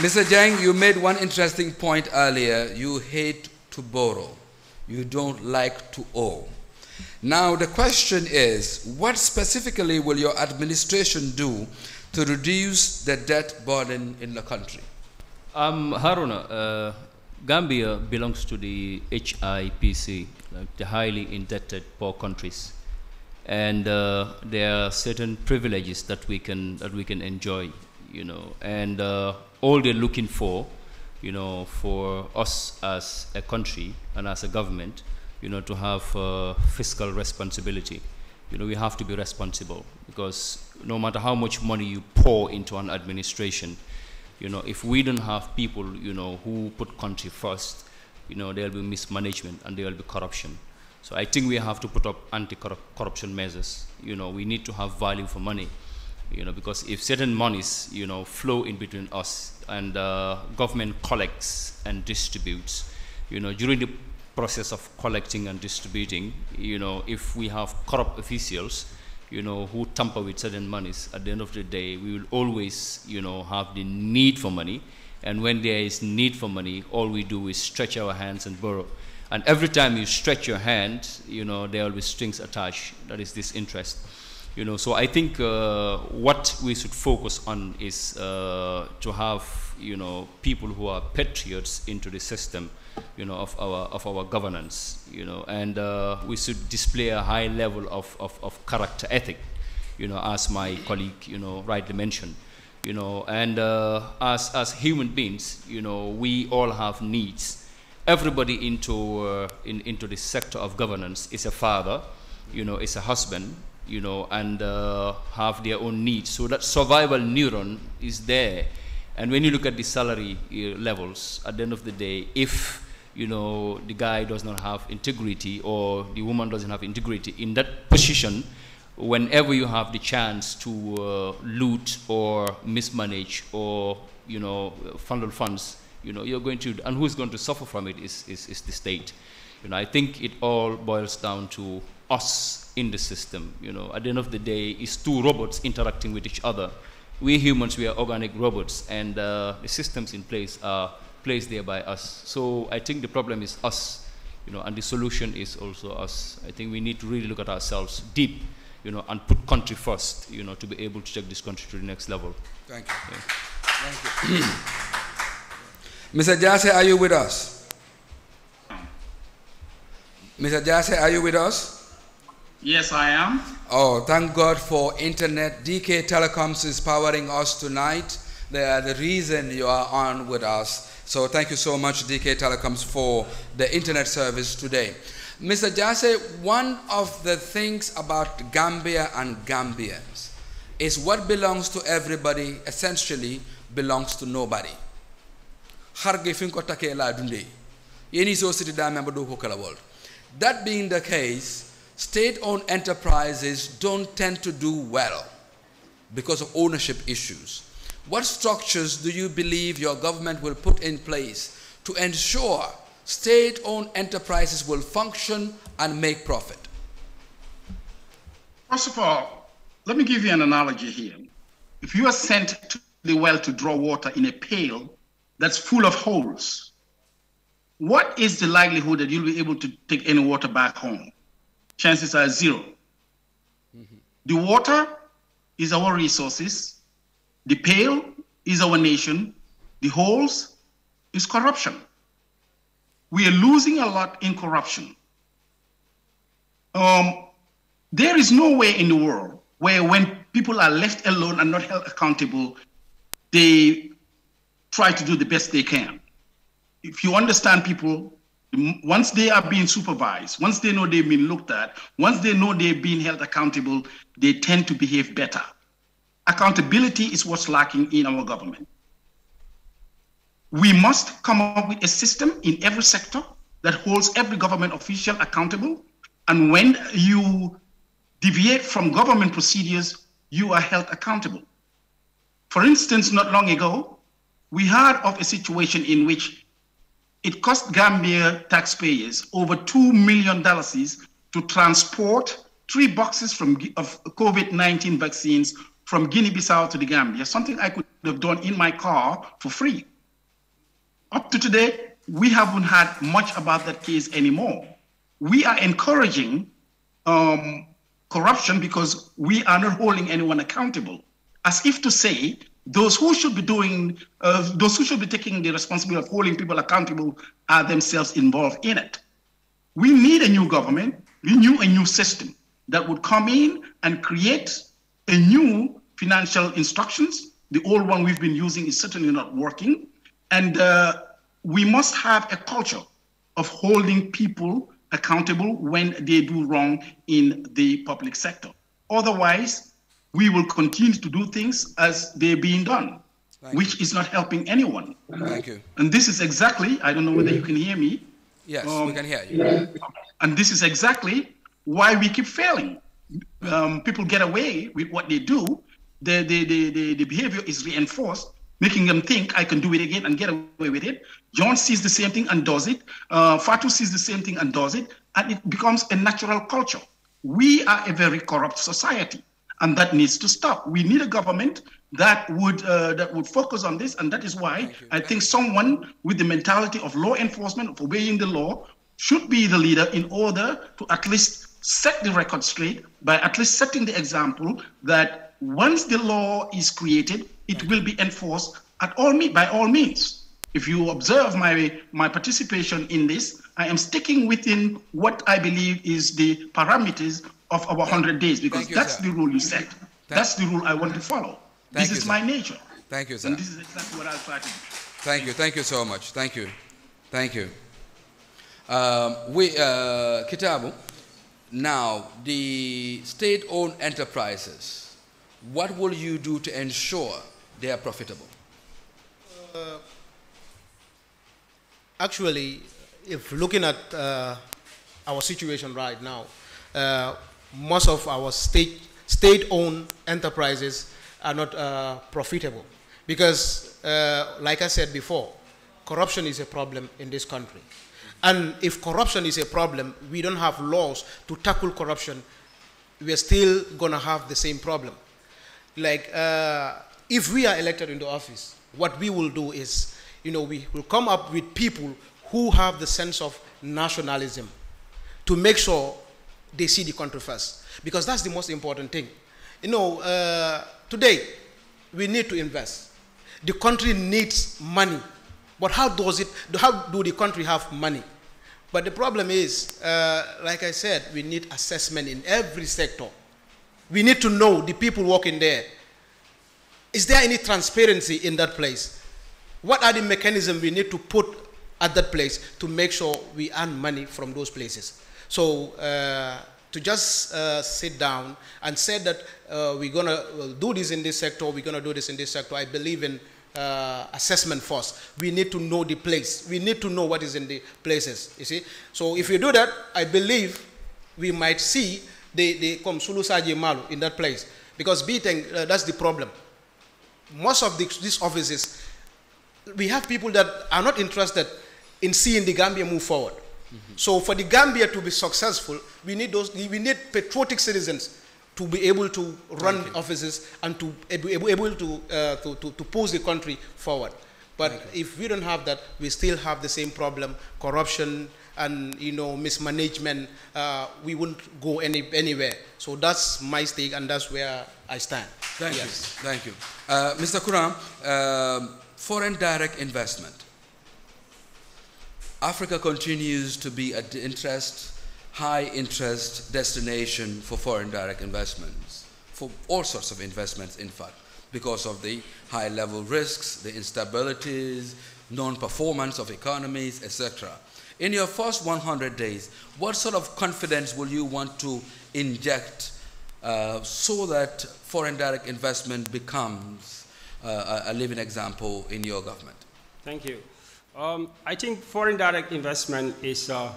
Mr. Jang, you made one interesting point earlier. You hate to borrow. You don't like to owe. Now, the question is what specifically will your administration do to reduce the debt burden in the country? Um, Haruna, uh, Gambia belongs to the HIPC, like the highly indebted poor countries. And uh, there are certain privileges that we can, that we can enjoy, you know. And uh, all they're looking for, you know, for us as a country and as a government, you know, to have uh, fiscal responsibility. You know, we have to be responsible because no matter how much money you pour into an administration, you know, if we don't have people, you know, who put country first, you know, there'll be mismanagement and there'll be corruption. So I think we have to put up anti-corruption measures. You know, we need to have value for money you know, because if certain monies, you know, flow in between us and uh, government collects and distributes, you know, during the process of collecting and distributing, you know, if we have corrupt officials, you know, who tamper with certain monies, at the end of the day, we will always, you know, have the need for money. And when there is need for money, all we do is stretch our hands and borrow. And every time you stretch your hand, you know, there will be strings attached. That is this interest you know so i think uh, what we should focus on is uh, to have you know people who are patriots into the system you know of our of our governance you know and uh, we should display a high level of, of, of character ethic you know as my colleague you know rightly mentioned you know and uh, as as human beings you know we all have needs everybody into uh, in, into the sector of governance is a father you know is a husband you know, and uh, have their own needs. So that survival neuron is there. And when you look at the salary uh, levels, at the end of the day, if you know the guy does not have integrity or the woman doesn't have integrity in that position, whenever you have the chance to uh, loot or mismanage or you know funnel funds, you know you're going to, and who's going to suffer from it is is, is the state. You know, I think it all boils down to us in the system. You know, at the end of the day, it's two robots interacting with each other. We humans, we are organic robots, and uh, the systems in place are placed there by us. So I think the problem is us, you know, and the solution is also us. I think we need to really look at ourselves deep, you know, and put country first, you know, to be able to take this country to the next level. Thank you. Yeah. Thank you. Mr. Jase, are you with us? Mr. Jase, are you with us? Yes, I am. Oh, thank God for internet. DK Telecoms is powering us tonight. They are the reason you are on with us. So thank you so much, DK Telecoms, for the internet service today. Mr. Jase, one of the things about Gambia and Gambians is what belongs to everybody essentially belongs to nobody. la Yeni That being the case, state owned enterprises don't tend to do well because of ownership issues. What structures do you believe your government will put in place to ensure state owned enterprises will function and make profit? First of all, let me give you an analogy here. If you are sent to the well to draw water in a pail that's full of holes, what is the likelihood that you'll be able to take any water back home? chances are 0 mm-hmm. The water is our resources. The pail is our nation. The holes is corruption. We are losing a lot in corruption. Um, there is no way in the world where when people are left alone and not held accountable, they try to do the best they can. If you understand people, once they are being supervised, once they know they've been looked at, once they know they're being held accountable, they tend to behave better. Accountability is what's lacking in our government. We must come up with a system in every sector that holds every government official accountable. And when you deviate from government procedures, you are held accountable. For instance, not long ago, we heard of a situation in which it cost Gambia taxpayers over $2 million to transport three boxes from, of COVID 19 vaccines from Guinea Bissau to the Gambia, something I could have done in my car for free. Up to today, we haven't had much about that case anymore. We are encouraging um, corruption because we are not holding anyone accountable, as if to say those who should be doing, uh, those who should be taking the responsibility of holding people accountable are themselves involved in it. We need a new government. We need a new system that would come in and create a new financial instructions. The old one we've been using is certainly not working. And uh, we must have a culture of holding people accountable when they do wrong in the public sector. Otherwise, we will continue to do things as they're being done, Thank which you. is not helping anyone. Thank you. And this is exactly, I don't know whether you can hear me. Yes, um, we can hear you. And this is exactly why we keep failing. Um, people get away with what they do, the, the, the, the, the behavior is reinforced, making them think I can do it again and get away with it. John sees the same thing and does it. Uh, Fatu sees the same thing and does it. And it becomes a natural culture. We are a very corrupt society and that needs to stop. We need a government that would uh, that would focus on this, and that is why I think someone with the mentality of law enforcement, of obeying the law, should be the leader in order to at least set the record straight by at least setting the example that once the law is created, it will be enforced at all me by all means. If you observe my my participation in this, I am sticking within what I believe is the parameters of our 100 days because you, that's sir. the rule you set. that's the rule I want to follow. Thank this you, is sir. my nature. Thank you, sir. And this is exactly what i am fighting. Thank you. Thank you so much. Thank you. Thank you. Um, we, uh, Kitabu, now the state-owned enterprises, what will you do to ensure they are profitable? Uh, actually, if looking at uh, our situation right now, uh, most of our state, state-owned enterprises are not uh, profitable. Because, uh, like I said before, corruption is a problem in this country. And if corruption is a problem, we don't have laws to tackle corruption, we're still going to have the same problem. Like, uh, if we are elected into office, what we will do is, you know, we will come up with people who have the sense of nationalism to make sure they see the country first because that's the most important thing. You know, uh, today we need to invest. The country needs money, but how does it? How do the country have money? But the problem is, uh, like I said, we need assessment in every sector. We need to know the people working there. Is there any transparency in that place? What are the mechanisms we need to put at that place to make sure we earn money from those places? So uh, to just uh, sit down and say that uh, we're going to do this in this sector, we're going to do this in this sector. I believe in uh, assessment first. We need to know the place. We need to know what is in the places, you see. So if you do that, I believe we might see the, the Komsulu Saji Malu in that place. Because beating, uh, that's the problem. Most of the, these offices, we have people that are not interested in seeing the Gambia move forward. Mm-hmm. So for the Gambia to be successful, we need those we need patriotic citizens to be able to run okay. offices and to be able to, uh, to, to, to push the country forward. But okay. if we don't have that, we still have the same problem: corruption and you know mismanagement. Uh, we won't go any anywhere. So that's my stake, and that's where I stand. Thank yes. you, thank you, uh, Mr. Kuram. Um, foreign direct investment Africa continues to be an interest, high interest destination for foreign direct investments, for all sorts of investments, in fact, because of the high level risks, the instabilities, non performance of economies, etc. In your first 100 days, what sort of confidence will you want to inject uh, so that foreign direct investment becomes uh, a living example in your government? Thank you. Um, I think foreign direct investment is uh,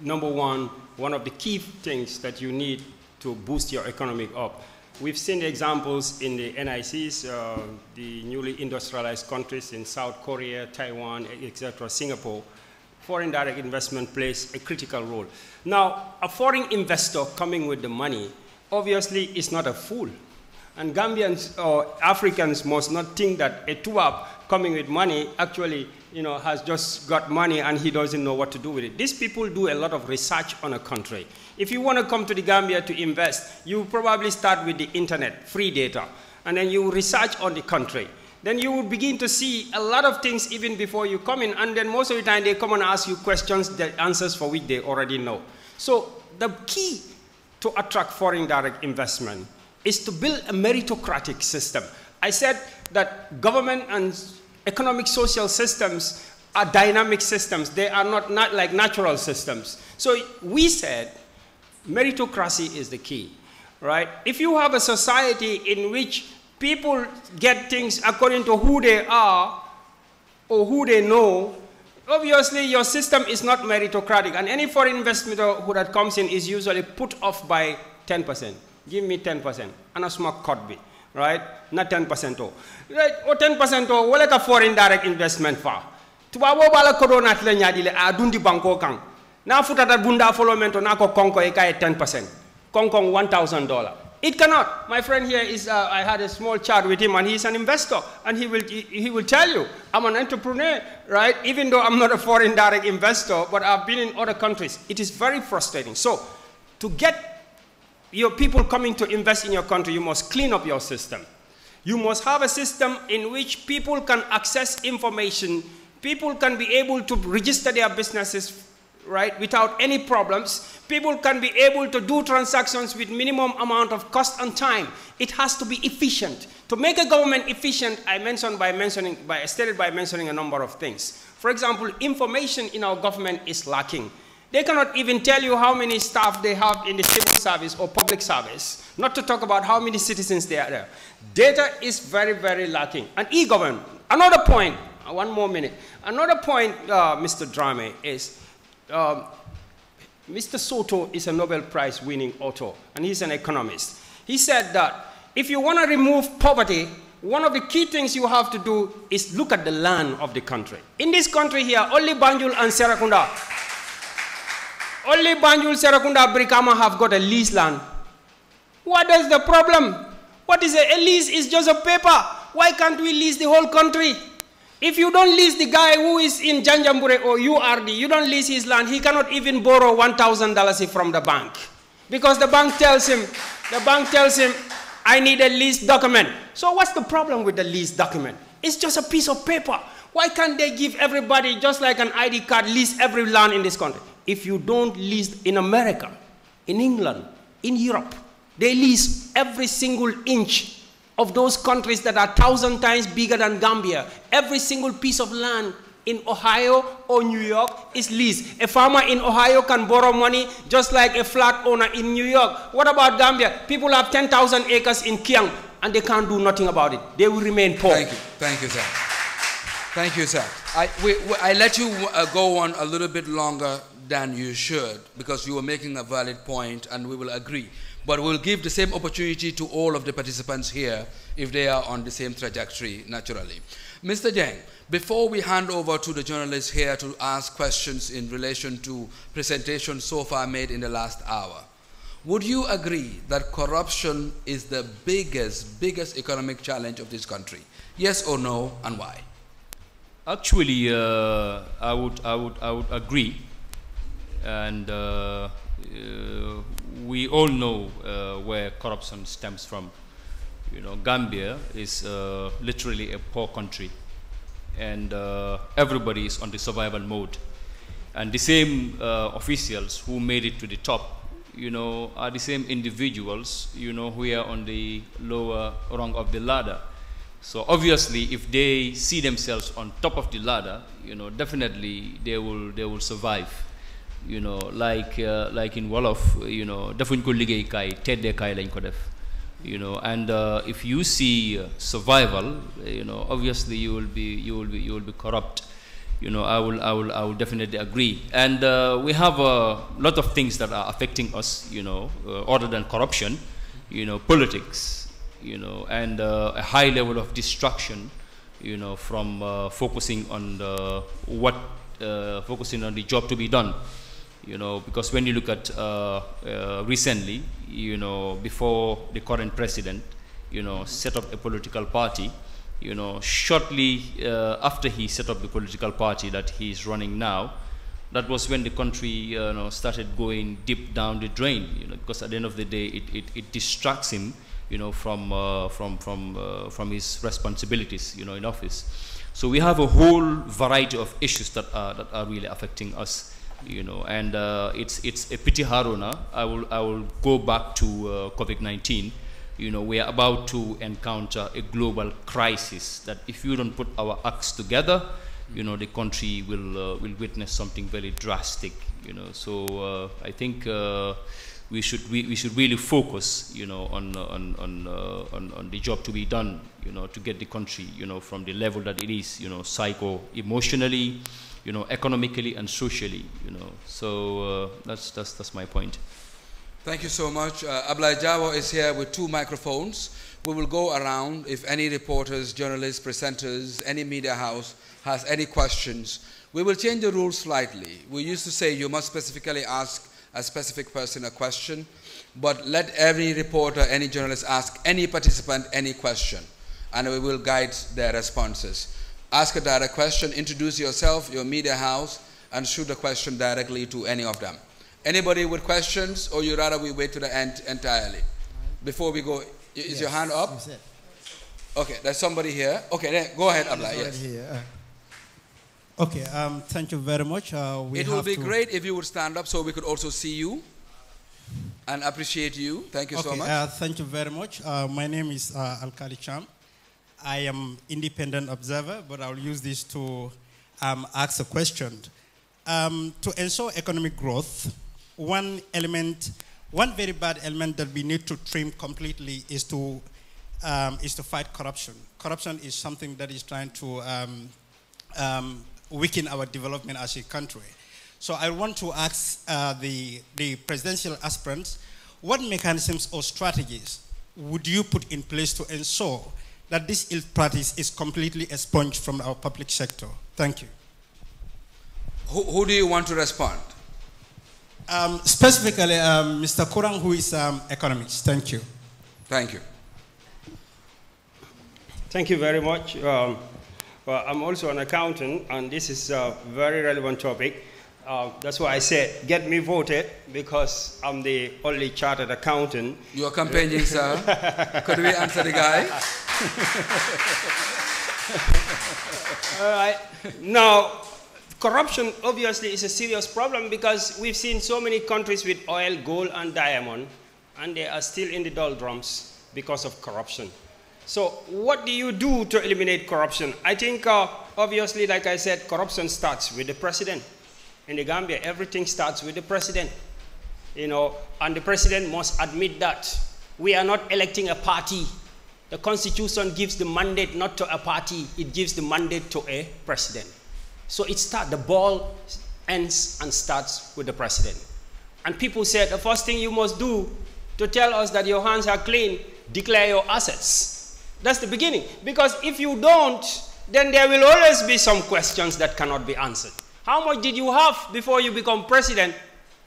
number one, one of the key things that you need to boost your economy up. We've seen examples in the NICs, uh, the newly industrialized countries in South Korea, Taiwan, etc., Singapore. Foreign direct investment plays a critical role. Now, a foreign investor coming with the money obviously is not a fool. And Gambians or Africans must not think that a TUAP coming with money actually you know, has just got money and he doesn't know what to do with it. These people do a lot of research on a country. If you want to come to the Gambia to invest, you probably start with the internet, free data, and then you research on the country. Then you will begin to see a lot of things even before you come in, and then most of the time they come and ask you questions, the answers for which they already know. So the key to attract foreign direct investment is to build a meritocratic system. I said that government and economic social systems are dynamic systems. They are not, not like natural systems. So we said meritocracy is the key, right? If you have a society in which people get things according to who they are or who they know, obviously your system is not meritocratic. And any foreign investor who that comes in is usually put off by 10%. Give me 10%. and Anasma Kotbi right? Not 10% o. Right, o 10% Or o wala a foreign direct investment fa. To wo mobile corona tele nyaadile a dundi banko kan. Na that bunda follow mento na ko konko e 10%. Konkong $1000. It cannot. My friend here is, uh, I had a small chat with him, and he's an investor, and he will, he will tell you, I'm an entrepreneur, right? Even though I'm not a foreign direct investor, but I've been in other countries. It is very frustrating. So, to get your people coming to invest in your country, you must clean up your system. You must have a system in which people can access information, people can be able to register their businesses right without any problems people can be able to do transactions with minimum amount of cost and time it has to be efficient to make a government efficient i mentioned by mentioning by stated by mentioning a number of things for example information in our government is lacking they cannot even tell you how many staff they have in the civil service or public service, not to talk about how many citizens they are there. Data is very, very lacking. And e-government, another point, uh, one more minute. Another point, uh, Mr. Drame, is um, Mr. Soto is a Nobel Prize winning author, and he's an economist. He said that if you want to remove poverty, one of the key things you have to do is look at the land of the country. In this country here, only Banjul and Serakunda only Banjul, Serakunda, Brikama have got a lease land. What is the problem? What is a, a lease? It's just a paper. Why can't we lease the whole country? If you don't lease the guy who is in Janjambure or URD, you don't lease his land, he cannot even borrow $1,000 from the bank. Because the bank tells him, the bank tells him, I need a lease document. So what's the problem with the lease document? It's just a piece of paper. Why can't they give everybody, just like an ID card, lease every land in this country? if you don't lease in America, in England, in Europe, they lease every single inch of those countries that are thousand times bigger than Gambia. Every single piece of land in Ohio or New York is leased. A farmer in Ohio can borrow money just like a flat owner in New York. What about Gambia? People have 10,000 acres in Kiang and they can't do nothing about it. They will remain poor. Thank you. Thank you, sir. Thank you, sir. I, we, we, I let you uh, go on a little bit longer than you should because you were making a valid point and we will agree. But we'll give the same opportunity to all of the participants here if they are on the same trajectory naturally. Mr. Jang, before we hand over to the journalists here to ask questions in relation to presentations so far made in the last hour, would you agree that corruption is the biggest, biggest economic challenge of this country? Yes or no, and why? Actually, uh, I, would, I, would, I would agree and uh, uh, we all know uh, where corruption stems from. You know, Gambia is uh, literally a poor country, and everybody is on the survival mode. And the same officials who made it to the top you know, are the same individuals, you know, who are on the lower rung of the ladder. So obviously, if they see themselves on top of the ladder, you know, definitely they will, they will survive you know like uh, like in wolof you know dafun ko liggéeykaay teddeekaay lañ ko def you know and uh, if you see uh, survival you know obviously you will be you will be you will be corrupt you know i will i will i will definitely agree and uh, we have a uh, lot of things that are affecting us you know uh, other than corruption you know politics you know and a high level of destruction you know from focusing on the, what focusing on the job to be done you know, because when you look at uh, uh, recently, you know, before the current president, you know, set up a political party, you know, shortly uh, after he set up the political party that he is running now, that was when the country, you know, started going deep down the drain, you know, because at the end of the day, it, it, it distracts him, you know, from, uh, from, from, uh, from his responsibilities, you know, in office. So we have a whole variety of issues that are, that are really affecting us you know, and uh, it's it's a pity haruna. I will I will go back to uh, COVID-19. You know, we are about to encounter a global crisis that if you don't put our acts together, you know, the country will uh, will witness something very drastic. You know, so uh, I think. Uh, we should we, we should really focus you know on on on, uh, on on the job to be done you know to get the country you know from the level that it is you know psycho emotionally you know, economically and socially, you know. So uh, that's, that's, that's my point. Thank you so much. Uh, Ablai Jawa is here with two microphones. We will go around if any reporters, journalists, presenters, any media house has any questions. We will change the rules slightly. We used to say you must specifically ask a specific person a question, but let every reporter, any journalist ask any participant any question, and we will guide their responses ask a direct question, introduce yourself, your media house, and shoot a question directly to any of them. Anybody with questions, or you rather we wait to the end entirely? Before we go, is yes, your hand up? Okay, there's somebody here. Okay, then go ahead, Abla. Yes. Here. Okay, um, thank you very much. Uh, it would be great if you would stand up so we could also see you and appreciate you. Thank you okay, so much. Uh, thank you very much. Uh, my name is uh, Alkali Cham. I am independent observer, but I'll use this to um, ask a question. Um, to ensure economic growth, one element, one very bad element that we need to trim completely is to um, is to fight corruption. Corruption is something that is trying to um, um, weaken our development as a country. So I want to ask uh, the the presidential aspirants, what mechanisms or strategies would you put in place to ensure that this ill practice is completely expunged from our public sector. Thank you. Who, who do you want to respond? Um, specifically, um, Mr. Kurang, who is um, economist. Thank you. Thank you. Thank you very much. Um, well, I'm also an accountant, and this is a very relevant topic. Uh, that's why I said, get me voted because I'm the only chartered accountant. You are campaigning, sir. Could we answer the guy? All right. Now, corruption obviously is a serious problem because we've seen so many countries with oil, gold, and diamond, and they are still in the doldrums because of corruption. So, what do you do to eliminate corruption? I think, uh, obviously, like I said, corruption starts with the president in the Gambia, everything starts with the president. You know, and the president must admit that we are not electing a party. The constitution gives the mandate not to a party, it gives the mandate to a president. So it starts, the ball ends and starts with the president. And people said, the first thing you must do to tell us that your hands are clean, declare your assets. That's the beginning. Because if you don't, then there will always be some questions that cannot be answered. How much did you have before you become president?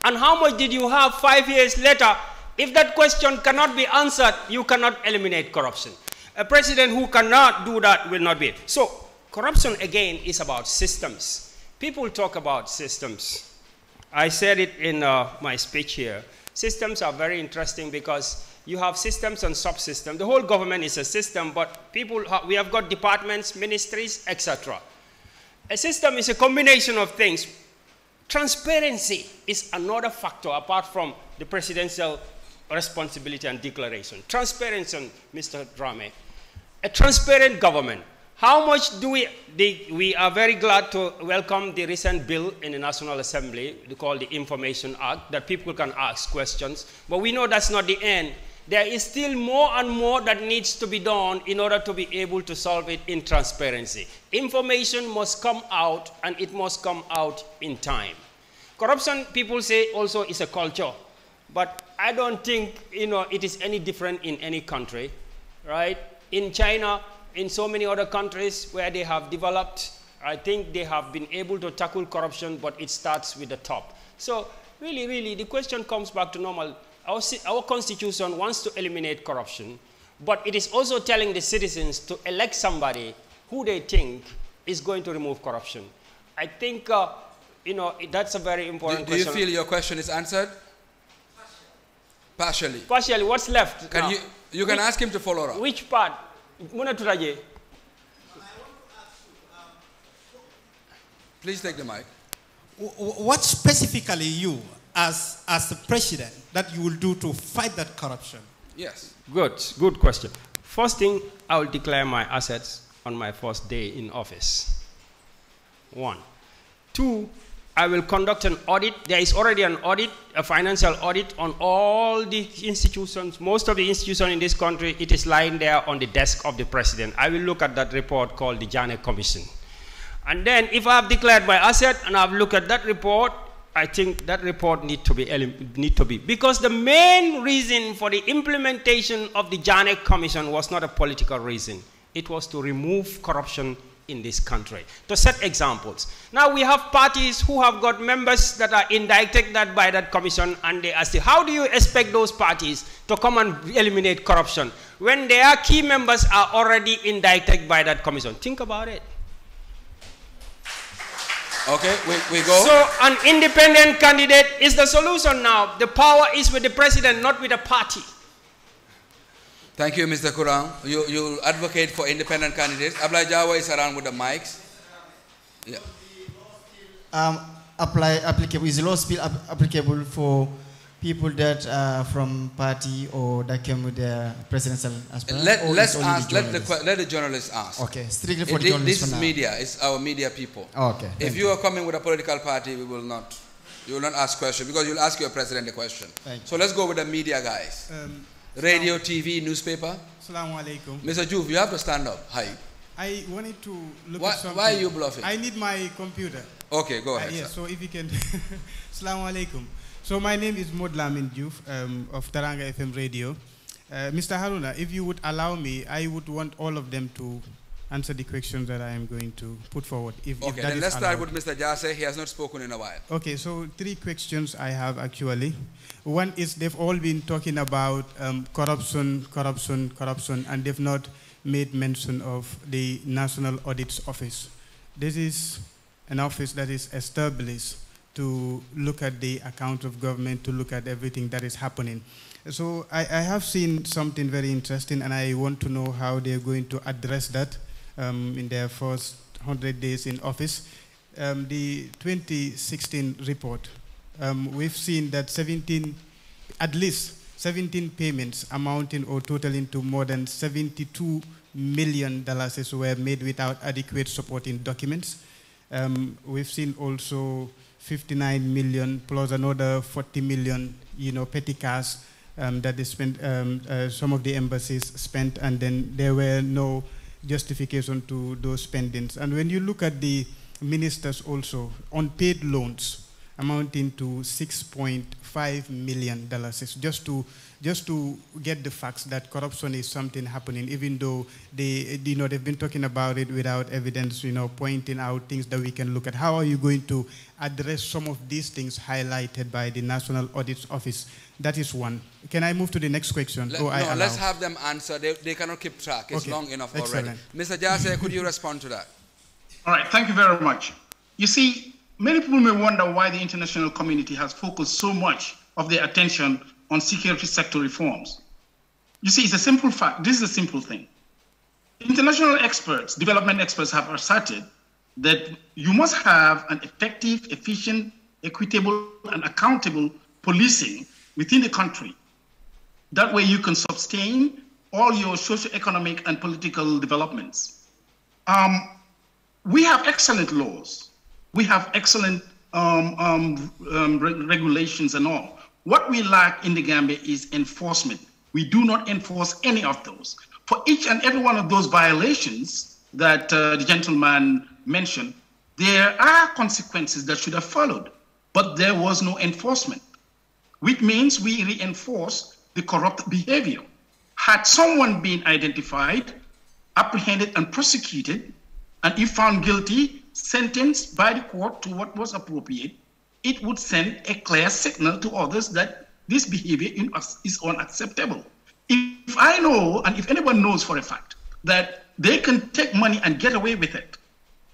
And how much did you have five years later? If that question cannot be answered, you cannot eliminate corruption. A president who cannot do that will not be. So corruption, again, is about systems. People talk about systems. I said it in uh, my speech here. Systems are very interesting because you have systems and subsystems. The whole government is a system, but people, ha we have got departments, ministries, etc. A system is a combination of things. Transparency is another factor apart from the presidential responsibility and declaration. Transparency, Mr. Drame. A transparent government. How much do we, the, we are very glad to welcome the recent bill in the National Assembly called the Information Act that people can ask questions, but we know that's not the end there is still more and more that needs to be done in order to be able to solve it in transparency. Information must come out and it must come out in time. Corruption, people say, also is a culture. But I don't think you know, it is any different in any country, right? In China, in so many other countries where they have developed, I think they have been able to tackle corruption, but it starts with the top. So really, really, the question comes back to normal our, our constitution wants to eliminate corruption, but it is also telling the citizens to elect somebody who they think is going to remove corruption. I think, uh, you know, that's a very important do, do question. Do you feel your question is answered? Partially. Partially. What's left? Can now? you you can which, ask him to follow up. Which part? Munaturaje. Please take the mic. What specifically you as, as a president that you will do to fight that corruption? Yes. Good, good question. First thing, I will declare my assets on my first day in office. One. Two, I will conduct an audit. There is already an audit, a financial audit on all the institutions. Most of the institutions in this country, it is lying there on the desk of the president. I will look at that report called the Janet Commission. And then if I've declared my asset and I've looked at that report, I think that report need to be need to be because the main reason for the implementation of the Janek Commission was not a political reason. It was to remove corruption in this country. To set examples. Now we have parties who have got members that are indicted that by that commission and they ask, how do you expect those parties to come and eliminate corruption when their key members are already indicted by that commission? Think about it. Okay, we, we go. So an independent candidate is the solution now. The power is with the president, not with the party. Thank you, Mr. Kurang. You, you advocate for independent candidates. Abla Jawa is around with the mics. Yeah. Um, apply applicable is law still applicable for people that are from party or that came with the presidential aspirant? Let, us ask, the let, the, let the journalists ask. Okay, strictly for it, the journalists This media, it's our media people. Okay. If you, you are coming with a political party, we will not. You will not ask questions because you'll ask your president a question. Thank so you. let's go with the media guys. Um, Radio, TV, newspaper. Assalamu alaikum. Mr. Juve, you have to stand up. Hi. I wanted to look why, at something. Why are you bluffing? I need my computer. Okay, go ahead. Uh, yes, so if you can. Assalamu alaikum. So my name is Modlamin Diouf um, of Taranga FM Radio. Uh, Mr. Haruna, if you would allow me, I would want all of them to answer the questions that I am going to put forward. If, okay, if then let's allowed. start with Mr. Jase. He has not spoken in a while. Okay, so three questions I have actually. One is they've all been talking about um, corruption, corruption, corruption, and they've not made mention of the National Audit Office. This is an office that is established to look at the account of government, to look at everything that is happening. So I, I have seen something very interesting, and I want to know how they're going to address that um, in their first 100 days in office. Um, the 2016 report, um, we've seen that 17, at least 17 payments amounting or totaling to more than 72 million dollars were made without adequate supporting documents. Um, we've seen also 59 million plus another 40 million, you know, petty cash um, that they spent, um, uh, some of the embassies spent, and then there were no justification to those spendings. And when you look at the ministers also, on paid loans, amounting to $6.5 million. just to, just to get the facts that corruption is something happening, even though they, you know, they've been talking about it without evidence, you know, pointing out things that we can look at. How are you going to address some of these things highlighted by the National Audit Office? That is one. Can I move to the next question? Let, oh, no, let's have them answer. They, they cannot keep track. It's okay. long enough Excellent. already. Mr. Jase, could you respond to that? All right. Thank you very much. You see, many people may wonder why the international community has focused so much of their attention on security sector reforms. You see, it's a simple fact. This is a simple thing. International experts, development experts, have asserted that you must have an effective, efficient, equitable, and accountable policing within the country. That way, you can sustain all your social, economic and political developments. Um, we have excellent laws we have excellent um, um, um, re regulations and all. What we lack in the Gambia is enforcement. We do not enforce any of those. For each and every one of those violations that uh, the gentleman mentioned, there are consequences that should have followed, but there was no enforcement, which means we reinforce the corrupt behavior. Had someone been identified, apprehended, and prosecuted, and if found guilty, sentenced by the court to what was appropriate, it would send a clear signal to others that this behavior is unacceptable. If I know, and if anyone knows for a fact, that they can take money and get away with it,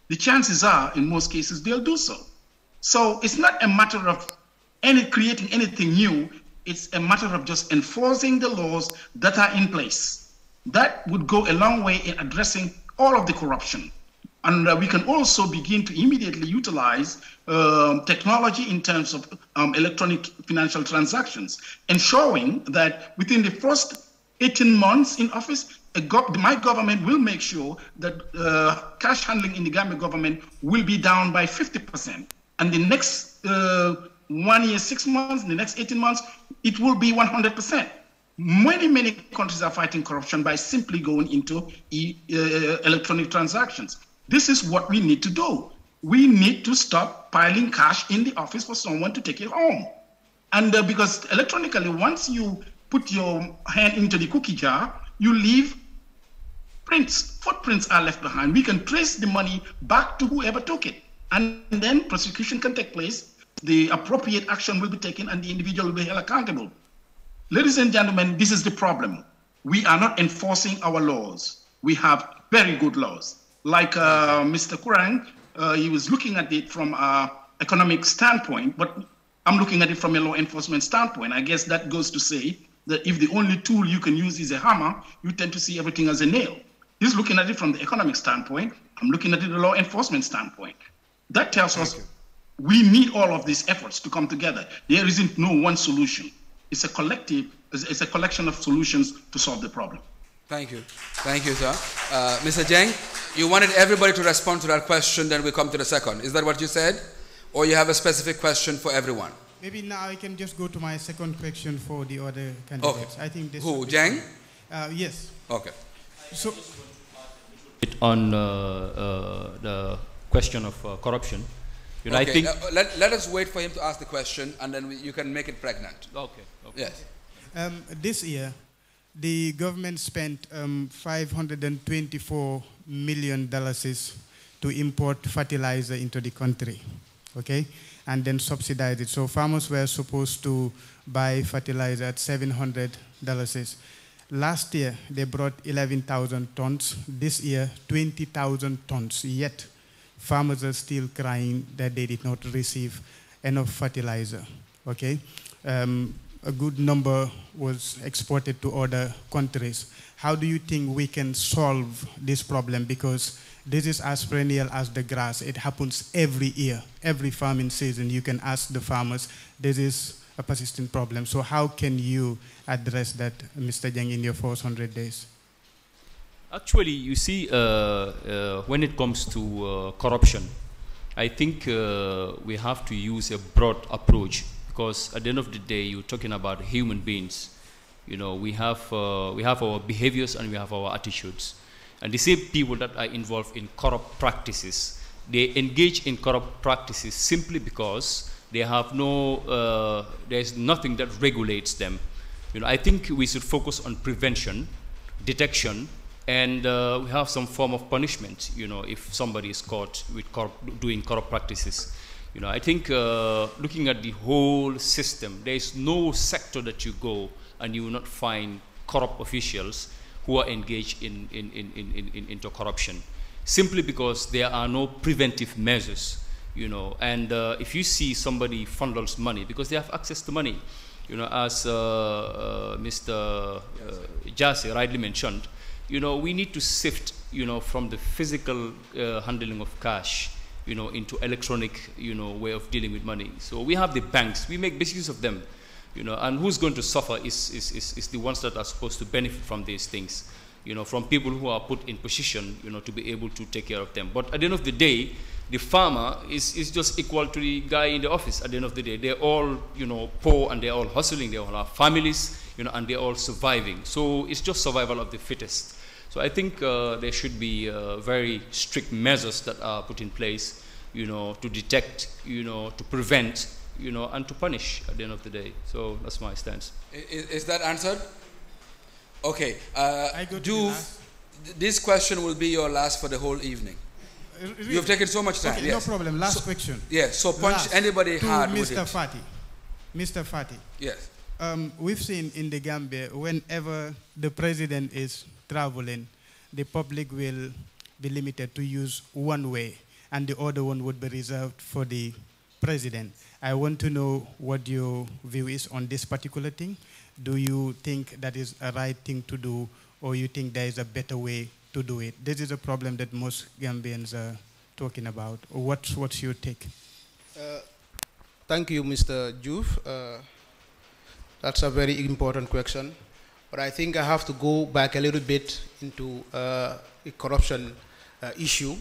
the chances are, in most cases, they'll do so. So it's not a matter of any creating anything new. It's a matter of just enforcing the laws that are in place. That would go a long way in addressing all of the corruption and uh, we can also begin to immediately utilize um, technology in terms of um, electronic financial transactions, ensuring that within the first 18 months in office, my government will make sure that uh, cash handling in the Gambia government will be down by 50%. And the next uh, one year, six months, the next 18 months, it will be 100%. Many, many countries are fighting corruption by simply going into e uh, electronic transactions. This is what we need to do. We need to stop piling cash in the office for someone to take it home. And uh, because electronically, once you put your hand into the cookie jar, you leave prints, footprints are left behind. We can trace the money back to whoever took it. And then prosecution can take place, the appropriate action will be taken, and the individual will be held accountable. Ladies and gentlemen, this is the problem. We are not enforcing our laws. We have very good laws like uh, Mr. Kurang, uh, he was looking at it from an economic standpoint, but I'm looking at it from a law enforcement standpoint. I guess that goes to say that if the only tool you can use is a hammer, you tend to see everything as a nail. He's looking at it from the economic standpoint. I'm looking at it from the law enforcement standpoint. That tells Thank us you. we need all of these efforts to come together. There isn't no one solution. It's a collective. It's a collection of solutions to solve the problem. Thank you. Thank you, sir. Uh, Mr. Jang? You wanted everybody to respond to that question, then we come to the second. Is that what you said? Or you have a specific question for everyone? Maybe now I can just go to my second question for the other candidates. Okay. I think this Who, Jang? Uh, yes. Okay. So, on uh, uh, the question of uh, corruption. You know, okay. I think uh, let, let us wait for him to ask the question and then we, you can make it pregnant. Okay. okay. Yes. Um, this year, the government spent um, 524 million dollars to import fertilizer into the country, okay? And then subsidize it. So farmers were supposed to buy fertilizer at $700. Last year, they brought 11,000 tons. This year, 20,000 tons. Yet, farmers are still crying that they did not receive enough fertilizer, okay? Um, a good number was exported to other countries how do you think we can solve this problem? Because this is as perennial as the grass. It happens every year, every farming season. You can ask the farmers, this is a persistent problem. So how can you address that, Mr. Jiang, in your 400 days? Actually, you see, uh, uh, when it comes to uh, corruption, I think uh, we have to use a broad approach because at the end of the day, you're talking about human beings you know, we have, uh, we have our behaviors and we have our attitudes. And the same people that are involved in corrupt practices, they engage in corrupt practices simply because they have no, uh, there's nothing that regulates them. You know, I think we should focus on prevention, detection, and uh, we have some form of punishment, you know, if somebody is caught with corrupt, doing corrupt practices. You know, I think uh, looking at the whole system, there is no sector that you go and you will not find corrupt officials who are engaged in, in, in, in, in, into corruption simply because there are no preventive measures you know and uh, if you see somebody funnels money because they have access to money you know as uh, uh, mr uh, jase rightly mentioned you know we need to sift you know from the physical uh, handling of cash you know into electronic you know way of dealing with money so we have the banks we make business of them you know, and who's going to suffer is, is, is, is the ones that are supposed to benefit from these things, you know, from people who are put in position, you know, to be able to take care of them. But at the end of the day, the farmer is, is just equal to the guy in the office at the end of the day. They're all, you know, poor and they're all hustling, they all have families, you know, and they're all surviving. So it's just survival of the fittest. So I think uh, there should be uh, very strict measures that are put in place, you know, to detect, you know, to prevent you know, and to punish at the end of the day. So that's my stance. Is, is that answered? Okay. Uh, do this question will be your last for the whole evening. You have taken so much time. Okay, yes. No problem. Last so, question. Yes. So punch last anybody to hard Mr. Fati. Mr. Fati. Yes. Um, we've seen in the Gambia whenever the president is traveling, the public will be limited to use one way, and the other one would be reserved for the president. I want to know what your view is on this particular thing. Do you think that is a right thing to do, or you think there is a better way to do it? This is a problem that most Gambians are talking about. What's, what's your take? Uh, thank you, Mr. Juve. Uh, that's a very important question. But I think I have to go back a little bit into uh, the corruption uh, issue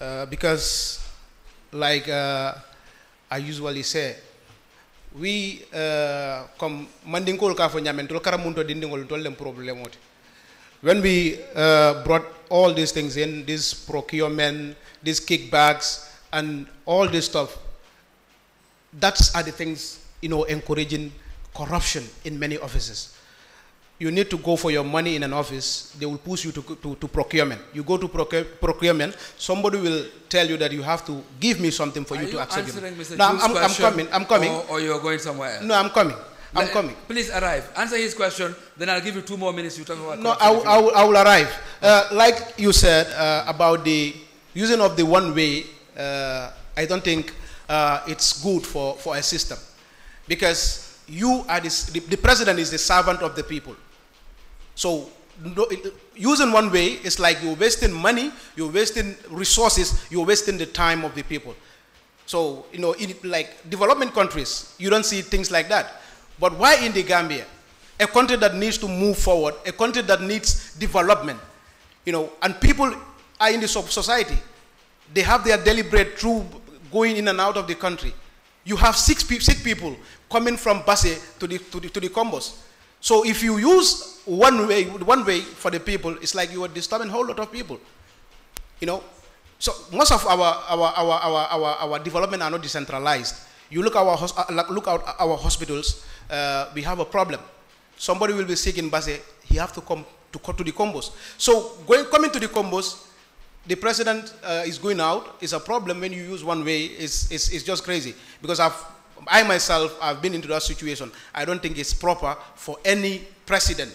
uh, because, like uh, I usually say, we uh, come mandingol ka fo nyamentul karamunto dindingol tollem problem oti when we uh, brought all these things in, these procurement, these kickbacks, and all this stuff, that's are the things, you know, encouraging corruption in many offices you need to go for your money in an office, they will push you to, to, to procurement. You go to procure, procurement, somebody will tell you that you have to give me something for you, you to accept answering No, I'm, I'm, I'm, coming, I'm coming. Or, or, you're going somewhere else. No, I'm coming. I'm Let, coming. Please arrive. Answer his question, then I'll give you two more minutes. You talk about No, I will, I will, I will arrive. Uh, like you said uh, about the using of the one way, uh, I don't think uh, it's good for, for a system. Because you are the, the president is the servant of the people. So using one way is like you're wasting money, you're wasting resources, you're wasting the time of the people. So, you know, in like development countries, you don't see things like that. But why in the Gambia? A country that needs to move forward, a country that needs development, you know, and people are in the society. They have their deliberate through going in and out of the country. You have six, pe sick people coming from Basse to the, to the, to the combos. So if you use one way, one way for the people, it's like you are disturbing a whole lot of people. You know, so most of our, our, our, our, our, our development are not decentralized. You look, our, uh, look at our hospitals, uh, we have a problem. Somebody will be sick in Basse. he have to come to, to the combos. So going, coming to the combos, the president uh, is going out, is a problem when you use one way, it's, it's, it's just crazy. Because I've I myself have been into that situation. I don't think it's proper for any president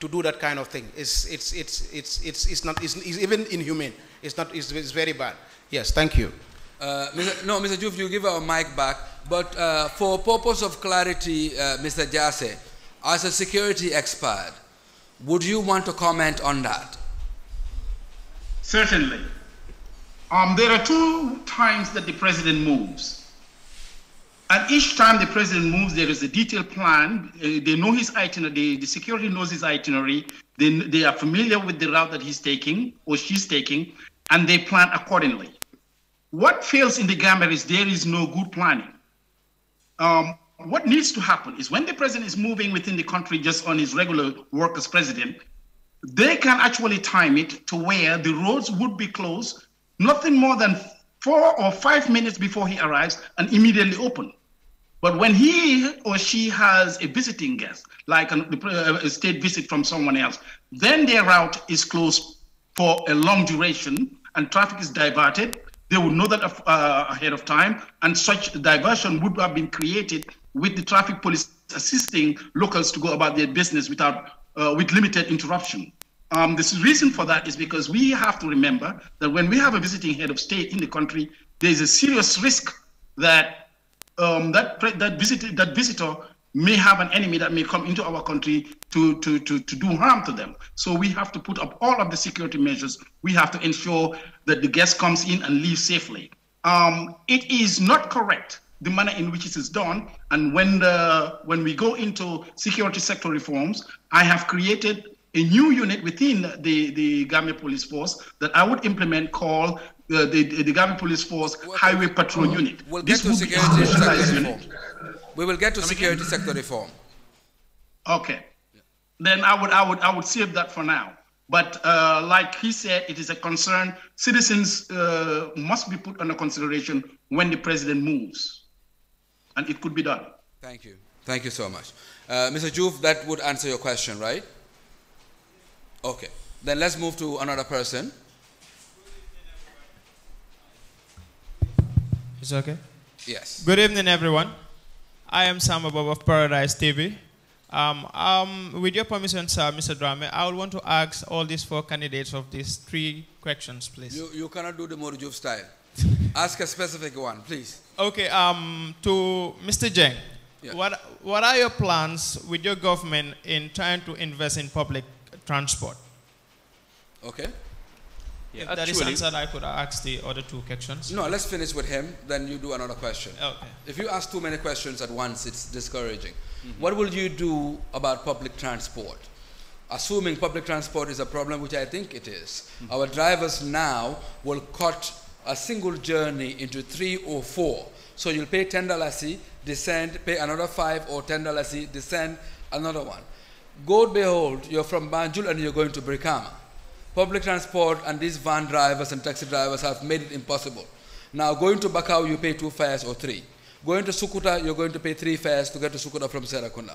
to do that kind of thing. It's, it's, it's, it's, it's, it's not, it's, it's even inhumane. It's not, it's, it's very bad. Yes, thank you. Uh, Mr. no, Mr. Juf, you give our mic back. But uh, for purpose of clarity, uh, Mr. Jase, as a security expert, would you want to comment on that? Certainly. Um, there are two times that the president moves. And each time the president moves, there is a detailed plan. Uh, they know his itinerary, the, the security knows his itinerary. They, they are familiar with the route that he's taking or she's taking, and they plan accordingly. What fails in the Gambia is there is no good planning. Um, what needs to happen is when the president is moving within the country just on his regular work as president, they can actually time it to where the roads would be closed, nothing more than four or five minutes before he arrives and immediately open. But when he or she has a visiting guest, like an, uh, a state visit from someone else, then their route is closed for a long duration and traffic is diverted. They would know that uh, ahead of time, and such diversion would have been created with the traffic police assisting locals to go about their business without, uh, with limited interruption. Um, the reason for that is because we have to remember that when we have a visiting head of state in the country, there is a serious risk that um, that that visitor that visitor may have an enemy that may come into our country to, to, to, to do harm to them. So we have to put up all of the security measures. We have to ensure that the guest comes in and leaves safely. Um, it is not correct the manner in which it is done. And when the when we go into security sector reforms, I have created a new unit within the, the Gambia Police Force that I would implement called uh, the, the, the Gambia Police Force Highway Patrol we'll oh, Unit. We'll this would security be unit. We will get to security again. sector reform. Okay. Yeah. Then I would, I, would, I would save that for now. But uh, like he said, it is a concern. Citizens uh, must be put under consideration when the president moves. And it could be done. Thank you. Thank you so much. Uh, Mr. Juve, that would answer your question, right? Okay. Then let's move to another person. Is it okay? Yes. Good evening, everyone. I am Sam Abab of Paradise TV. Um, um, with your permission, sir, Mr. Drame, I would want to ask all these four candidates of these three questions, please. You, you cannot do the Morujov style. ask a specific one, please. Okay, um, to Mr. Jeng, yeah. what, what are your plans with your government in trying to invest in public transport. Okay. Yeah, if actually, that is answered, I could ask the other two questions. No, let's finish with him, then you do another question. Okay. If you ask too many questions at once, it's discouraging. Mm -hmm. What will you do about public transport? Assuming public transport is a problem, which I think it is, mm -hmm. our drivers now will cut a single journey into three or four. So you'll pay $10 descend, pay another five or $10 descend, another one. God behold, you're from Banjul and you're going to Brikama. Public transport and these van drivers and taxi drivers have made it impossible. Now going to Bakau, you pay two fares or three. Going to Sukuta, you're going to pay three fares to get to Sukuta from Serakunda.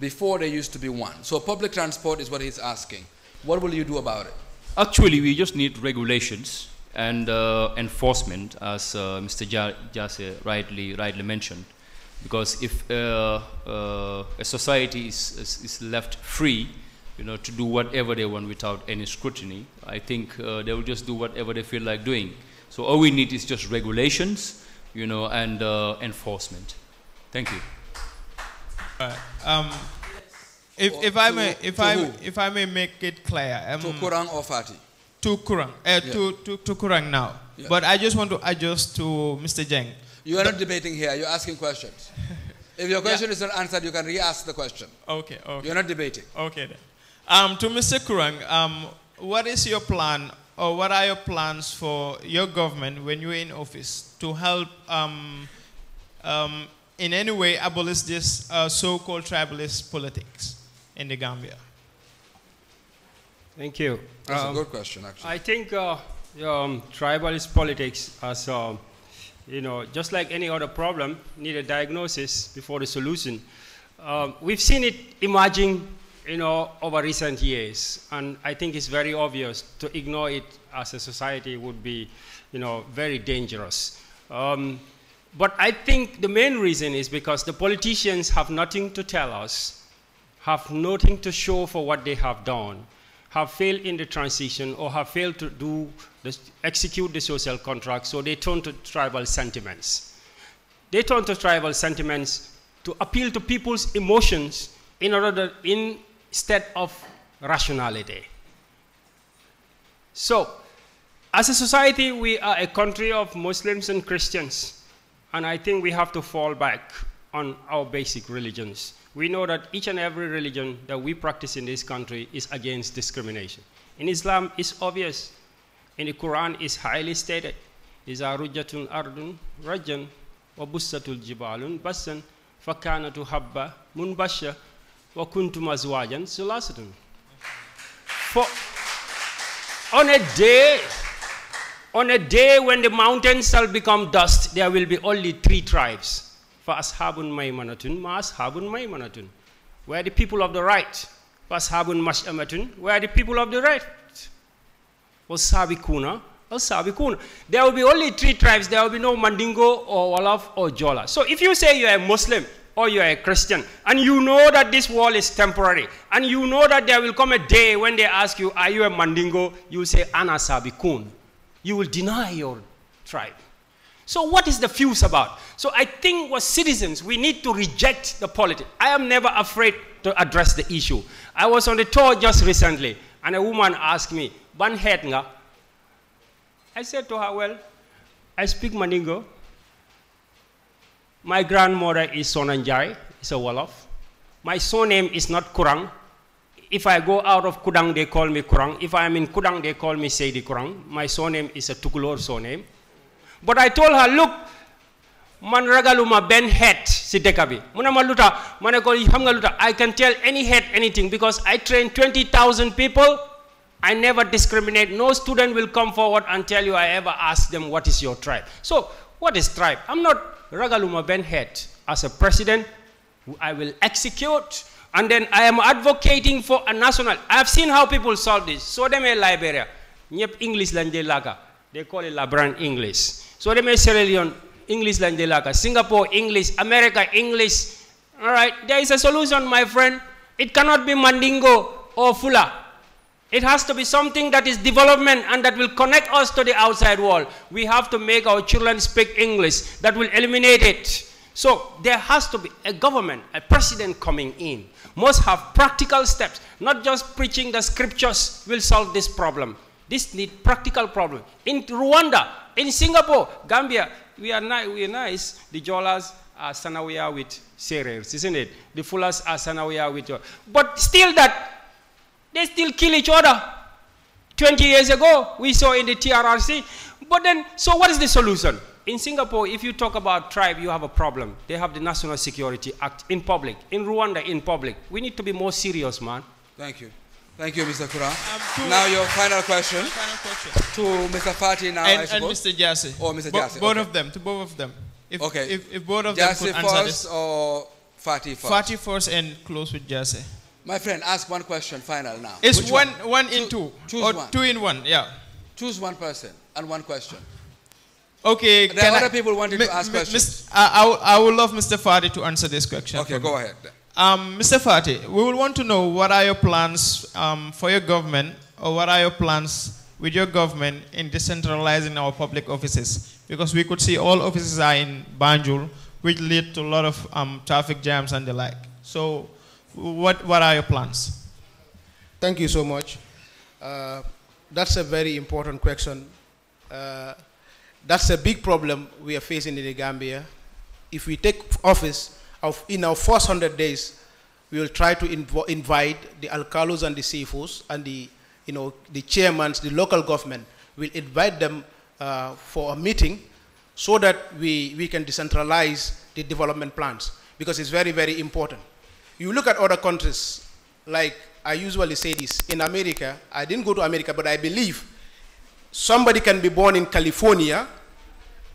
Before there used to be one. So public transport is what he's asking. What will you do about it? Actually, we just need regulations and uh, enforcement, as uh, Mr. Jase rightly, rightly mentioned because if uh, uh, a society is, is, is, left free you know, to do whatever they want without any scrutiny, I think uh, they will just do whatever they feel like doing. So all we need is just regulations you know, and uh, enforcement. Thank you. Um, if, if, I may, if, I, if I may make it clear. Um, to Kurang or Fati? To Kurang, uh, to, to, to Kurang now. Yeah. But I just want to adjust to Mr. Jeng. You are not debating here. You're asking questions. if your question yeah. is not answered, you can re-ask the question. Okay, okay. You're not debating. Okay then. Um, to Mr. Kurang, um, what is your plan or what are your plans for your government when you're in office to help um, um, in any way abolish this uh, so-called tribalist politics in the Gambia? Thank you. That's a um, good question, actually. I think uh, um, tribalist politics has uh, um, you know, just like any other problem, need a diagnosis before the solution. Uh, we've seen it emerging, you know, over recent years, and I think it's very obvious to ignore it as a society would be, you know, very dangerous. Um, but I think the main reason is because the politicians have nothing to tell us, have nothing to show for what they have done, have failed in the transition, or have failed to do execute the social contract, so they turn to tribal sentiments. They turn to tribal sentiments to appeal to people's emotions in order instead of rationality. So, as a society, we are a country of Muslims and Christians, and I think we have to fall back on our basic religions. We know that each and every religion that we practice in this country is against discrimination. In Islam, it's obvious in the Quran is highly stated, إِذَا رُجَّةٌ أَرْضٌ رَجًّا وَبُسَّتُ الْجِبَالٌ بَسًّا فَكَانَتُ هَبَّ مُنْبَشَّةً وَكُنْتُمْ أَزْوَاجًا سُلَاسَةً For on a day, on a day when the mountains shall become dust, there will be only three tribes. فَأَصْحَابٌ مَيْمَنَةٌ مَا مَيْمَنَةٌ Where are the people of the right. فَأَصْحَابٌ مَشْأَمَةٌ Where are the people of the right. Wasabikuna, Wasabikuna. There will be only three tribes. There will be no Mandingo or Wolof or Jola. So if you say you are a Muslim or you are a Christian and you know that this world is temporary and you know that there will come a day when they ask you, are you a Mandingo? You say, "Ana kun." You will deny your tribe. So what is the fuse about? So I think as citizens, we need to reject the politics. I am never afraid to address the issue. I was on the tour just recently, and a woman asked me, ban xeet nga I said to her well I speak Maningo. my grandmother is Sonanjai, it's is a Wolof my surname is not Kurang if I go out of Kudang, they call me Kurang. If I am in Kudang, they call me Seidi Kurang. My surname is a Tukulor surname. But I told her, look, man ragaluma ben het si dekabi. Munama luta, maneko hamga I can tell any het anything because I train 20,000 people I never discriminate. No student will come forward and tell you I ever asked them what is your tribe. So what is tribe? I'm not Ragaluma Ben As a president, I will execute and then I am advocating for a national. I've seen how people solve this. So they may Liberia. English laga. They call it Labran English. So they may Sierra Leone English lanje laga. Singapore English. America English. All right. There is a solution, my friend. It cannot be Mandingo or Fula. It has to be something that is development and that will connect us to the outside world. We have to make our children speak English. That will eliminate it. So there has to be a government, a president coming in, must have practical steps, not just preaching the scriptures will solve this problem. This need practical problem. In Rwanda, in Singapore, Gambia, we are, ni we are nice. The Jolas are Sanawiya with Serers, isn't it? The fullers are Sanawiya with you. But still that they still kill each other. 20 years ago, we saw in the TRRC. But then, so what is the solution? In Singapore, if you talk about tribe, you have a problem. They have the National Security Act in public. In Rwanda, in public. We need to be more serious, man. Thank you. Thank you, Mr. Kura. Um, now your final question. Final question. To Mr. Fati now, and, and Mr. Jassy. Or Mr. Bo Jassy. Both okay. of them. To both of them. If, okay. If, if both of Jassy them could first answer this. or Fati first? Fati first and close with Jassy. My friend, ask one question final now. It's one one, one, one in two. Choose or one. two in one, yeah. Choose one person and one question. Okay. There can other I, people wanting to ask questions. I, I, I would love Mr. Fadi to answer this question. Okay, go me. ahead. Um, Mr. Fati, we would want to know what are your plans um, for your government or what are your plans with your government in decentralizing our public offices? Because we could see all offices are in Banjul, which lead to a lot of um, traffic jams and the like. So what, what are your plans? Thank you so much. Uh, that's a very important question. Uh, that's a big problem we are facing in the Gambia. If we take office, of, in our first 100 days, we will try to inv invite the alcalos and the CFOs and the, you know, the chairmans, the local government. We'll invite them uh, for a meeting so that we, we can decentralize the development plans because it's very, very important. You look at other countries, like I usually say this, in America, I didn't go to America, but I believe somebody can be born in California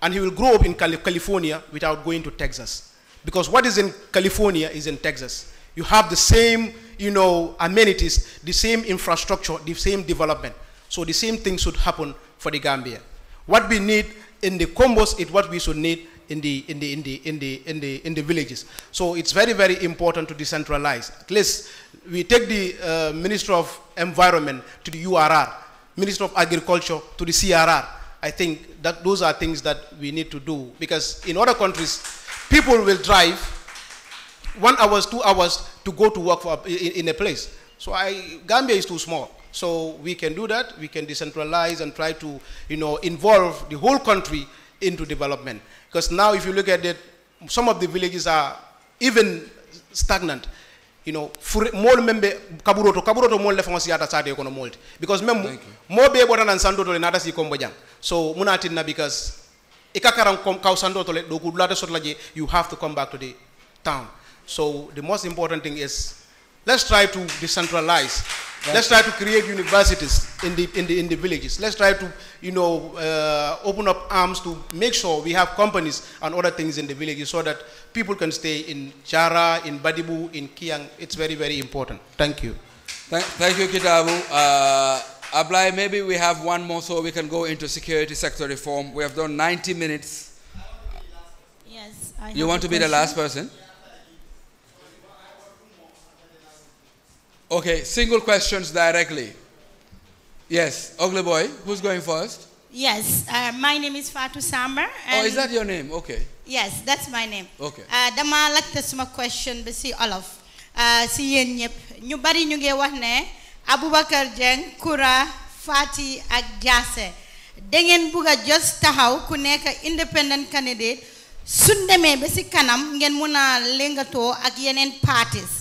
and he will grow up in California without going to Texas. Because what is in California is in Texas. You have the same, you know, amenities, the same infrastructure, the same development. So the same thing should happen for the Gambia. What we need in the combos is what we should need in the in the in the in the in the in the villages. So it's very very important to decentralize. At least we take the uh, Minister of Environment to the URR, Minister of Agriculture to the CRR. I think that those are things that we need to do because in other countries, people will drive one hours, two hours to go to work for, in, in a place. So I, Gambia is too small. So we can do that. We can decentralize and try to, you know, involve the whole country into development. Because now if you look at it, some of the villages are even stagnant. You know, more member kaburoto kaburoto mol lefongo si ata sade kono mold because mem mo be bota than sando tole nata si kombo so munatina because ikakaram kom sando tole do you have to come back to the town so the most important thing is let's try to decentralize Let's try to create universities in the, in the, in the villages. Let's try to, you know, uh, open up arms to make sure we have companies and other things in the villages so that people can stay in Chara, in Badibu, in Kiang. It's very, very important. Thank you. Thank, thank you, Kitabu. Uh, Ablai, maybe we have one more so we can go into security sector reform. We have done 90 minutes. Yes. you want to be the last person? Okay, single questions directly. Yes, ugly boy, who's going first? Yes, uh, my name is Fatu Samber. oh, is that your name? Okay. Yes, that's my name. Okay. Uh, dama laajte suma question bi si olof si uh, yéen ñëpp ñu bari ñu ngi wax ne Aboubacar Dieng Kura Fati ak Jaase da ngeen bugg a taxaw ku nekk independent candidate suñ demee ba si kanam ngeen muna a lëngatoo ak yeneen parties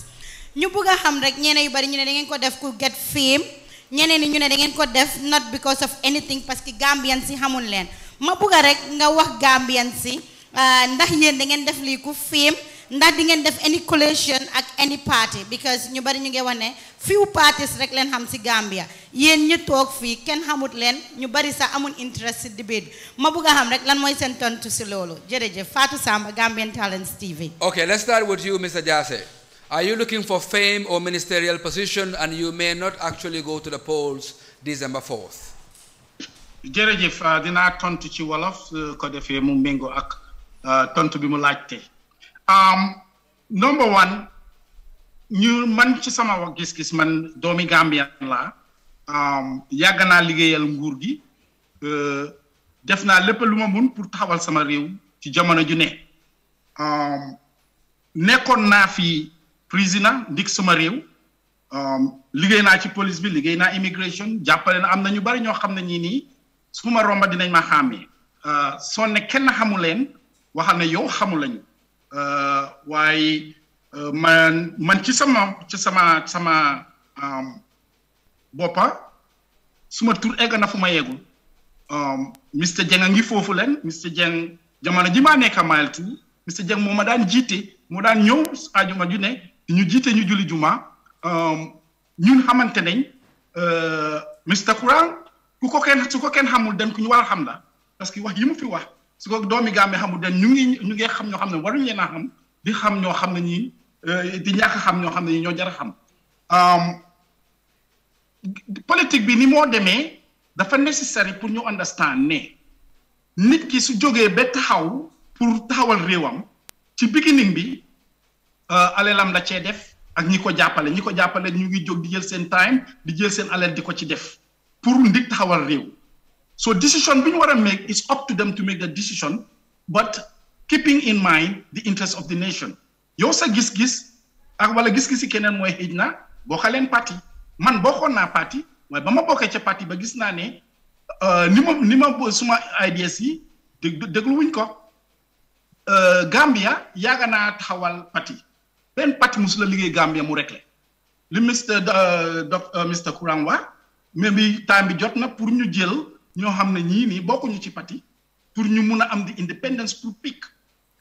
ñu bëgg a xam rek ñeneen yu bari ñu ne da ngeen ko def ku get fame ñeneen ñi ñu ne da ngeen ko def not because of anything parce que Gambian si xamul leen ma bëgg a rek nga wax Gambian si euh, ndax yéen da ngeen def lii ku fame ndax di ngeen def any collation ak any party because ñu bari ñu ngi wax few parties rek leen xam si Gambia yéen ñu toog fii kenn xamut leen ñu bari sax amul interest si debate ma bëgg a xam rek lan mooy seen tontu si loolu jërëjëf Fatou Samba Gambian Talents TV. ok let's start with you Mr Jasseh. Are you looking for fame or ministerial position and you may not actually go to the polls December 4th? jërëjëf uh, dinaa tontu ci wolof uh, ko defee mu méngoo ak uh, tontu bi mu laajte um, number one ñu man ci sama wax gis-gis man doomi Gambian laa um, yàgg naa liggéeyal nguur gi def naa lépp lu ma mun pour taxawal sama réew ci jamono ju ne um, nekkoon naa président Dick suma réew um, liggéey naa ci police bi liggéey naa immigration jàppale na am na ñu bari ñoo xam ne ñii nii su ma romba dinañ ma xàmmee uh, soo ne kenn xamu leen waxal ne yow xamu lañu uh, waaye uh, man man ci sama ci sama sama um, boppa suma tur egg na fu ma yeegul Mr um, Dieng a ngi foofu leen Mr Jeng, jamono ji maa nekk Mr Jeng moo ma daan jiite moo daan ñëw ajuma ju ñu jité ñu julli juma um, ñun xamanté nañ uh, Mr Quran ku ko kenn su ko kenn xamul dem ku ñu xam la parce que wax yi mu fi wax su ko doomi gamé xamul dem ñu ngi ñu ngi xam ñoo xam ne waruñ leen xam di xam ñoo xam ne euh di ñàkk xam ñoo xam ñoo um, politique bi ni moo demee dafa nécessaire pour ñu understand ne nit ki su joggé bét taxaw pour taxawal réewam ci beginning bi Euh, alelam la cee def ak ñi ko jàppale ñi ko jàppale ñu ngi jóg di jël seen time di jël seen alal di ko ci def pour ndig taxawal réew so decision bi ñu make is up to them to make the decision but keeping in mind the interest of the nation yow sa gis-gis ak wala gis-gisi keneen mooy xëj na boo parti man bokkoon naa parti waaye ba ma bokkee parti ba gis naa ne euh, ni ma ni ma suma ideas yi déglu wuñ ko euh, Gambia yaga na taxawal parti ben pàcc musu la liggéey Gambia mu réglé li mister euh, docteur mister Courant wa mais bi temps bi jot pour ñu jël ño xamne ñi ni bokku ñu ci parti pour ñu mëna am di independence pour pic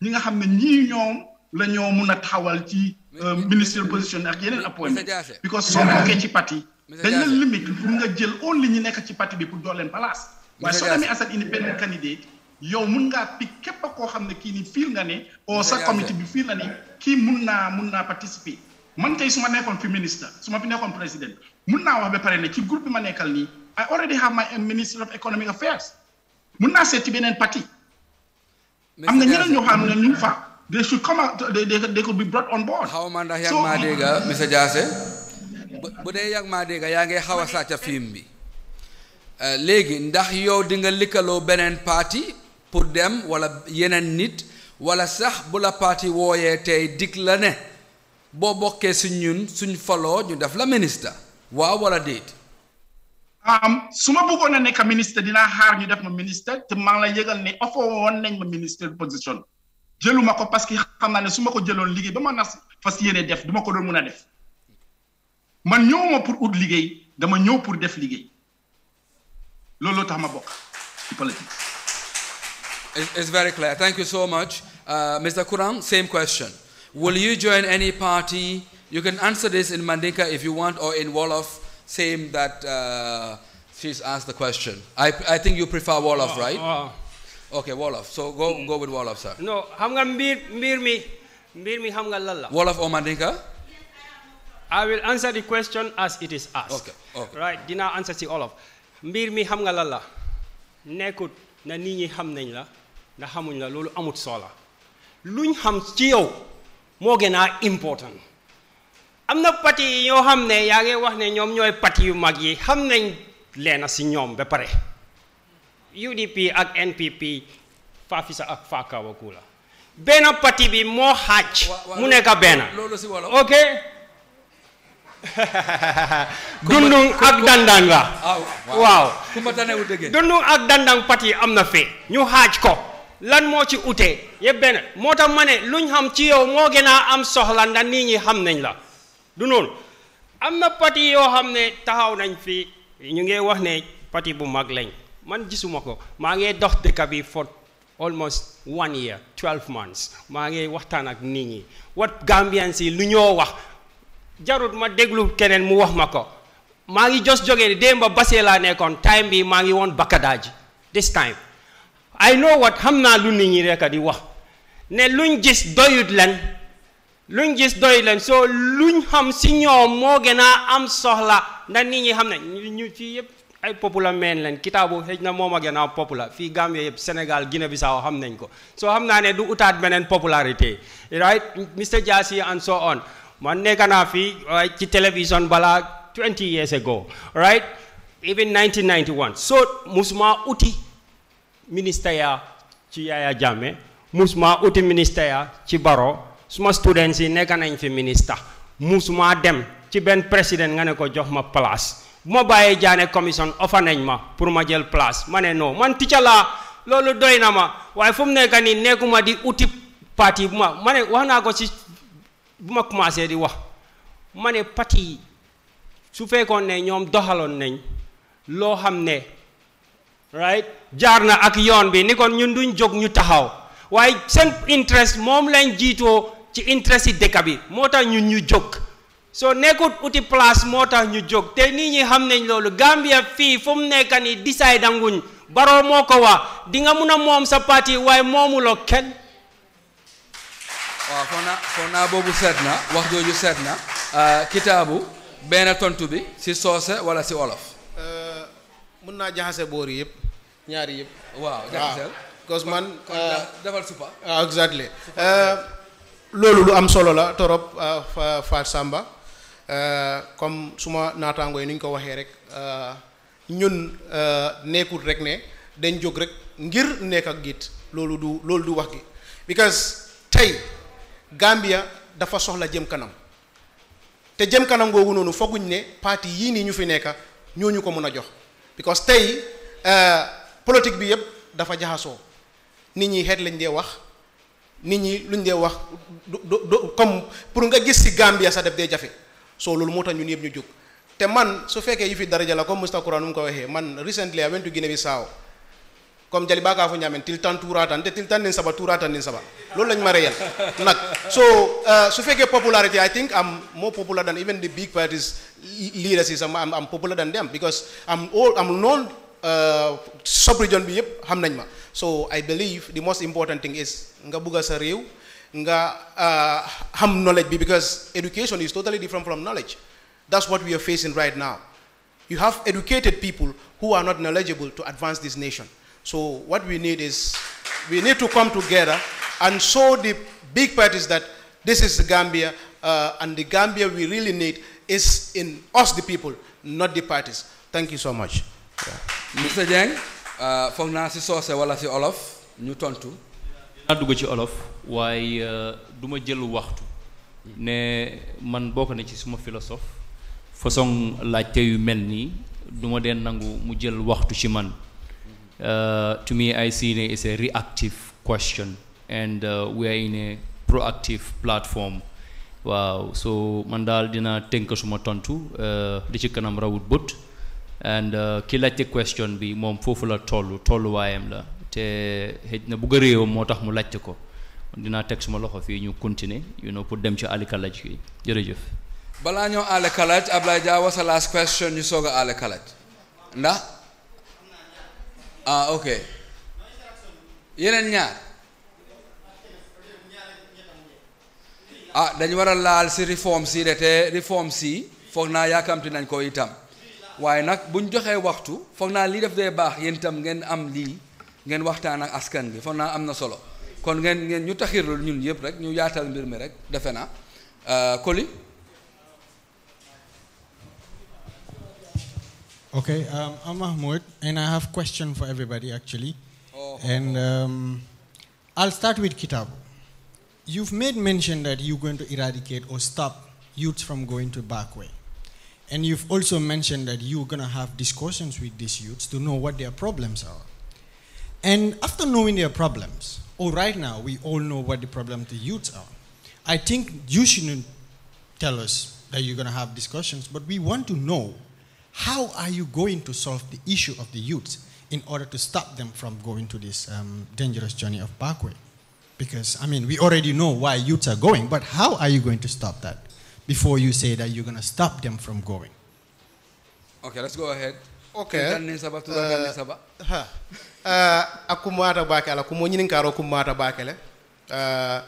ñi nga xamne ñi ñom ñoom la ñoo ci euh, ministre position ak yeneen appoint because so ko ci parti dañ la limite pour nga jël only ñi nekk ci parti bi pour do leen place wa so demee as independent candidate yow mën nga pic képp ko xamne ki ni fil nga ne au sa committee bi fil nga ne ki mën naa mën naa participer man tey su ma nekkoon fi ministre suma fi nekkoon président mën naa wax ba pare ne ci groupe bi ma nekkal nii I already have my minister of economic affairs mën naa seet ci beneen parti am na ñeneen ñoo xam ne ñu fa they should come out they, they, they could be brought on board xaw ma ndax yag maa dégg monsieur Diassé bu dee yag maa dégg yaa ngi xaw a sàcca film bi euh, léegi ndax yow di nga likkaloo beneen parti pour dem wala yeneen nit wala sax bu la parti wooyee tey dig la ne boo bokkee si ñun suñ faloo ñu def la ministre waaw wala déet. su ma bëggoon a nekk ministre dinaa xaar ñu def ma ministre te maa la yëgal ne offre woon nañ ma ministre position jëluma ko parce que xam na ne su ma ko jëloon liggéey ba ma nas fas yéene def du ma ko doon mën a def man ñëwuma pour ut liggéey dama ñëw pour def liggéey looloo tax ma bokk It's very clear. Thank you so much. Uh, Mr. Kurang, same question. Will you join any party? You can answer this in Mandinka if you want or in Wolof, same that uh, she's asked the question. I, I think you prefer Wolof, oh, right? Oh. Okay, Wolof. So go, go with Wolof, sir. No, I'm going to bir mi hamga Wolof or Mandinka? I will answer the question as it is asked. Okay, okay. Right, dina answer to Wolof. Mbir mi hamga lalla. Nekut na nini ham la. nda xamuñ la loolu amut soola luñ xam ci yow moo gën a important am na pati yi ñoo xam ne yaa ngi wax ne ñoom ñooy pati yu mag yi xam nañ leena si ñoom ba pare udp ak npp fafisa ak fakawa kuula benn pati bi moo xaaj mu nekk benn ok dundung ak dandang la waaw dundung ak dandang pati am na fi ñu xaaj ko lan moo ci utee yëpp benn moo tax ma ne luñ xam ci yow moo gën a am soxla ndax nit ñi xam nañ la du noonu am na parti yoo ne taxaw nañ fi ñu ngi wax ne parti bu mag lañ man gisuma ko maa ngi dox dëkk bi for almost one year twelve months maa ngi waxtaan ak nit ñi wat Gambians yi lu ñoo wax jarut ma déglu keneen mu wax ma ko maa ngi jos jógee démb basee laa nekkoon time bi maa ngi woon Bakadaaji this time I know what hamna naa ñi di wax ne luñ gis doyut leen luñ gis doyut leen soo luñ xam si ñoom moo gën a am soxla ndax nit ñi xam ne ñu fii yëpp ay popular men leen kitaabu xëj na moom a gën a popular fii Gambie yëpp Sénégal Guinée Bissau xam nañ ko soo xam naa ne du utaat beneen popularité right Mr jasi and so on man nekk naa fii ci télévision balaa 20 years ago right even 1991 so musuma uti ministère ci yaya jamme musuma uti ministère ci baro suma students kan yi nek nañ fi ministre musuma dem ci ben président nga ne ko jox ma place buma baye jane commission ofa nañ ma pour ma jël place ma non man ticha laa loolu doy na ma way fum nek ni nekuma di uti parti buma ma ma ne wax na ko ci buma commencé di wax ma parti su fekkone ñom doxalon nañ lo xamné right jarna ak yoon bi ni kon ñun duñ jog ñu taxaw waaye seen interest moom lañ jiitoo ci interest yi dëkk bi moo ñun ñu jóg so nekkut uti place moo tax ñu jóg te nit ñi xam nañ loolu gambia fii fu mu nekk ni disaay danguñ baro moo ko waa di nga mun a moom sa parti waaye moomuloo kenn waaw foo naa foo naa boobu seet na wax jooju seet na ah, kitaabu benn tontu bi si soose wala si olof mën naa jaxase nyari. Ah, yëpp ñaar yëpp waaw jaxasel cause man eh, defal supa waaw ah, exactly eh, loolu lu am solo la torop ah, Fatou Samba eh, comme suma naataangoo yi ni ñu ko waxee rek ñun nekkul rek ne dañ jóg rek ngir nekk ak git loolu du loolu du wax gi because tey Gambia dafa soxla jëm kanam te jëm kanam googu noonu foguñ ne parti yii nii ñu fi nekk ñooñu ko mën jox because tey euh, politique bi yëpp dafa jaxasoo nit ñi xeet lañ dee wax nit ñi luñ dee wax do du comme pour nga gis ci Gambia sax def dee jafe soo loolu moo tax ñun yëpp ñu jóg te man su fekkee yu fi daraja la comme Mr. Kuran nu mu ko waxee man recently I went to Guinea Bissau comme jali baga fo ñamen til tan touratan de til tan nin saba touratan nin saba lolou lañ ma reyal nak so uh, su so popularity i think i'm more popular than even the big parties leaders is I'm, am popular than them because i'm all i'm known Subregion euh, sub region bi yep xam nañ ma so i believe the most important thing is nga buga sa rew nga ham euh, uh, knowledge bi because education is totally different from knowledge that's what we are facing right now you have educated people who are not knowledgeable to advance this nation so what we need is, we need to come together and show the big parties that this is Gambia, uh, and the Gambia we really need is in us, the people, not the parties. Thank you so much. Mr. Dieng, uh, from naa si soose wala si olof ñu tontu. dinaa dugg ci olof waaye uh, du ma jël waxtu ne man bokk na ci suma philosophe façon yu melni nii du ma nangu mu jël waxtu ci man. Uh, to me, I see it as a reactive question, and uh, we are in a proactive platform. Wow! so mandal dina tënk suma tontu li uh, kanam rawut bët and uh, kila te question bi mom foofu tolu tolu tolluwaayam la te xëj na bugg a réewam moo mu laajte ko dinaa teg suma loxo fii ñu continuer you know pour dem ci àllikalaj gi jërëjëf bala ñoo àllikalaj Ablaye Dia what's the last question ñu soga a àllikalaj ndax ah ok yeneen ñaar ah dañu war a laal si réforme si de te réforme si foog naa yaakamti nañ ko itam waaye nag buñ joxee waxtu foog naa lii def dee baax yéen itam ngeen am lii ngeen waxtaan ak askan bi foog naa am na solo kon ngeen ngeen ñu taxirlu ñun yëpp rek ñu yaatal mbir mi rek defe naa uh, koli Okay, um, I'm Mahmoud, and I have question for everybody actually. Oh, oh, oh. and um, I'll start with Kitab. You've made mention that you're going to eradicate or stop youths from going to back way. And you've also mentioned that you're going to have discussions with these youths to know what their problems are. And after knowing their problems, or right now, we all know what the problems the youths are. I think you shouldn't tell us that you're going to have discussions, but we want to know how are you going to solve the issue of the youths in order to stop them from going to this um, dangerous journey of parkway? Because, I mean, we already know why youths are going, but how are you going to stop that before you say that you're going to stop them from going? Okay, let's go ahead. Okay. Uh, Uh, karo uh,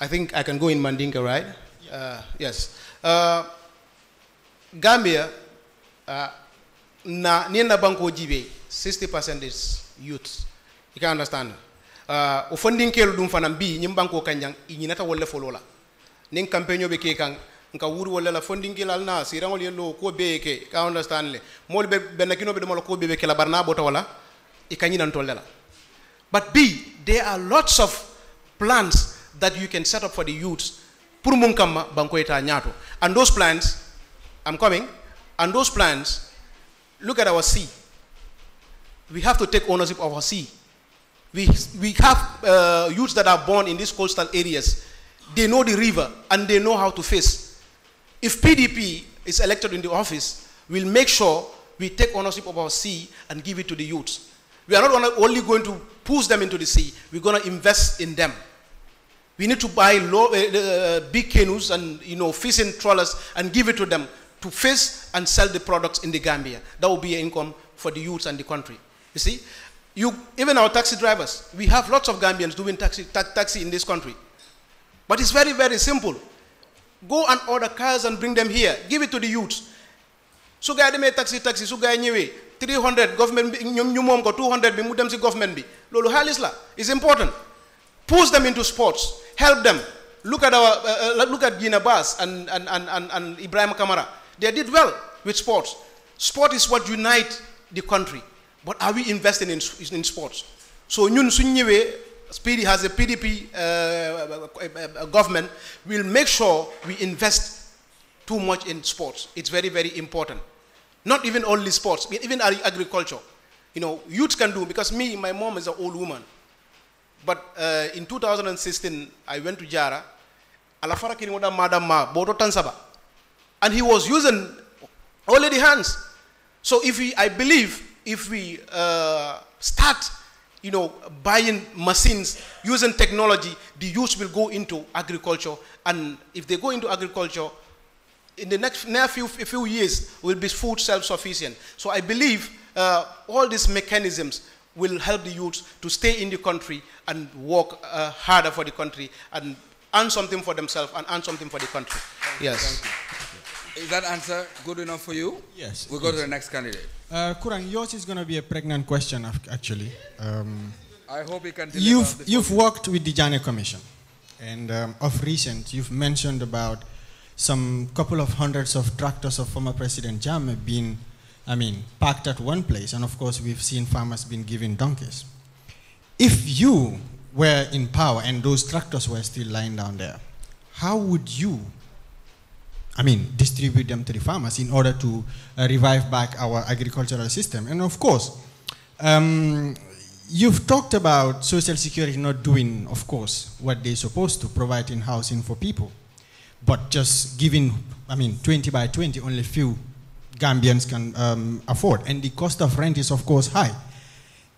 I think I can go in Mandinka, right? Uh, yes. Uh, Gambia uh, na nina banko jibe 60% is youth you can understand uh, o funding kelu dum fanam bi nyim banko kanjang inyinata wolle folola nin campaign be ke kan nka wuri wolle la funding kila na sirangol yello ko be ke ka understand le mol be benakino be dum ko be be kala barna bota wala e kanyinan tolela but b there are lots of plans that you can set up for the youths pour mun kamma banko eta nyato and those plans i'm coming and those plans, look at our sea. We have to take ownership of our sea. We, we have uh, youths that are born in these coastal areas. They know the river and they know how to face. If PDP is elected in the office, we'll make sure we take ownership of our sea and give it to the youths. We are not only going to push them into the sea, we're going to invest in them. We need to buy low, uh, uh, big canoes and you know fishing trawlers and give it to them to face and sell the products in the Gambia. That will be an income for the youths and the country. You see, you, even our taxi drivers, we have lots of Gambians doing taxi, ta taxi in this country. But it's very, very simple. Go and order cars and bring them here. Give it to the youths. So gaa yi taxi taxi So gaa yi ñëwee 300 government bi ñoom ñu 200 bi mu si government bi Lolo halisla. It's important push them into sports help them look at our uh, uh, look at Gina Bass and and and and Ibrahim Kamara. They did well with sports. Sport is what unites the country. But are we investing in, in sports? So ñun suñ ñëwé has a PDP uh, government will make sure we invest too much in sports. It's very very important. Not even only sports, even agriculture. You know, youth can do because me, my mom is an old woman. But uh, in 2016, I went to Jara. Alafara kini madam ma bodo tansaba. And he was using only the hands. So if we, I believe, if we uh, start, you know, buying machines, using technology, the youth will go into agriculture. And if they go into agriculture, in the next, near few, few years, will be food self-sufficient. So I believe uh, all these mechanisms will help the youth to stay in the country and work uh, harder for the country and earn something for themselves and earn something for the country. Thank yes. You, is that answer good enough for you? Yes. we will go to the next candidate. Uh, Kurang, yours is going to be a pregnant question, actually. Um, I hope you can You've, you've worked with the Jane Commission. And um, of recent, you've mentioned about some couple of hundreds of tractors of former President have being, I mean, parked at one place. And of course, we've seen farmers being given donkeys. If you were in power and those tractors were still lying down there, how would you I mean, distribute them to the farmers in order to uh, revive back our agricultural system. And of course, um, you've talked about Social Security not doing, of course, what they're supposed to, providing housing for people, but just giving, I mean, 20 by 20, only few Gambians can um, afford. And the cost of rent is, of course, high.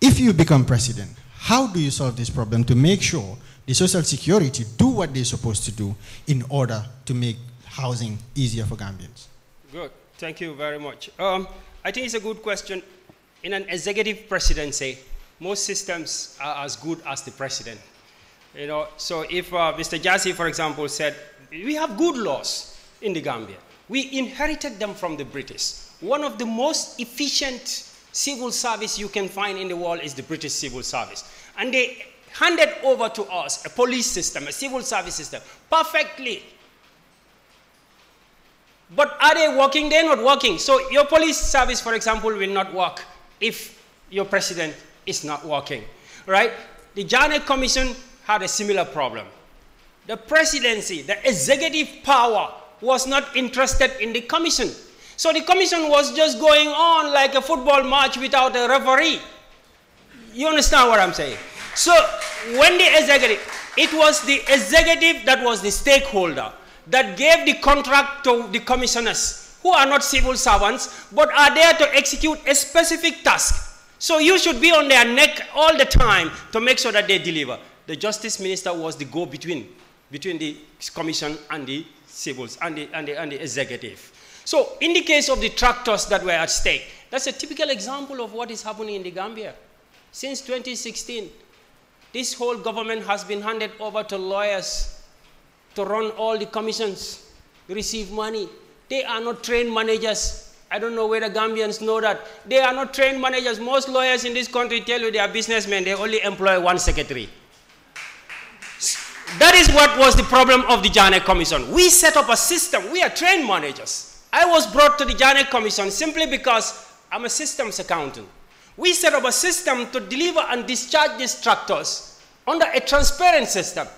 If you become president, how do you solve this problem to make sure the Social Security do what they're supposed to do in order to make housing easier for Gambians? Good. Thank you very much. Um, I think it's a good question. In an executive presidency, most systems are as good as the president. You know, so if uh, Mr. Jassy, for example, said, we have good laws in the Gambia. We inherited them from the British. One of the most efficient civil service you can find in the world is the British civil service. And they handed over to us a police system, a civil service system, perfectly but are they working? They're not working. So your police service, for example, will not work if your president is not working, right? The Janet Commission had a similar problem. The presidency, the executive power, was not interested in the commission. So the commission was just going on like a football match without a referee. You understand what I'm saying? So when the executive, it was the executive that was the stakeholder that gave the contract to the commissioners who are not civil servants but are there to execute a specific task. So you should be on their neck all the time to make sure that they deliver. The justice minister was the go-between between the commission and the civils and the, and, the, and the executive. So in the case of the tractors that were at stake, that's a typical example of what is happening in the Gambia. Since 2016, this whole government has been handed over to lawyers to run all the commissions, receive money. They are not trained managers. I don't know whether Gambians know that. They are not trained managers. Most lawyers in this country tell you they are businessmen, they only employ one secretary. That is what was the problem of the Janet Commission. We set up a system. We are trained managers. I was brought to the Janet Commission simply because I'm a systems accountant. We set up a system to deliver and discharge these tractors under a transparent system.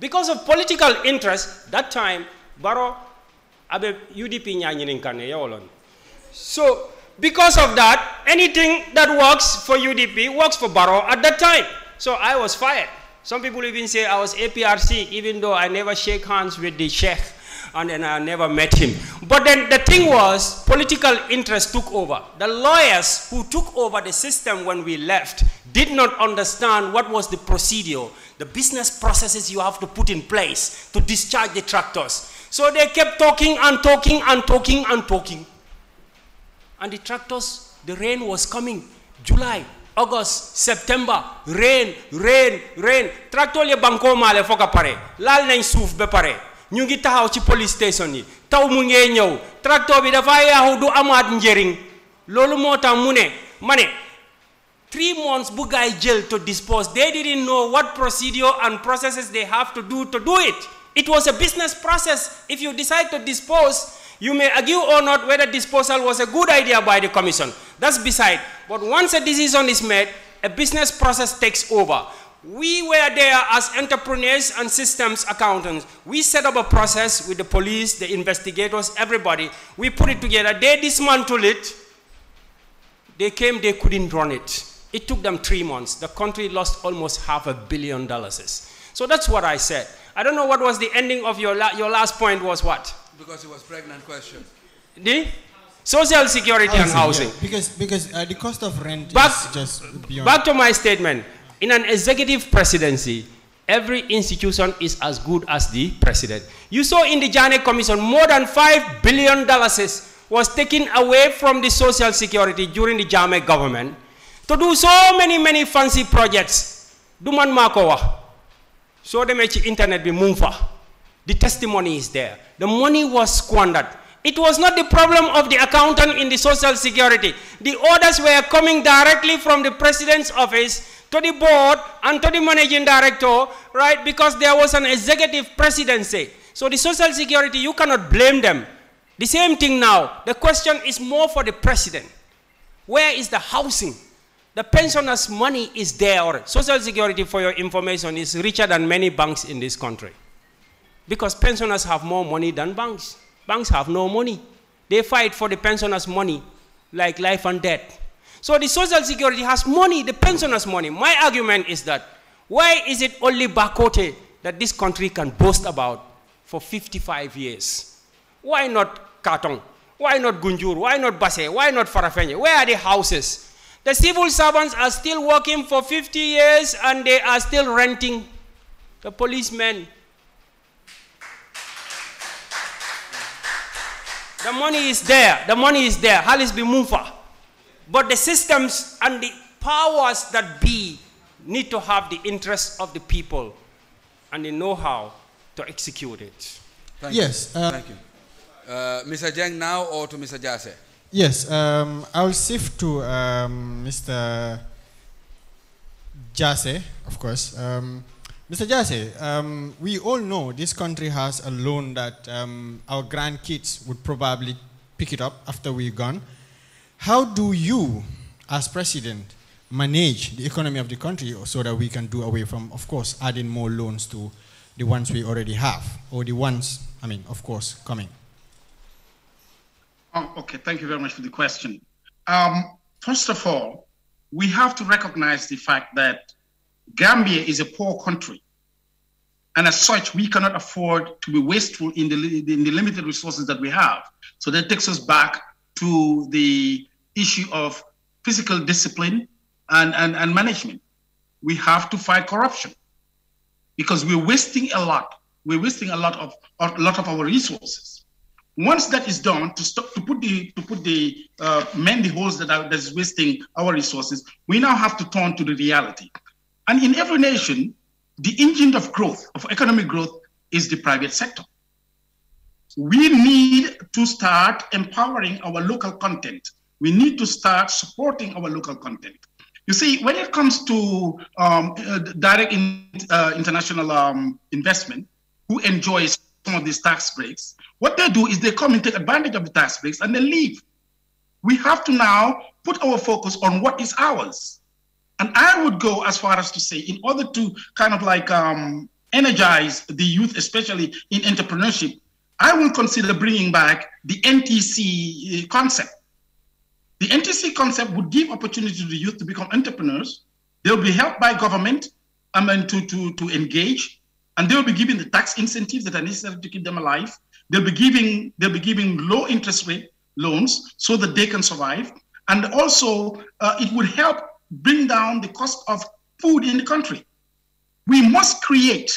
Because of political interest, that time, Baro abe UDP nyanyininkane yawolon. So, because of that, anything that works for UDP works for Baro at that time. So I was fired. Some people even say I was APRC, even though I never shake hands with the sheikh and then I never met him. But then the thing was, political interest took over. The lawyers who took over the system when we left did not understand what was the procedure the business processes you have to put in place to discharge the tractors. So they kept talking and talking and talking and talking. And the tractors, the rain was coming. July, August, September, rain, rain, rain. Tractor le banko male foka pare. Lal nañ souf be pare. Ñu ngi chi police station yi. Taw mu ngey Tractor bi dafa yaaxu du amaat njëriñ. Loolu moo three months Bugai jail to dispose. They didn't know what procedure and processes they have to do to do it. It was a business process. If you decide to dispose, you may argue or not whether disposal was a good idea by the commission. That's beside. But once a decision is made, a business process takes over. We were there as entrepreneurs and systems accountants. We set up a process with the police, the investigators, everybody. We put it together. They dismantled it. They came, they couldn't run it. It took them three months. The country lost almost half a billion dollars. So that's what I said. I don't know what was the ending of your, la your last point was what? Because it was pregnant question. The social security housing, and housing. Yeah. Because, because uh, the cost of rent back, is just beyond. Back to my statement. In an executive presidency, every institution is as good as the president. You saw in the Janet Commission, more than $5 billion was taken away from the social security during the Jammeh government to do so many many fancy projects du man maa ko wax soo demee ci internet bi mu fa the testimony is there the money was squandered it was not the problem of the accountant in the social security the orders were coming directly from the president's office to the board and to the managing director right because there was an executive presidency so the social security you cannot blame them the same thing now the question is more for the president where is the housing the pensioners' money is there already. Social Security, for your information, is richer than many banks in this country. Because pensioners have more money than banks. Banks have no money. They fight for the pensioners' money like life and death. So the Social Security has money, the pensioners' money. My argument is that why is it only Bakote that this country can boast about for 55 years? Why not Katong? Why not Gunjur? Why not Basse? Why not Farafenye? Where are the houses? The civil servants are still working for 50 years and they are still renting. The policemen. The money is there. The money is there. Halis be mufa. But the systems and the powers that be need to have the interests of the people and the know-how to execute it. Thank yes. You. Uh, Thank you. Uh, Mr. Jeng now or to Mr. Jase? Yes, um, I'll shift to um, Mr. Jase, of course. Um, Mr. Jase, um, we all know this country has a loan that um, our grandkids would probably pick it up after we're gone. How do you, as president, manage the economy of the country so that we can do away from, of course, adding more loans to the ones we already have or the ones, I mean, of course, coming? Oh, okay, thank you very much for the question. Um, first of all, we have to recognize the fact that Gambia is a poor country. And as such, we cannot afford to be wasteful in the, in the limited resources that we have. So that takes us back to the issue of physical discipline and, and, and management. We have to fight corruption because we're wasting a lot. We're wasting a lot of a lot of our resources. Once that is done, to stop to put the to put the uh, mend the holes that are that's wasting our resources, we now have to turn to the reality. And in every nation, the engine of growth, of economic growth, is the private sector. We need to start empowering our local content. We need to start supporting our local content. You see, when it comes to um, uh, direct in, uh, international um, investment, who enjoys some of these tax breaks, what they do is they come and take advantage of the tax breaks and they leave. We have to now put our focus on what is ours. And I would go as far as to say, in order to kind of like um, energize the youth, especially in entrepreneurship, I will consider bringing back the NTC uh, concept. The NTC concept would give opportunity to the youth to become entrepreneurs. They'll be helped by government I mean, to, to, to engage, and they'll be given the tax incentives that are necessary to keep them alive. They'll be giving they'll be giving low interest rate loans so that they can survive, and also uh, it would help bring down the cost of food in the country. We must create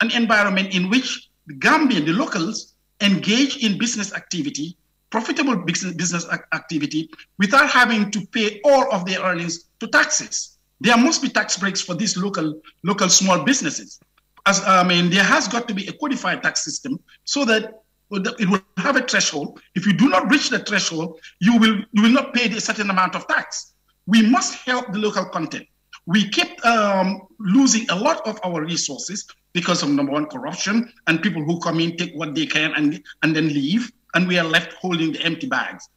an environment in which the Gambian, the locals, engage in business activity, profitable business, business activity, without having to pay all of their earnings to taxes. There must be tax breaks for these local, local small businesses. As I mean, there has got to be a codified tax system so that it will have a threshold. If you do not reach the threshold, you will you will not pay a certain amount of tax. We must help the local content. We keep um, losing a lot of our resources because of number one corruption and people who come in take what they can and and then leave, and we are left holding the empty bags.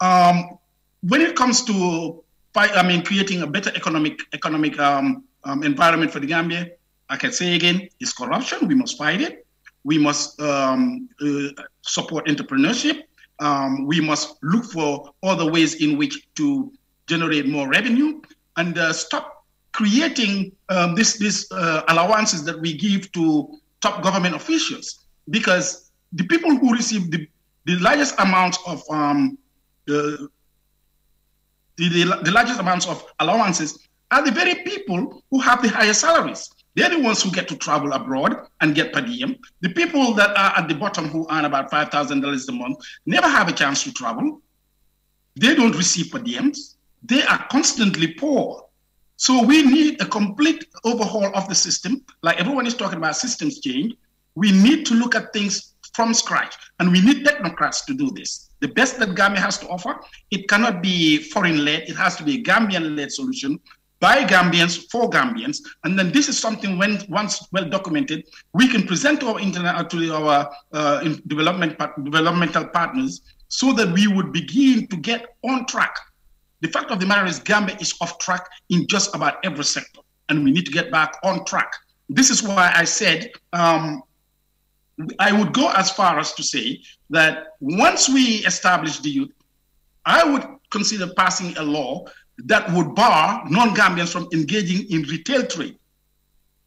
Um, when it comes to I mean creating a better economic economic um, um, environment for the Gambia, I can say again, it's corruption. We must fight it we must um, uh, support entrepreneurship. Um, we must look for other ways in which to generate more revenue and uh, stop creating um, this, these uh, allowances that we give to top government officials because the people who receive the, the largest amounts of um, the, the, the largest amounts of allowances are the very people who have the highest salaries. They're the ones who get to travel abroad and get per diem. The people that are at the bottom who earn about $5,000 a month never have a chance to travel. They don't receive per diems. They are constantly poor. So we need a complete overhaul of the system. Like everyone is talking about systems change. We need to look at things from scratch, and we need technocrats to do this. The best that Gambia has to offer, it cannot be foreign-led. It has to be a Gambian-led solution by Gambians for Gambians. And then this is something when once well documented, we can present to our internet uh, to our uh, development developmental partners so that we would begin to get on track. The fact of the matter is, Gambia is off track in just about every sector, and we need to get back on track. This is why I said um, I would go as far as to say that once we establish the youth, I would consider passing a law that would bar non-Gambians from engaging in retail trade.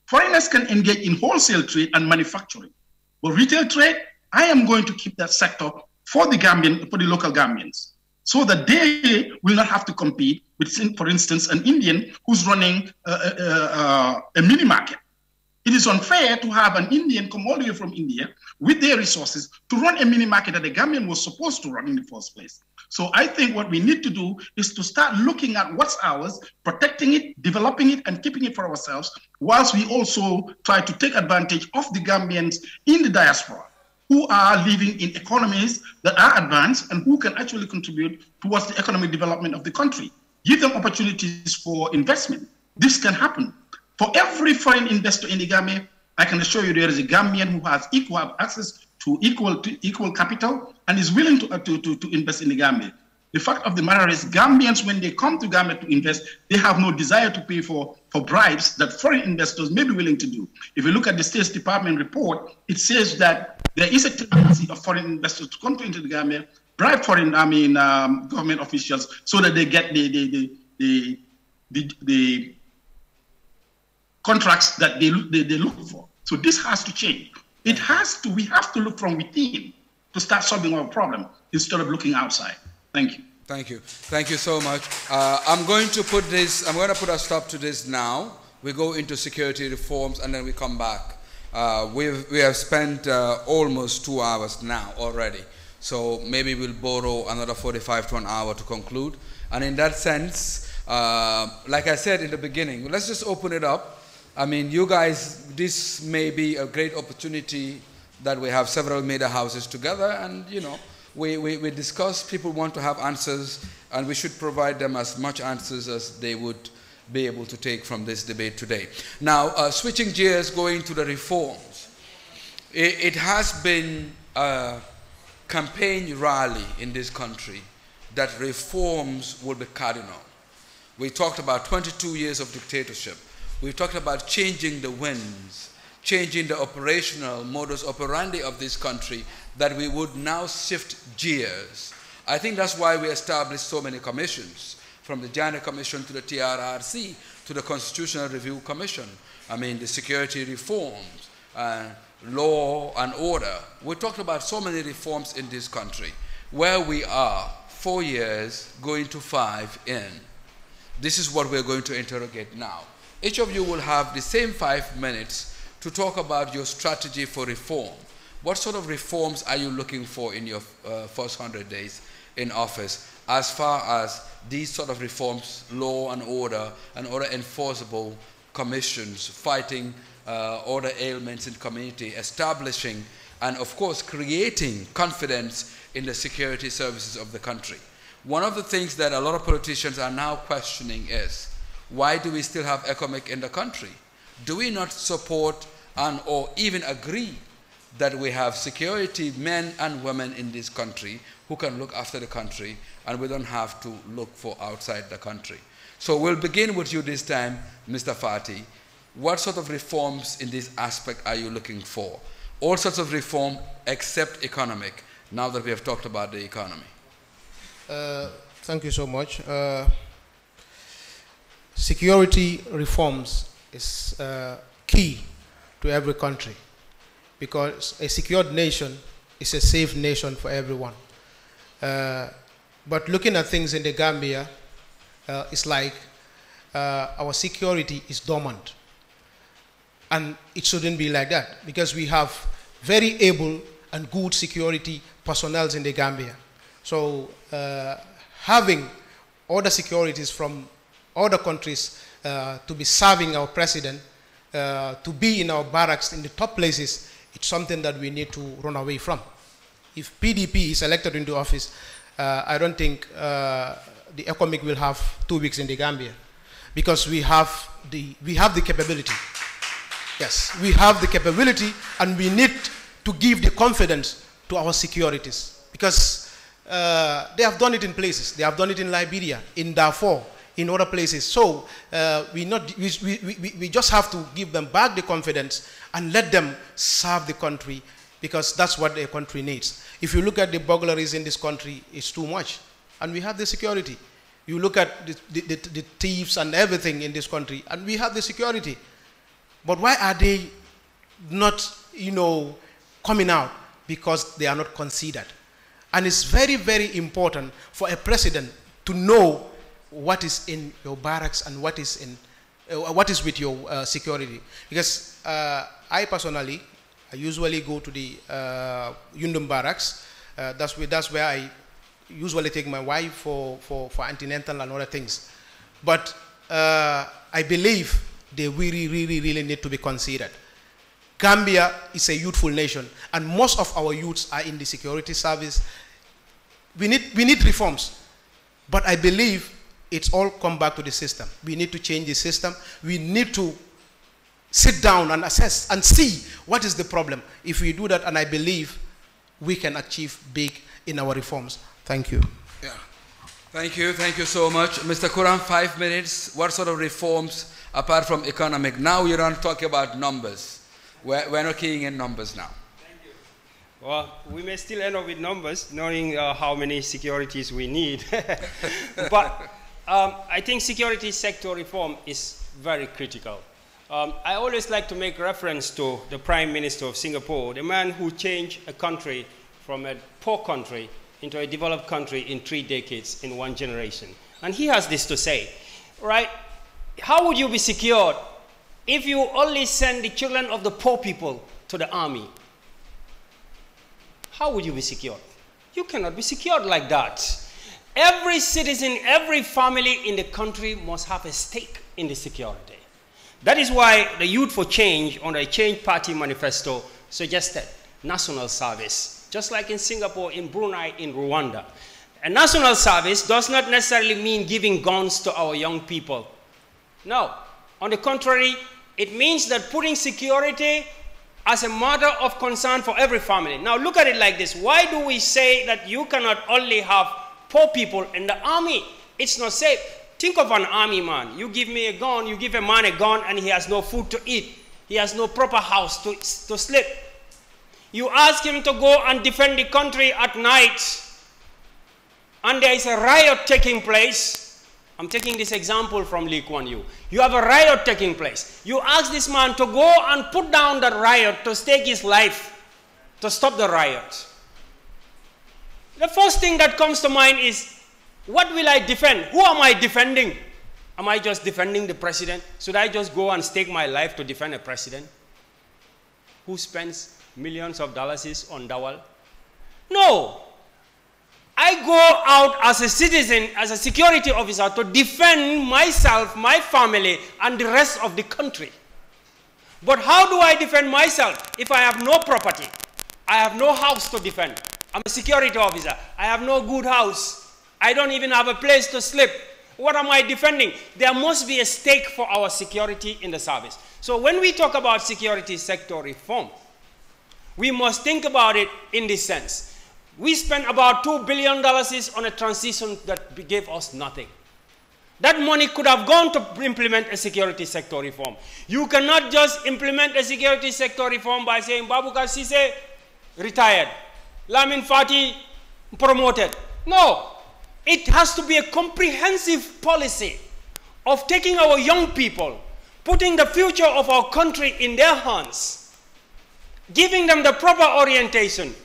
Foreigners can engage in wholesale trade and manufacturing, but retail trade, I am going to keep that sector for the Gambian, for the local Gambians, so that they will not have to compete with, for instance, an Indian who's running a, a, a, a mini market. It is unfair to have an Indian come all the way from India with their resources to run a mini market that the Gambian was supposed to run in the first place. So I think what we need to do is to start looking at what's ours, protecting it, developing it, and keeping it for ourselves, whilst we also try to take advantage of the Gambians in the diaspora who are living in economies that are advanced and who can actually contribute towards the economic development of the country. Give them opportunities for investment. This can happen. For every foreign investor in the Gambia, I can assure you there is a Gambian who has equal access to equal to equal capital and is willing to, uh, to, to, to invest in the Gambia. The fact of the matter is, Gambians, when they come to Gambia to invest, they have no desire to pay for, for bribes that foreign investors may be willing to do. If you look at the State Department report, it says that there is a tendency of foreign investors to come to into the Gambia, bribe foreign, I mean, um, government officials, so that they get the the the the, the, the contracts that they look, they, they look for. So this has to change. It has to, we have to look from within to start solving our problem instead of looking outside. Thank you. Thank you. Thank you so much. Uh, I'm going to put this, I'm going to put a stop to this now. We go into security reforms and then we come back. Uh, we've, we have spent uh, almost two hours now already. So maybe we'll borrow another 45 to an hour to conclude. And in that sense, uh, like I said in the beginning, let's just open it up I mean, you guys, this may be a great opportunity that we have several media houses together and, you know, we, we, we discuss, people want to have answers and we should provide them as much answers as they would be able to take from this debate today. Now, uh, switching gears, going to the reforms. It, it has been a campaign rally in this country that reforms would be cardinal. We talked about 22 years of dictatorship. We've talked about changing the winds, changing the operational modus operandi of this country, that we would now shift gears. I think that's why we established so many commissions, from the Jana Commission to the TRRC to the Constitutional Review Commission. I mean, the security reforms, uh, law and order. We talked about so many reforms in this country. Where we are, four years going to five in. This is what we're going to interrogate now. Each of you will have the same five minutes to talk about your strategy for reform. What sort of reforms are you looking for in your uh, first 100 days in office as far as these sort of reforms, law and order, and other enforceable commissions, fighting uh, other ailments in the community, establishing and of course creating confidence in the security services of the country. One of the things that a lot of politicians are now questioning is why do we still have ECOMIC in the country? Do we not support and or even agree that we have security men and women in this country who can look after the country and we don't have to look for outside the country. So we'll begin with you this time, Mr. Fati. What sort of reforms in this aspect are you looking for? All sorts of reform except economic, now that we have talked about the economy. Uh, thank you so much. Uh security reforms is uh, key to every country because a secured nation is a safe nation for everyone. Uh, but looking at things in the Gambia, uh, it's like uh, our security is dormant. And it shouldn't be like that because we have very able and good security personnel in the Gambia. So uh, having all the securities from other countries uh, to be serving our president, uh, to be in our barracks in the top places, it's something that we need to run away from. If PDP is elected into office, uh, I don't think uh, the economic will have two weeks in the Gambia because we have the, we have the capability. Yes, we have the capability and we need to give the confidence to our securities because uh, they have done it in places. They have done it in Liberia, in Darfur, in other places. So uh, we, not, we, we, we just have to give them back the confidence and let them serve the country because that's what the country needs. If you look at the burglaries in this country, it's too much. And we have the security. You look at the, the, the, the thieves and everything in this country, and we have the security. But why are they not, you know, coming out? Because they are not considered. And it's very, very important for a president to know what is in your barracks and what is in uh, what is with your uh, security because uh, I personally I usually go to the uh, Yundum barracks uh, that's where that's where I usually take my wife for for, for antenatal and other things but uh, I believe they really really really need to be considered Gambia is a youthful nation and most of our youths are in the security service we need we need reforms but I believe it's all come back to the system. We need to change the system. We need to sit down and assess and see what is the problem. If we do that, and I believe we can achieve big in our reforms. Thank you. Yeah. Thank you. Thank you so much. Mr. Kuran, five minutes. What sort of reforms, apart from economic? Now you're not talking about numbers. We're, we're not keying in numbers now. Thank you. Well, we may still end up with numbers, knowing uh, how many securities we need. but um, I think security sector reform is very critical. Um, I always like to make reference to the Prime Minister of Singapore, the man who changed a country from a poor country into a developed country in three decades in one generation. And he has this to say, right? How would you be secured if you only send the children of the poor people to the army? How would you be secured? You cannot be secured like that. Every citizen, every family in the country must have a stake in the security. That is why the Youth for Change on the Change Party manifesto suggested national service, just like in Singapore, in Brunei, in Rwanda. A national service does not necessarily mean giving guns to our young people. No, on the contrary, it means that putting security as a matter of concern for every family. Now look at it like this. Why do we say that you cannot only have poor people in the army. It's not safe. Think of an army man. You give me a gun, you give a man a gun, and he has no food to eat. He has no proper house to, to sleep. You ask him to go and defend the country at night, and there is a riot taking place. I'm taking this example from Lee Kuan Yew. You have a riot taking place. You ask this man to go and put down that riot, to stake his life, to stop the riot. The first thing that comes to mind is, what will I defend? Who am I defending? Am I just defending the president? Should I just go and stake my life to defend a president who spends millions of dollars on Dawal? No. I go out as a citizen, as a security officer to defend myself, my family, and the rest of the country. But how do I defend myself if I have no property? I have no house to defend. I'm a security officer. I have no good house. I don't even have a place to sleep. What am I defending? There must be a stake for our security in the service. So when we talk about security sector reform, we must think about it in this sense. We spent about $2 billion on a transition that gave us nothing. That money could have gone to implement a security sector reform. You cannot just implement a security sector reform by saying, "Babu Kassise, retired. Lamin Fati promoted. No, it has to be a comprehensive policy of taking our young people, putting the future of our country in their hands, giving them the proper orientation,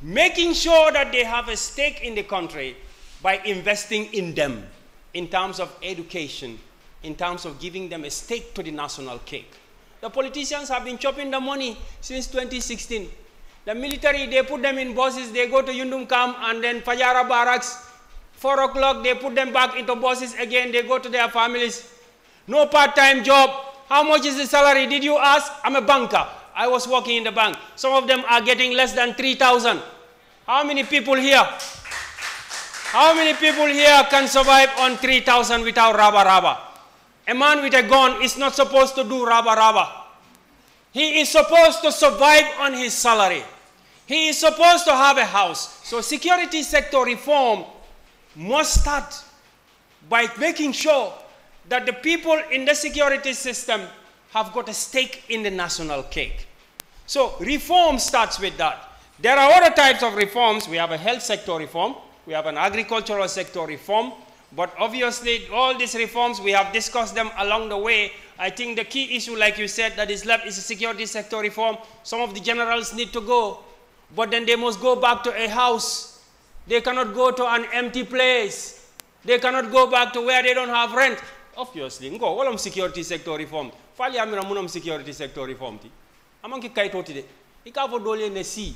making sure that they have a stake in the country by investing in them in terms of education, in terms of giving them a stake to the national cake. The politicians have been chopping the money since 2016. The military, they put them in buses, they go to Yundum camp and then Fajara barracks. 4 o'clock, they put them back into buses again, they go to their families. No part-time job. How much is the salary? Did you ask? I'm a banker. I was working in the bank. Some of them are getting less than 3,000. How many people here? How many people here can survive on 3,000 without raba raba? A man with a gun is not supposed to do raba raba. He is supposed to survive on his salary. He is supposed to have a house. So security sector reform must start by making sure that the people in the security system have got a stake in the national cake. So reform starts with that. There are other types of reforms. We have a health sector reform. We have an agricultural sector reform. But obviously, all these reforms, we have discussed them along the way. I think the key issue, like you said, that is left is security sector reform. Some of the generals need to go. But then they must go back to a house. They cannot go to an empty place. They cannot go back to where they don't have rent. Obviously, ngo walam security sector reform. Fali amira munam security sector reform ti. Amanki kaito tide. Ika vo dole ne si,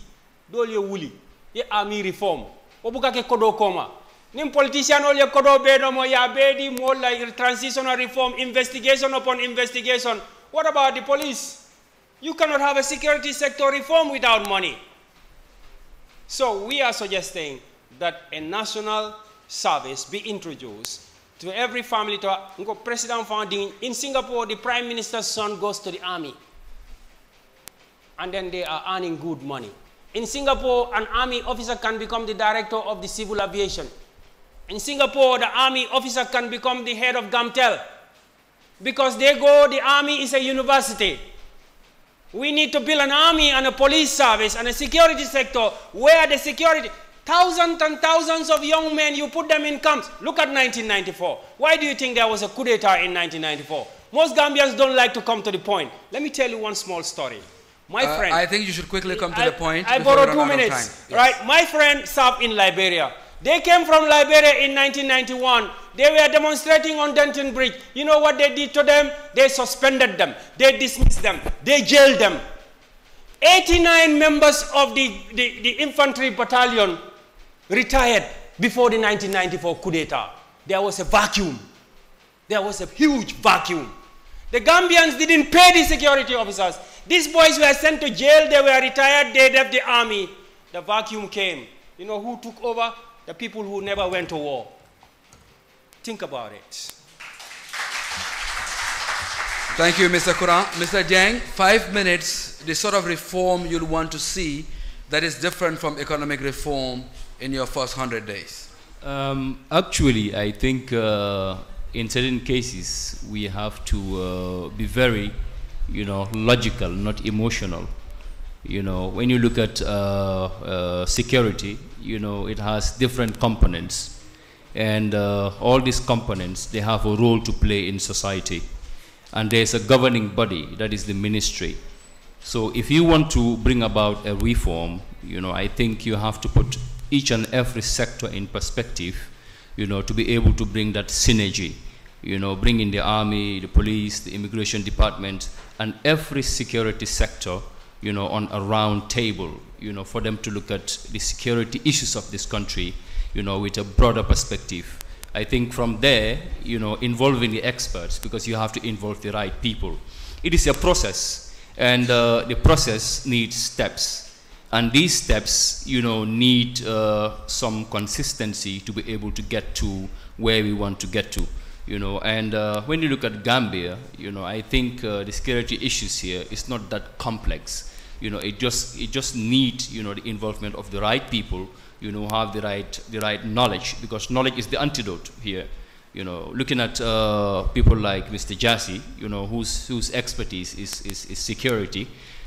dole wuli. Ye army reform. Obuka ke kodo koma. Nim politician olye kodo bedo mo ya bedi mo like transitional reform, investigation upon investigation. What about the police? You cannot have a security sector reform without money. So we are suggesting that a national service be introduced to every family. To President Founding in Singapore, the Prime Minister's son goes to the army, and then they are earning good money. In Singapore, an army officer can become the director of the civil aviation. In Singapore, the army officer can become the head of GAMTEL because they go, the army is a university. We need to build an army and a police service and a security sector where the security, thousands and thousands of young men, you put them in camps. Look at 1994. Why do you think there was a coup d'etat in 1994? Most Gambians don't like to come to the point. Let me tell you one small story. My uh, friend. I think you should quickly come to I, the point. I borrow two minutes. Yes. Right? My friend served in Liberia. They came from Liberia in 1991. They were demonstrating on Denton Bridge. You know what they did to them? They suspended them. They dismissed them. They jailed them. 89 members of the, the, the infantry battalion retired before the 1994 coup d'etat. There was a vacuum. There was a huge vacuum. The Gambians didn't pay the security officers. These boys were sent to jail. They were retired. They left the army. The vacuum came. You know who took over? the people who never went to war. Think about it. Thank you, Mr. Kuran. Mr. Jiang, five minutes, the sort of reform you'll want to see that is different from economic reform in your first 100 days. Um, actually, I think uh, in certain cases we have to uh, be very, you know, logical, not emotional. You know, when you look at uh, uh security, you know, it has different components. And uh, all these components, they have a role to play in society. And there's a governing body, that is the ministry. So if you want to bring about a reform, you know, I think you have to put each and every sector in perspective, you know, to be able to bring that synergy, you know, bring in the army, the police, the immigration department, and every security sector you know, on a round table, you know, for them to look at the security issues of this country, you know, with a broader perspective. I think from there, you know, involving the experts, because you have to involve the right people. It is a process, and uh, the process needs steps. And these steps, you know, need uh, some consistency to be able to get to where we want to get to, you know. And uh, when you look at Gambia, you know, I think uh, the security issues here is not that complex you know, it just it just needs you know the involvement of the right people, you know, have the right the right knowledge because knowledge is the antidote here. You know, looking at uh, people like Mr. Jassy, you know, whose whose expertise is is, is security,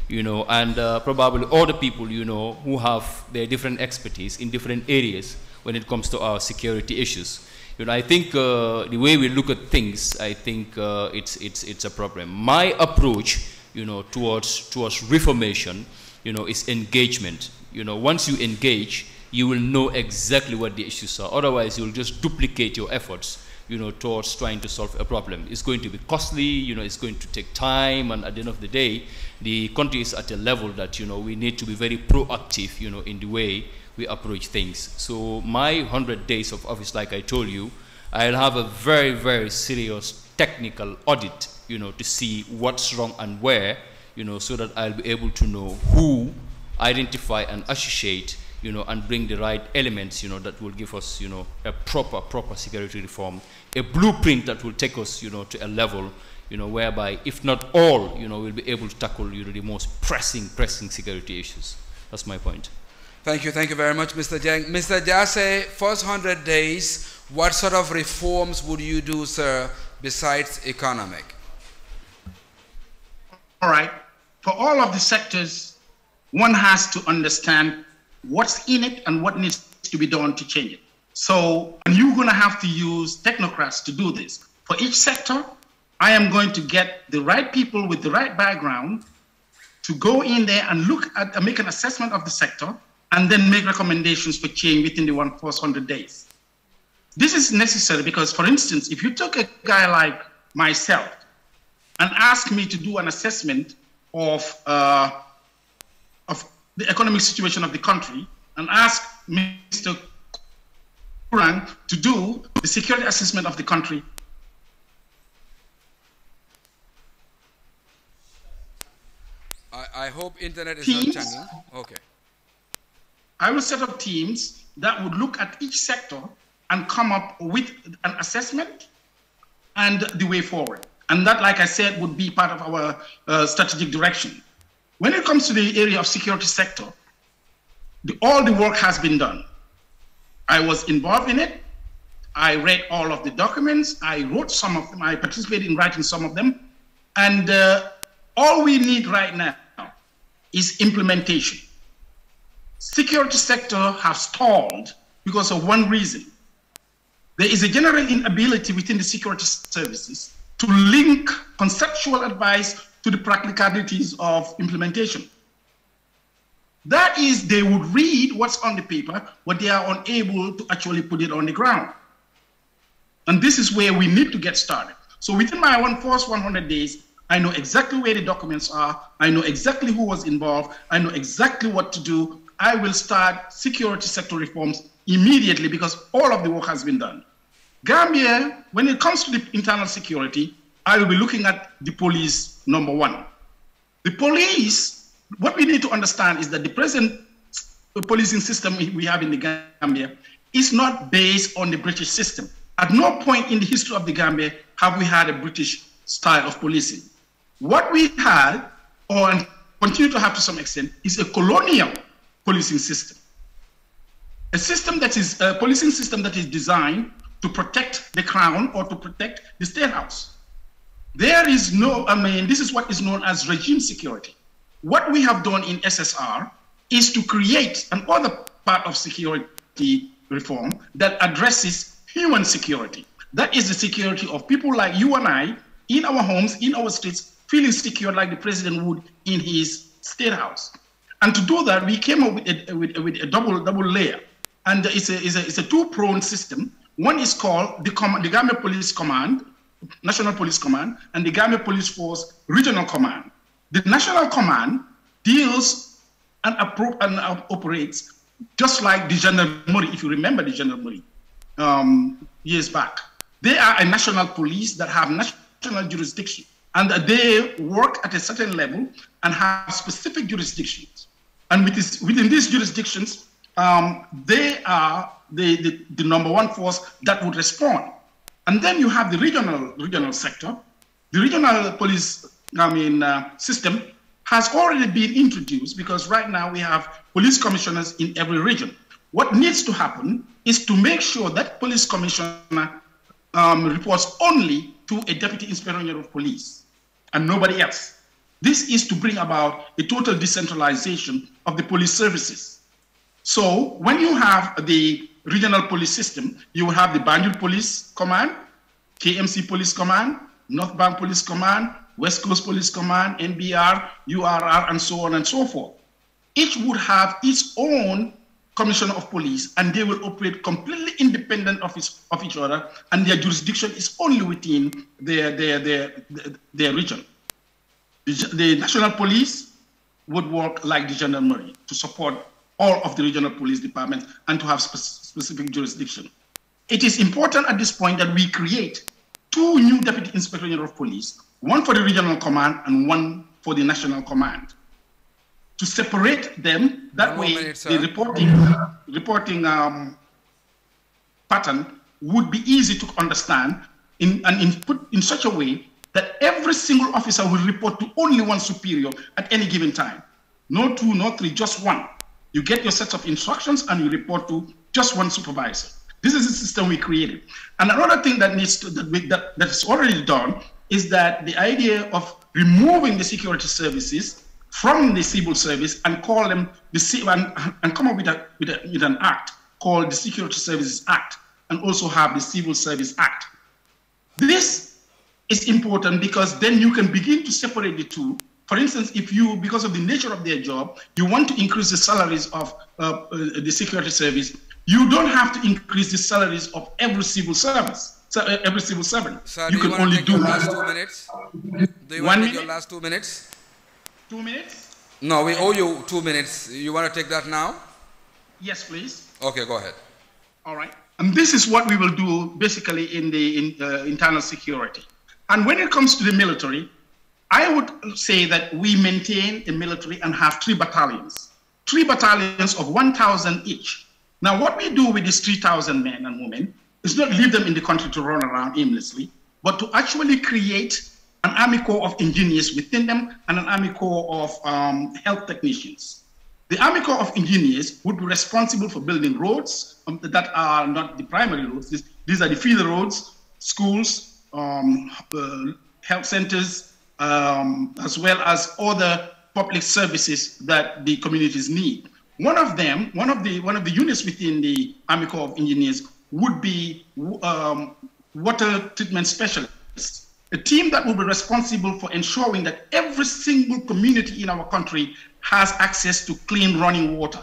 you know, and uh, probably other people you know who have their different expertise in different areas when it comes to our security issues. You know, I think uh, the way we look at things, I think uh, it's it's it's a problem. My approach you know, towards, towards reformation, you know, is engagement. You know, once you engage, you will know exactly what the issues are. Otherwise, you'll just duplicate your efforts, you know, towards trying to solve a problem. It's going to be costly, you know, it's going to take time, and at the end of the day, the country is at a level that, you know, we need to be very proactive, you know, in the way we approach things. So my 100 days of office, like I told you, I'll have a very, very serious technical audit you know, to see what's wrong and where, you know, so that I'll be able to know who, identify and associate, you know, and bring the right elements, you know, that will give us, you know, a proper, proper security reform, a blueprint that will take us, you know, to a level, you know, whereby if not all, you know, we'll be able to tackle, you know, the most pressing, pressing security issues. That's my point. Thank you, thank you very much, Mr. Jang. Mr. Jase, first 100 days, what sort of reforms would you do, sir, besides economic? All right. For all of the sectors, one has to understand what's in it and what needs to be done to change it. So, and you're going to have to use technocrats to do this. For each sector, I am going to get the right people with the right background to go in there and look at, make an assessment of the sector, and then make recommendations for change within the one first 100 days. This is necessary because, for instance, if you took a guy like myself and ask me to do an assessment of, uh, of the economic situation of the country and ask Mr. Kuran to do the security assessment of the country. I, I hope internet is teams, not changing. Okay. I will set up teams that would look at each sector and come up with an assessment and the way forward. And that, like I said, would be part of our uh, strategic direction. When it comes to the area of security sector, the, all the work has been done. I was involved in it. I read all of the documents. I wrote some of them. I participated in writing some of them. And uh, all we need right now is implementation. Security sector have stalled because of one reason. There is a general inability within the security services to link conceptual advice to the practicalities of implementation. That is, they would read what's on the paper, but they are unable to actually put it on the ground. And this is where we need to get started. So within my one first 100 days, I know exactly where the documents are. I know exactly who was involved. I know exactly what to do. I will start security sector reforms immediately because all of the work has been done. Gambia, when it comes to the internal security, I will be looking at the police, number one. The police, what we need to understand is that the present policing system we have in the Gambia is not based on the British system. At no point in the history of the Gambia have we had a British style of policing. What we had, or continue to have to some extent, is a colonial policing system. A system that is a policing system that is designed to protect the crown or to protect the state house. There is no, I mean, this is what is known as regime security. What we have done in SSR is to create another part of security reform that addresses human security. That is the security of people like you and I in our homes, in our streets, feeling secure like the president would in his state house. And to do that, we came up with a, with, with a double, double layer. And it's a, it's a, it's a two-pronged system one is called the, Com- the Gambia Police Command, National Police Command, and the Gambia Police Force Regional Command. The National Command deals and, appro- and uh, operates just like the General Murray, if you remember the General Murray um, years back. They are a national police that have national jurisdiction and they work at a certain level and have specific jurisdictions. And within these jurisdictions, um, they are the, the, the number one force that would respond. And then you have the regional regional sector. The regional police, I mean, uh, system has already been introduced because right now we have police commissioners in every region. What needs to happen is to make sure that police commissioner um, reports only to a deputy inspector general of police and nobody else. This is to bring about a total decentralization of the police services. So when you have the regional police system, you will have the Banjul Police Command, KMC Police Command, North Bank Police Command, West Coast Police Command, NBR, URR, and so on and so forth. Each would have its own commissioner of police, and they will operate completely independent of, of each other, and their jurisdiction is only within their, their, their, their region. The, the national police would work like the gendarmerie to support all of the regional police departments and to have specific specific jurisdiction. It is important at this point that we create two new Deputy Inspector General of Police, one for the regional command and one for the national command. To separate them, that one way minute, the reporting, reporting um, pattern would be easy to understand in, and in, put in such a way that every single officer will report to only one superior at any given time. No two, no three, just one. You get your set of instructions and you report to just one supervisor. This is the system we created. And another thing that needs to, that, we, that, that is already done is that the idea of removing the security services from the civil service and call them the and, and come up with, a, with, a, with an act called the Security Services Act and also have the Civil Service Act. This is important because then you can begin to separate the two. For instance, if you, because of the nature of their job, you want to increase the salaries of uh, uh, the security service, you don't have to increase the salaries of every civil service. So eh, every civil servant. Sir, you, can only do last two minutes. Do you One want to take your last two minutes? Two minutes? No, we owe you two minutes. You want to take that now? Yes, please. Okay, go ahead. All right. And this is what we will do basically in the in, uh, internal security. And when it comes to the military, I would say that we maintain a military and have three battalions, three battalions of 1,000 each. Now, what we do with these 3,000 men and women is not leave them in the country to run around aimlessly, but to actually create an army corps of engineers within them and an army corps of um, health technicians. The Army Corps of Engineers would be responsible for building roads um, that are not the primary roads. These, these are the feeder roads, schools, um, uh, health centers, um, as well as other public services that the communities need. One of them, one of the one of the units within the Army Corps of Engineers would be um, water treatment specialists, a team that will be responsible for ensuring that every single community in our country has access to clean running water.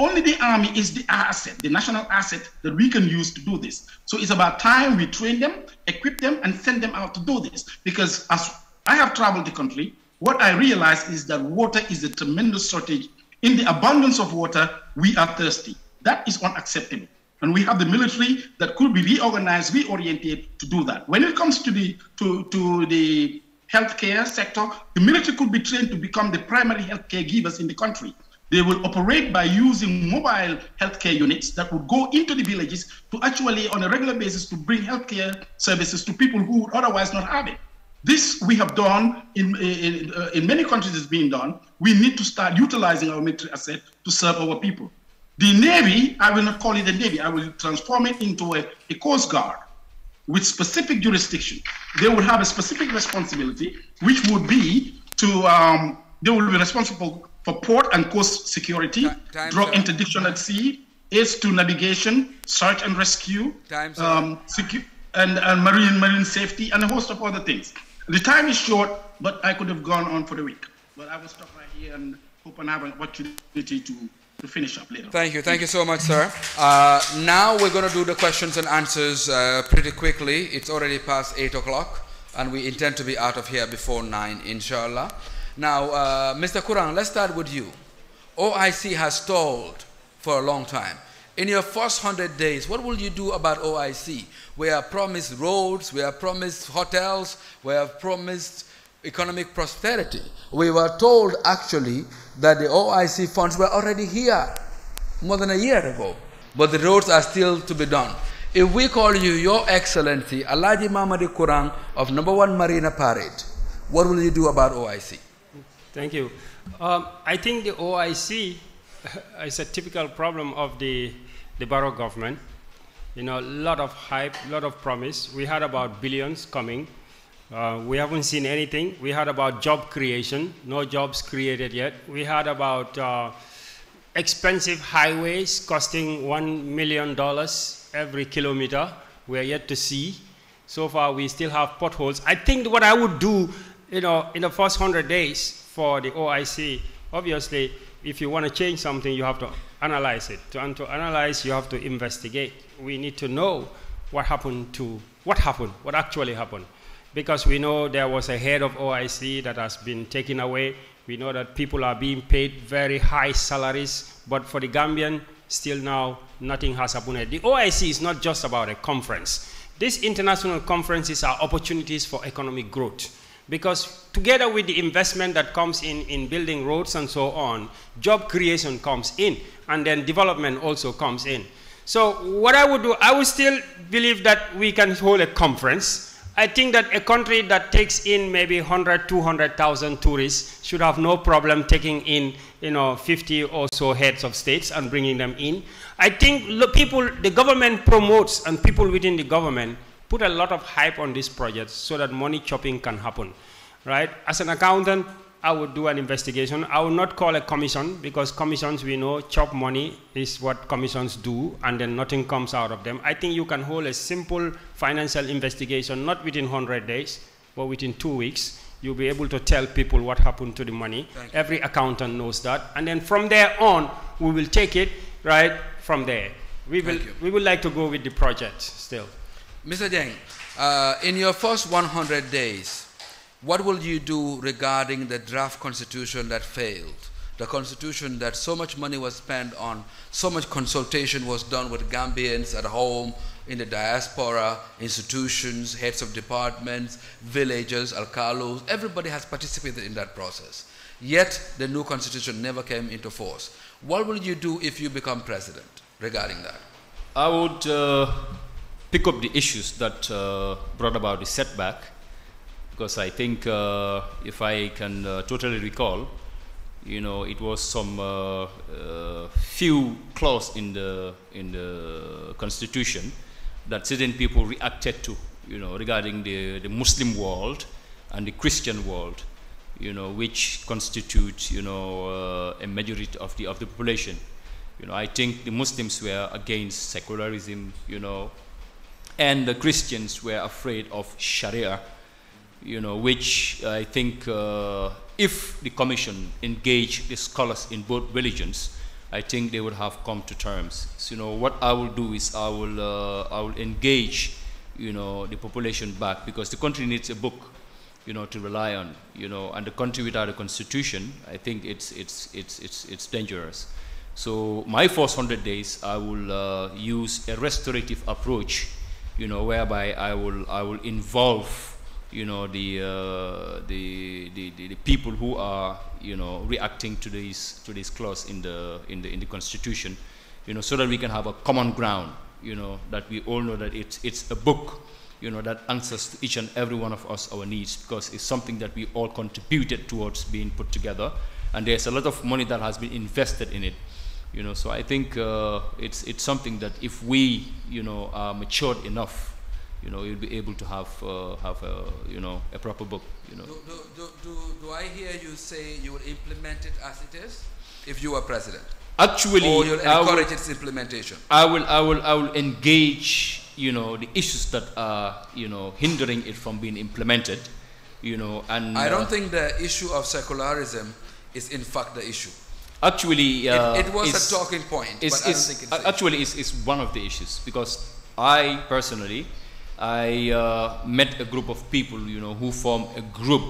Only the army is the asset, the national asset that we can use to do this. So it's about time we train them, equip them, and send them out to do this. Because as I have traveled the country, what I realize is that water is a tremendous shortage in the abundance of water, we are thirsty. That is unacceptable. And we have the military that could be reorganized, reoriented to do that. When it comes to the to, to the healthcare sector, the military could be trained to become the primary healthcare givers in the country. They will operate by using mobile healthcare units that would go into the villages to actually, on a regular basis, to bring healthcare services to people who would otherwise not have it. This we have done in, in, uh, in many countries, it's being done. We need to start utilizing our military asset to serve our people. The Navy, I will not call it a Navy, I will transform it into a, a Coast Guard with specific jurisdiction. They will have a specific responsibility, which would be to, um, they will be responsible for port and coast security, time drug interdiction at sea, aids to navigation, search and rescue, um, and, and marine marine safety, and a host of other things. The time is short, but I could have gone on for the week. But I will stop right here and hope I have an opportunity to, to finish up later. Thank you. Thank you so much, sir. Uh, now we're going to do the questions and answers uh, pretty quickly. It's already past 8 o'clock, and we intend to be out of here before 9, inshallah. Now, uh, Mr. Quran, let's start with you. OIC has stalled for a long time. In your first 100 days, what will you do about OIC? We are promised roads, we are promised hotels, we are promised economic prosperity. We were told actually that the OIC funds were already here more than a year ago, but the roads are still to be done. If we call you Your Excellency Alaji Mamadi Kurang of number one Marina Parade, what will you do about OIC? Thank you. Um, I think the OIC it's a typical problem of the, the Barrow government. You know, a lot of hype, a lot of promise. We had about billions coming. Uh, we haven't seen anything. We had about job creation, no jobs created yet. We had about uh, expensive highways costing $1 million every kilometer. We are yet to see. So far, we still have potholes. I think what I would do, you know, in the first 100 days for the OIC, obviously, if you want to change something, you have to analyze it. To, and to analyze, you have to investigate. We need to know what happened to what happened, what actually happened, because we know there was a head of OIC that has been taken away. We know that people are being paid very high salaries, but for the Gambian, still now nothing has happened. The OIC is not just about a conference. These international conferences are opportunities for economic growth. Because together with the investment that comes in, in building roads and so on, job creation comes in, and then development also comes in. So what I would do, I would still believe that we can hold a conference. I think that a country that takes in maybe 100, 200,000 tourists should have no problem taking in, you know, 50 or so heads of states and bringing them in. I think people, the government promotes and people within the government put a lot of hype on this project so that money chopping can happen, right? As an accountant, I would do an investigation. I would not call a commission because commissions, we know, chop money is what commissions do, and then nothing comes out of them. I think you can hold a simple financial investigation, not within 100 days, but within two weeks. You'll be able to tell people what happened to the money. Every accountant knows that. And then from there on, we will take it right from there. We will, we would like to go with the project still. Mr. Deng, uh, in your first 100 days, what will you do regarding the draft constitution that failed? The constitution that so much money was spent on, so much consultation was done with Gambians at home, in the diaspora, institutions, heads of departments, villagers, alcalos, everybody has participated in that process. Yet the new constitution never came into force. What will you do if you become president regarding that? I would uh pick up the issues that uh, brought about the setback because I think uh, if I can uh, totally recall, you know, it was some uh, uh, few clause in the in the constitution that certain people reacted to, you know, regarding the, the Muslim world and the Christian world, you know, which constitute, you know, uh, a majority of the of the population. You know, I think the Muslims were against secularism, you know, and the Christians were afraid of Sharia, you know, which I think uh, if the commission engaged the scholars in both religions, I think they would have come to terms. So, you know, what I will do is I will, uh, I will engage, you know, the population back because the country needs a book, you know, to rely on, you know, and the country without a constitution, I think it's, it's, it's, it's, it's dangerous. So my first 100 days, I will uh, use a restorative approach you know, whereby I will I will involve you know the, uh, the, the, the, the people who are you know reacting to this to this clause in the in the in the constitution you know so that we can have a common ground you know that we all know that it's it's a book you know that answers to each and every one of us our needs because it's something that we all contributed towards being put together and there's a lot of money that has been invested in it you know so i think uh, it's it's something that if we you know are matured enough you know you'll be able to have uh, have a you know a proper book you know do, do, do, do, i hear you say you will implement it as it is if you are president actually or you'll encourage will, its implementation i will i will i will engage you know the issues that are you know hindering it from being implemented you know and i don't uh, think the issue of secularism is in fact the issue actually uh, it, it, uh, was is, a talking point is, is actually is, is one of the issues because i personally i uh, met a group of people you know who form a group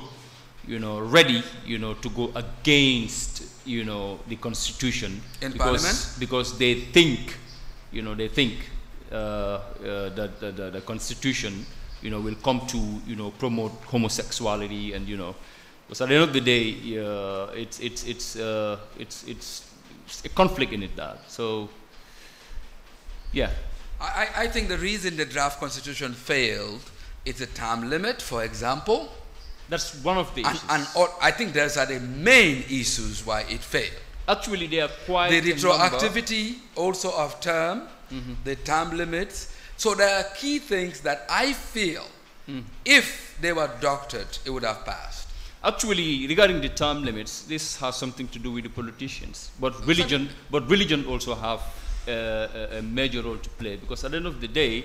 you know ready you know to go against you know the constitution in because, parliament because they think you know they think uh, uh that the, the, constitution you know will come to you know promote homosexuality and you know because at the end of the day, uh, it's, it's, it's, uh, it's, it's, it's, a conflict in it that. So, yeah. I, I think the reason the draft constitution failed is a time limit, for example. That's one of the issues. And, and I think those are the main issues why it failed. Actually, they are quite. The retroactivity also of term, mm -hmm. the term limits. So there are key things that I feel mm. if they were doctored, it would have passed. Actually, regarding the term limits, this has something to do with the politicians. But religion, but religion also have uh, a major role to play because at the end of the day,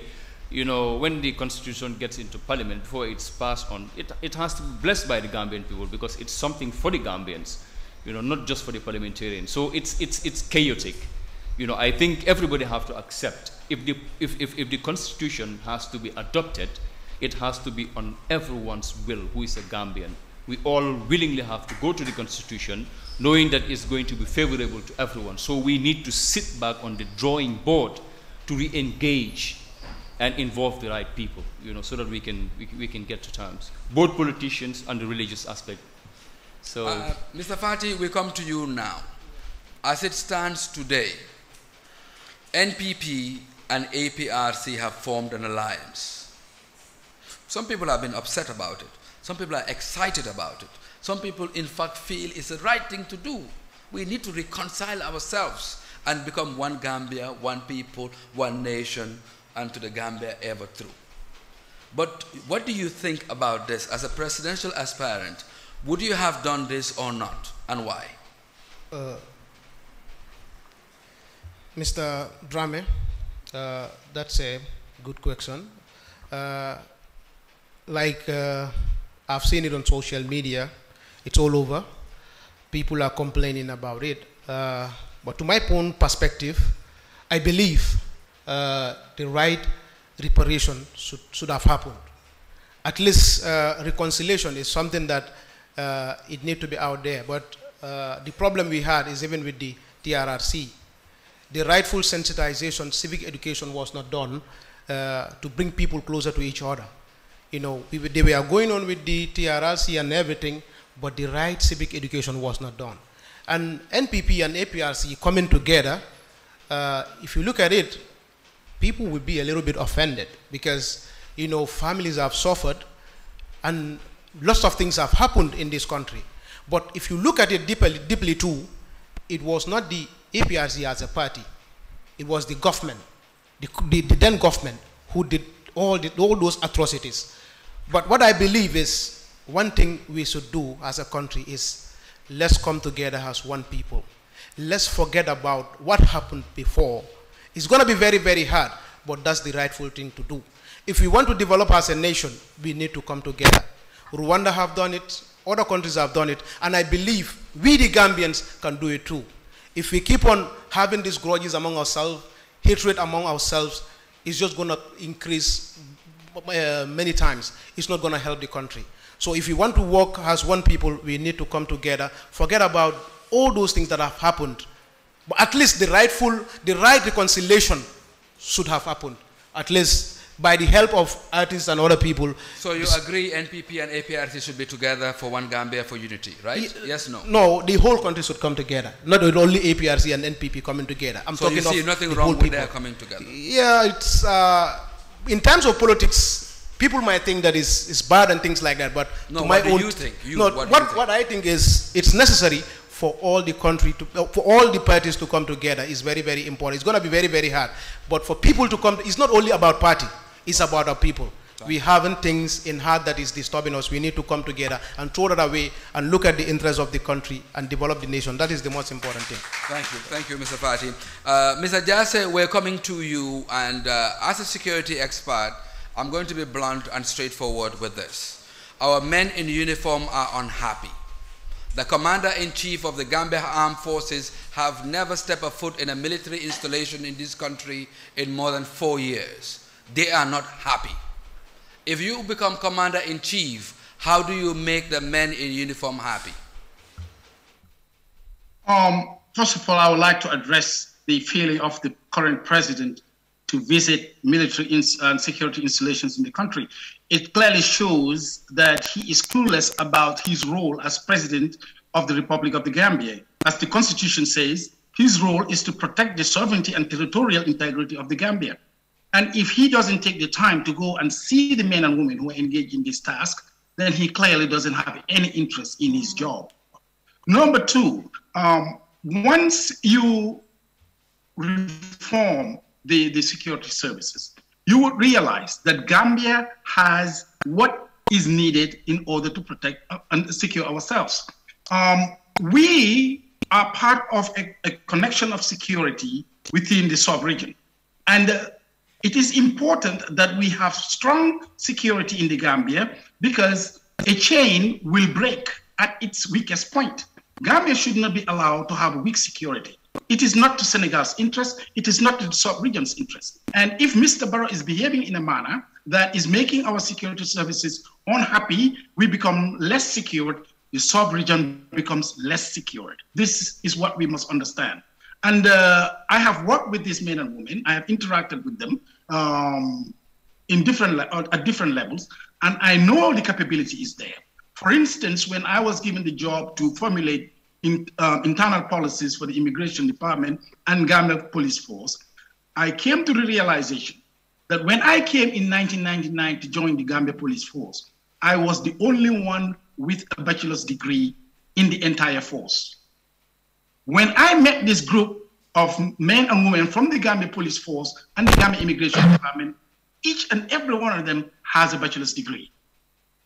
you know, when the constitution gets into parliament, before it's passed on, it, it has to be blessed by the Gambian people because it's something for the Gambians, you know, not just for the parliamentarians. So it's, it's, it's chaotic. You know, I think everybody have to accept if the, if, if, if the constitution has to be adopted, it has to be on everyone's will who is a Gambian we all willingly have to go to the Constitution, knowing that it's going to be favorable to everyone. So we need to sit back on the drawing board to re-engage and involve the right people, you know, so that we can, we, we can get to terms, both politicians and the religious aspect. So, uh, Mr. Fati, we come to you now. As it stands today, NPP and APRC have formed an alliance. Some people have been upset about it. Some people are excited about it. Some people, in fact, feel it's the right thing to do. We need to reconcile ourselves and become one Gambia, one people, one nation, and to the Gambia ever through. But what do you think about this as a presidential aspirant? Would you have done this or not, and why? Uh, Mr. Drame, uh, that's a good question. Uh, like uh, I've seen it on social media. It's all over. People are complaining about it. Uh, but to my own perspective, I believe uh, the right reparation should, should have happened. At least uh, reconciliation is something that uh, it need to be out there. But uh, the problem we had is even with the TRRC. The rightful sensitization, civic education was not done uh, to bring people closer to each other you know, they were going on with the TRRC and everything, but the right civic education was not done. And NPP and APRC coming together, uh, if you look at it, people will be a little bit offended because, you know, families have suffered and lots of things have happened in this country. But if you look at it deeply, deeply too, it was not the APRC as a party. It was the government, the, the, the then government, who did all, the, all those atrocities. But what I believe is one thing we should do as a country is let's come together as one people. Let's forget about what happened before. It's going to be very, very hard, but that's the rightful thing to do. If we want to develop as a nation, we need to come together. Rwanda have done it, other countries have done it, and I believe we the Gambians can do it too. If we keep on having these grudges among ourselves, hatred among ourselves, is just going to increase uh, many times. It's not going to help the country. So if we want to work as one people, we need to come together, forget about all those things that have happened. But at least the rightful, the right reconciliation should have happened. At least by the help of artists and other people. So you agree NPP and APRC should be together for one Gambia for unity, right? yes, no? No, the whole country should come together. Not only APRC and NPP coming together. I'm so talking you see of nothing wrong with people. their coming together? Yeah, it's, uh, in terms of politics, people might think that it's bad and things like that, but no, to my own... you think? You, no, what, what, what I think is it's necessary for all the country to uh, for all the parties to come together is very very important it's going to be very very hard but for people to come it's not only about party it's about our people. We having things in heart that is disturbing us. We need to come together and throw that away and look at the interests of the country and develop the nation. That is the most important thing. Thank you. Thank you, Mr. Fati. Uh, Mr. Jase, we're coming to you, and uh, as a security expert, I'm going to be blunt and straightforward with this. Our men in uniform are unhappy. The commander-in-chief of the Gambia Armed Forces have never stepped a foot in a military installation in this country in more than four years they are not happy. If you become commander in chief, how do you make the men in uniform happy? Um, first of all, I would like to address the feeling of the current president to visit military and uh, security installations in the country. It clearly shows that he is clueless about his role as president of the Republic of the Gambia. As the constitution says, his role is to protect the sovereignty and territorial integrity of the Gambia. And if he doesn't take the time to go and see the men and women who engage in this task, then he clearly doesn't have any interest in his job. Number two, um, once you reform the, the security services, you would realize that Gambia has what is needed in order to protect uh, and secure ourselves. Um, we are part of a, a, connection of security within the sub-region. And uh, it is important that we have strong security in the Gambia because a chain will break at its weakest point. Gambia should not be allowed to have weak security. It is not to Senegal's interest. It is not to the sub-region's interest. And if Mr. Barrow is behaving in a manner that is making our security services unhappy, we become less secured. The sub-region becomes less secured. This is what we must understand. And uh, I have worked with these men and women. I have interacted with them um, in different uh, at different levels, and I know the capability is there. For instance, when I was given the job to formulate in, uh, internal policies for the immigration department and Ghana police force, I came to the realization that when I came in 1999 to join the Gambia police force, I was the only one with a bachelor's degree in the entire force. When I met this group of men and women from the Gambia Police Force and the Gambia Immigration Department, each and every one of them has a bachelor's degree.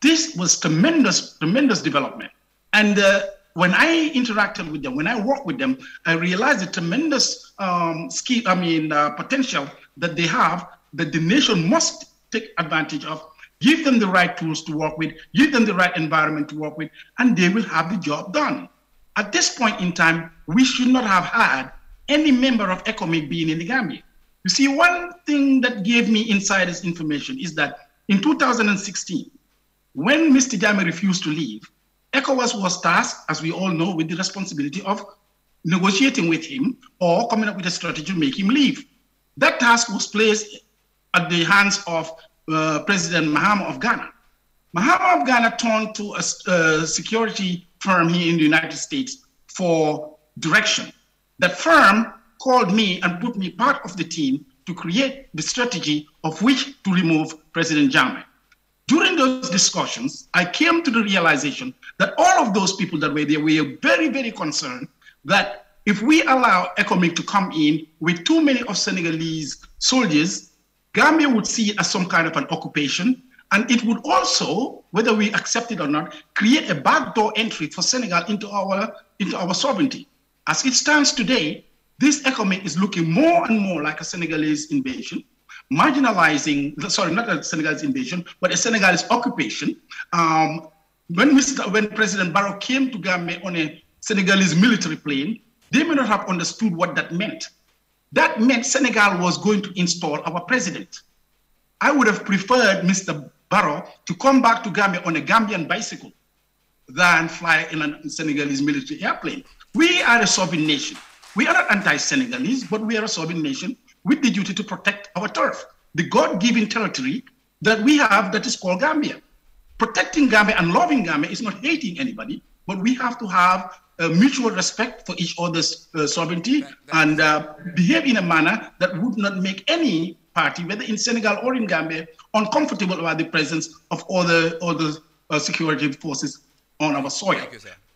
This was tremendous, tremendous development. And uh, when I interacted with them, when I worked with them, I realized the tremendous um, skill, I mean, uh, potential that they have that the nation must take advantage of, give them the right tools to work with, give them the right environment to work with, and they will have the job done. At this point in time, we should not have had any member of Ecowas being in the Gambia. You see, one thing that gave me insider's information is that in 2016, when Mr. Jame refused to leave, ECOWAS was tasked, as we all know, with the responsibility of negotiating with him or coming up with a strategy to make him leave. That task was placed at the hands of uh, President Mahama of Ghana. Mahama of Ghana turned to a, a uh, security firm here in the United States for direction. The firm called me and put me part of the team to create the strategy of which to remove President Jammeh. During those discussions, I came to the realization that all of those people that were there were very, very concerned that if we allow ECOMIG to come in with too many of Senegalese soldiers, Gambia would see it as some kind of an occupation. And it would also, whether we accept it or not, create a backdoor entry for Senegal into our, into our sovereignty. As it stands today, this economy is looking more and more like a Senegalese invasion, marginalizing, sorry, not a Senegalese invasion, but a Senegalese occupation. Um, when, Mr., when President Barrow came to Gambia on a Senegalese military plane, they may not have understood what that meant. That meant Senegal was going to install our president. I would have preferred Mr. Barrow to come back to Gambia on a Gambian bicycle than fly in a Senegalese military airplane. We are a sovereign nation. We are not anti-Senegalese, but we are a sovereign nation with the duty to protect our turf, the God-given territory that we have that is called Gambia. Protecting Gambia and loving Gambia is not hating anybody, but we have to have a mutual respect for each other's uh, sovereignty that, and uh, behave in a manner that would not make any party, whether in Senegal or in Gambia, uncomfortable about the presence of other, other uh, security forces on our soil.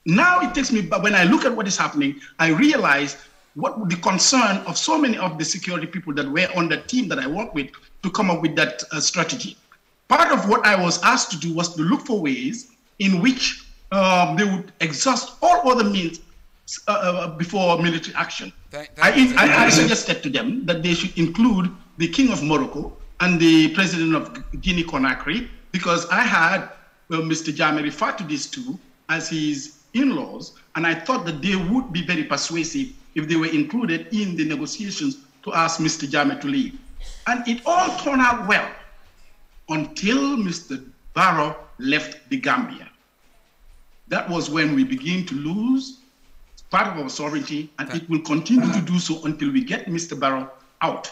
Now it takes me, but when I look at what is happening, I realize what the concern of so many of the security people that were on the team that I work with to come up with that uh, strategy. Part of what I was asked to do was to look for ways in which um, they would exhaust all other means uh, uh before military action. I, I, I suggested to them that they should include the King of Morocco and the President of Guinea Conakry because I had well, Mr. Jamari referred to these two as his in laws, and I thought that they would be very persuasive if they were included in the negotiations to ask Mr. Jame to leave. And it all turned out well until Mr. Barrow left the Gambia. That was when we begin to lose part of our sovereignty, and it will continue to do so until we get Mr. Barrow out.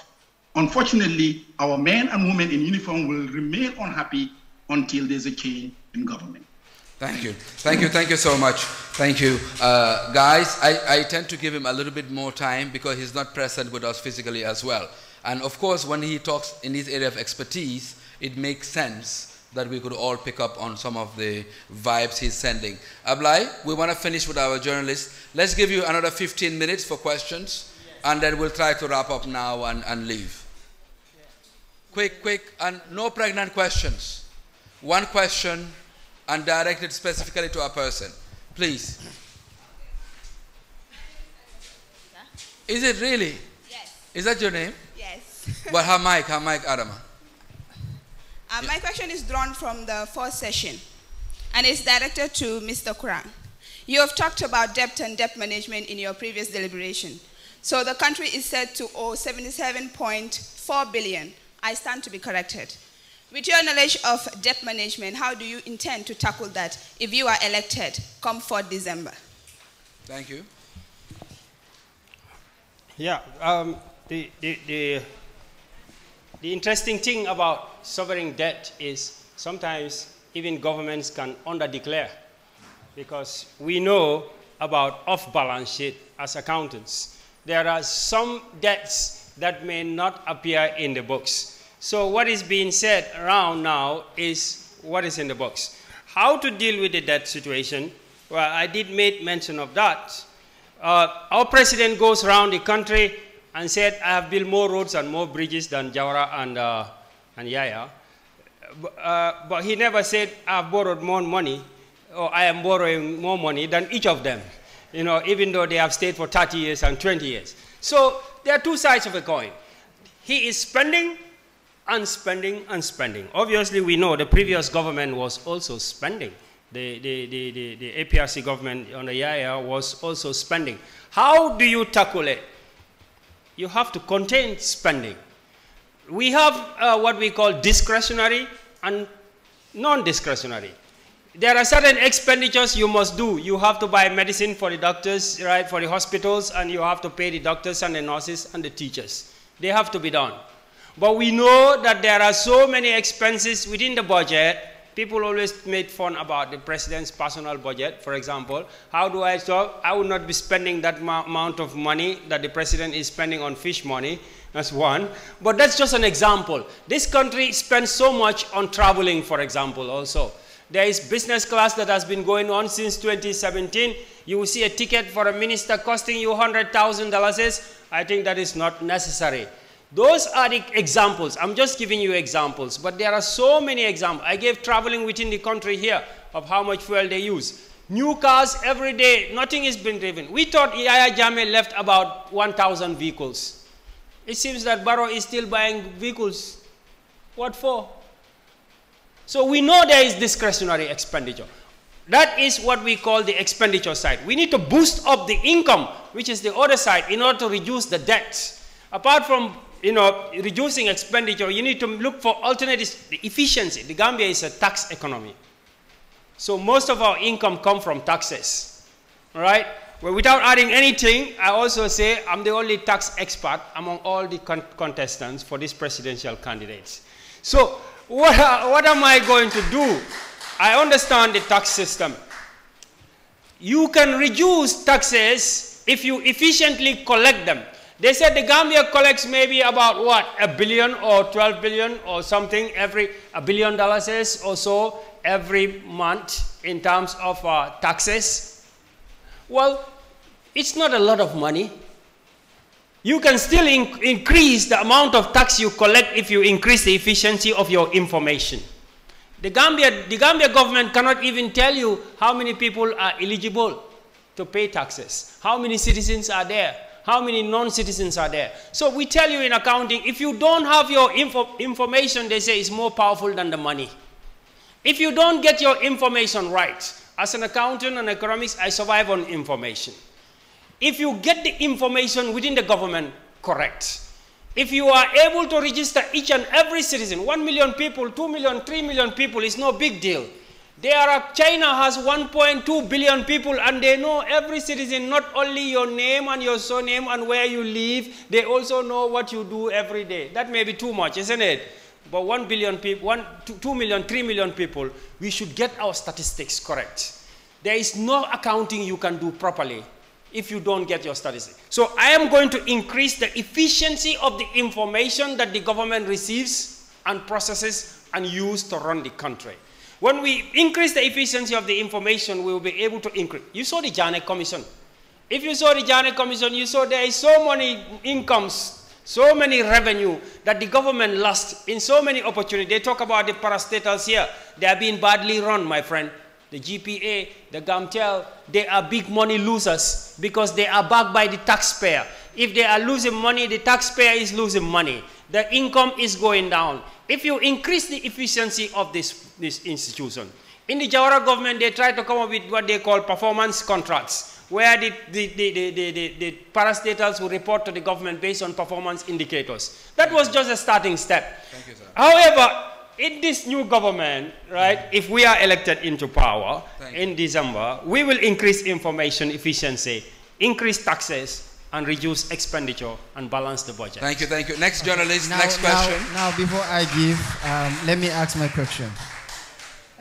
Unfortunately, our men and women in uniform will remain unhappy until there's a change in government. Thank you. Thank you. Thank you so much. Thank you. Uh, guys, I, I tend to give him a little bit more time because he's not present with us physically as well. And of course, when he talks in his area of expertise, it makes sense that we could all pick up on some of the vibes he's sending. Ablai, we want to finish with our journalist. Let's give you another 15 minutes for questions, yes. and then we'll try to wrap up now and, and leave. Quick, quick, and no pregnant questions. One question and directed specifically to a person. Please. Is it really? Yes. Is that your name? Yes. but her mic, her mic, Adama. Uh, my question is drawn from the first session and it's directed to Mr. Kurang. You have talked about debt and debt management in your previous deliberation. So the country is said to owe 77.4 billion. I stand to be corrected. With your knowledge of debt management, how do you intend to tackle that if you are elected come 4 December? Thank you. Yeah, um, the, the, the, the interesting thing about sovereign debt is sometimes even governments can underdeclare because we know about off-balance sheet as accountants. There are some debts that may not appear in the books. So what is being said around now is what is in the books. How to deal with the debt situation, well, I did make mention of that. Uh, our president goes around the country and said, I have built more roads and more bridges than Jawara and, uh, and Yaya. Uh, but he never said, I've borrowed more money, or I am borrowing more money than each of them, you know, even though they have stayed for 30 years and 20 years. So there are two sides of a coin. He is spending and spending and spending. Obviously, we know the previous government was also spending. The, the, the, the, the APRC government on the Yaya was also spending. How do you tackle it? You have to contain spending. We have uh, what we call discretionary and non-discretionary. There are certain expenditures you must do. You have to buy medicine for the doctors, right, for the hospitals, and you have to pay the doctors and the nurses and the teachers. They have to be done. But we know that there are so many expenses within the budget. People always make fun about the president's personal budget, for example. How do I solve? I would not be spending that amount of money that the president is spending on fish money. That's one. But that's just an example. This country spends so much on traveling, for example, also. There is business class that has been going on since 2017. You will see a ticket for a minister costing you $100,000. I think that is not necessary. Those are the examples. I'm just giving you examples, but there are so many examples. I gave traveling within the country here of how much fuel they use. New cars every day, nothing is being driven. We thought Yaya Jame left about 1,000 vehicles. It seems that Barrow is still buying vehicles. What for? So we know there is discretionary expenditure. That is what we call the expenditure side. We need to boost up the income, which is the other side, in order to reduce the debt. Apart from you know, reducing expenditure, you need to look for alternatives. The efficiency. The Gambia is a tax economy. So most of our income come from taxes, all right? Well, without adding anything, I also say I'm the only tax expert among all the con contestants for these presidential candidates. So what, are, what am I going to do? I understand the tax system. You can reduce taxes if you efficiently collect them. They said the Gambia collects maybe about what, a billion or 12 billion or something, every a billion dollars or so every month in terms of uh, taxes. Well, it's not a lot of money. You can still in increase the amount of tax you collect if you increase the efficiency of your information. The Gambia, the Gambia government cannot even tell you how many people are eligible to pay taxes, how many citizens are there, how many non-citizens are there? So we tell you in accounting, if you don't have your info information, they say it's more powerful than the money. If you don't get your information right, as an accountant and economist, I survive on information. If you get the information within the government correct, if you are able to register each and every citizen, 1 million people, 2 million, 3 million people, it's no big deal. Are, China has 1.2 billion people and they know every citizen, not only your name and your surname and where you live, they also know what you do every day. That may be too much, isn't it? But 1 billion people, 1, 2, 2 million, 3 million people, we should get our statistics correct. There is no accounting you can do properly if you don't get your statistics. So I am going to increase the efficiency of the information that the government receives and processes and use to run the country. When we increase the efficiency of the information, we will be able to increase. You saw the Janet Commission. If you saw the Janet Commission, you saw there is so many incomes, so many revenue that the government lost in so many opportunities. They talk about the parastatals here. They are being badly run, my friend. The GPA, the GAMTEL, they are big money losers because they are backed by the taxpayer. If they are losing money, the taxpayer is losing money. The income is going down. If you increase the efficiency of this this institution. In the Jawara government, they tried to come up with what they call performance contracts, where the, the, the, the, the, the parastatals will report to the government based on performance indicators. That was just a starting step. Thank you, sir. However, in this new government, right, mm-hmm. if we are elected into power Thank in December, we will increase information efficiency, increase taxes, and reduce expenditure and balance the budget. Thank you, thank you. Next journalist, now, next question. Now, now, before I give, um, let me ask my question.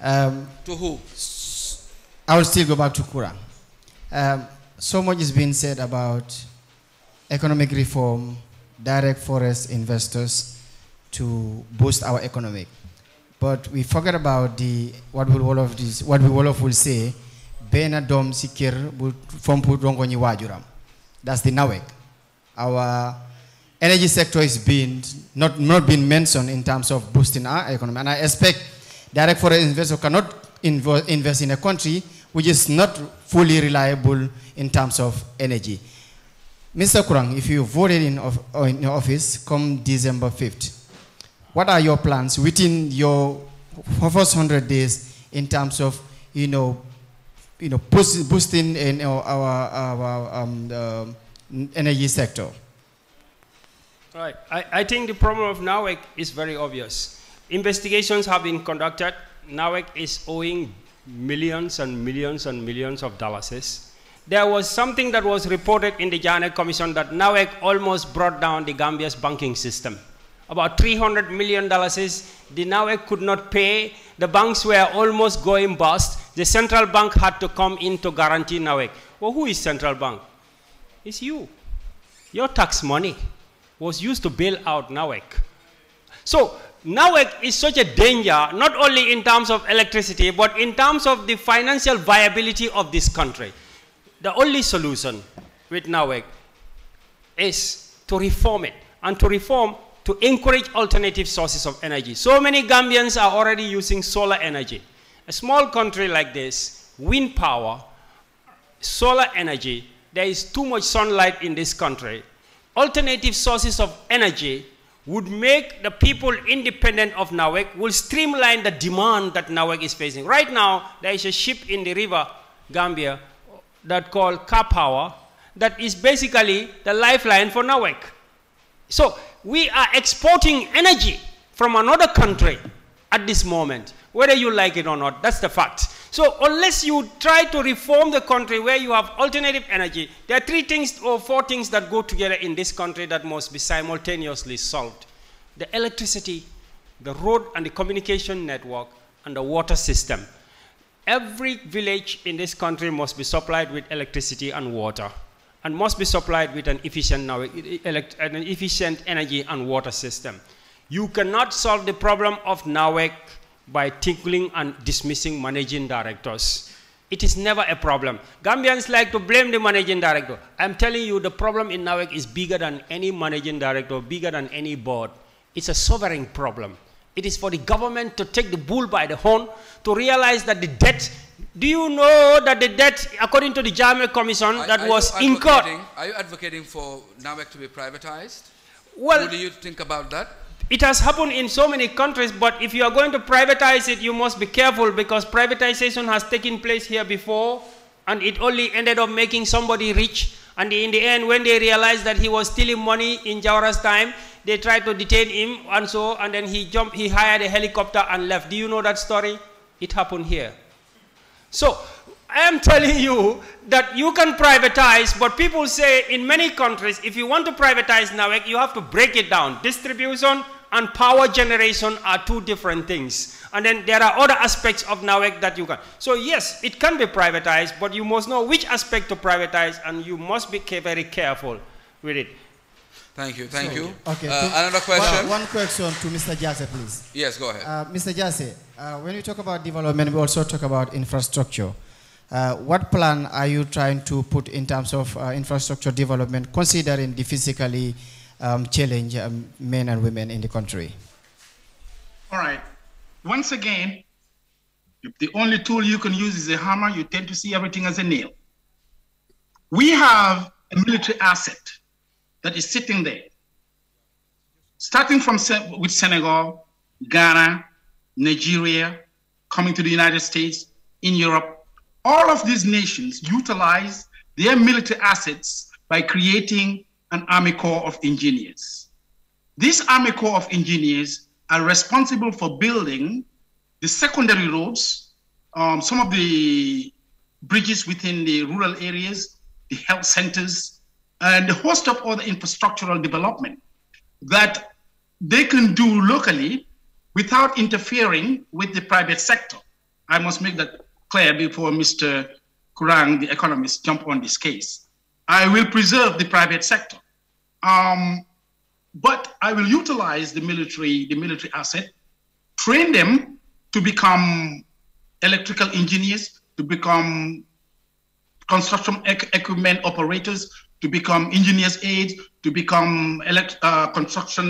Um, to who? I will still go back to Kura. Um, so much is being said about economic reform, direct forest investors to boost our economy. But we forget about the what will all of this what will all of will say, Bena Dom Sikir Wajuram. That's the nawek. Our energy sector is being not not being mentioned in terms of boosting our economy. And I expect Direct foreign investor cannot invest in a country which is not fully reliable in terms of energy. Mr. Kurang, if you voted in, of, uh, in office come December 5th, what are your plans within your first 100 days in terms of, you know, you know, boosting in our, our um, energy sector? Right. I, I think the problem of NAWEC is very obvious. Investigations have been conducted. NAWEC is owing millions and millions and millions of dollars. There was something that was reported in the Janet Commission that NAWEC almost brought down the Gambia's banking system. About $300 million the NAWEC could not pay. The banks were almost going bust. The central bank had to come in to guarantee NAWEC. Well, who is central bank? It's you. Your tax money was used to bail out NAWEC. So now is such a danger, not only in terms of electricity, but in terms of the financial viability of this country. The only solution with NAWEC is to reform it and to reform to encourage alternative sources of energy. So many Gambians are already using solar energy. A small country like this, wind power, solar energy, there is too much sunlight in this country. Alternative sources of energy would make the people independent of Nawek, will streamline the demand that Nawek is facing. Right now, there is a ship in the river Gambia that called Car Power that is basically the lifeline for Nawek. So we are exporting energy from another country at this moment, whether you like it or not. That's the fact. So unless you try to reform the country where you have alternative energy, there are three things or four things that go together in this country that must be simultaneously solved. The electricity, the road and the communication network, and the water system. Every village in this country must be supplied with electricity and water and must be supplied with an efficient, an efficient energy and water system. You cannot solve the problem of Nawek by tinkling and dismissing managing directors. It is never a problem. Gambians like to blame the managing director. I'm telling you, the problem in NAWEC is bigger than any managing director, bigger than any board. It's a sovereign problem. It is for the government to take the bull by the horn, to realize that the debt, do you know that the debt, according to the German Commission, that are was incurred. Are you advocating for NAWEC to be privatized? Well, what do you think about that? It has happened in so many countries, but if you are going to privatize it, you must be careful because privatization has taken place here before and it only ended up making somebody rich. And in the end, when they realized that he was stealing money in Jawara's time, they tried to detain him and so, and then he jumped, he hired a helicopter and left. Do you know that story? It happened here. So I am telling you that you can privatize, but people say in many countries, if you want to privatize NAWEC, you have to break it down. Distribution and power generation are two different things. And then there are other aspects of NAWEC that you can. So yes, it can be privatized, but you must know which aspect to privatize, and you must be very careful with it. Thank you, thank so, you. Okay. Uh, so another question? One, one, question to Mr. Jase, please. Yes, go ahead. Uh, Mr. Jase, uh, when you talk about development, we also talk about infrastructure. Uh, what plan are you trying to put in terms of uh, infrastructure development, considering the physically um, challenged um, men and women in the country? All right. Once again, the only tool you can use is a hammer, you tend to see everything as a nail. We have a military asset that is sitting there, starting from with Senegal, Ghana, Nigeria, coming to the United States, in Europe, all of these nations utilize their military assets by creating an Army Corps of Engineers. This Army Corps of Engineers are responsible for building the secondary roads, um, some of the bridges within the rural areas, the health centers, and a host of other infrastructural development that they can do locally without interfering with the private sector. I must make that clear before Mr. Kurang, the economist, jump on this case. I will preserve the private sector. Um, but I will utilize the military, the military asset, train them to become electrical engineers, to become construction equipment operators, to become engineers' aides, to become elect, uh, construction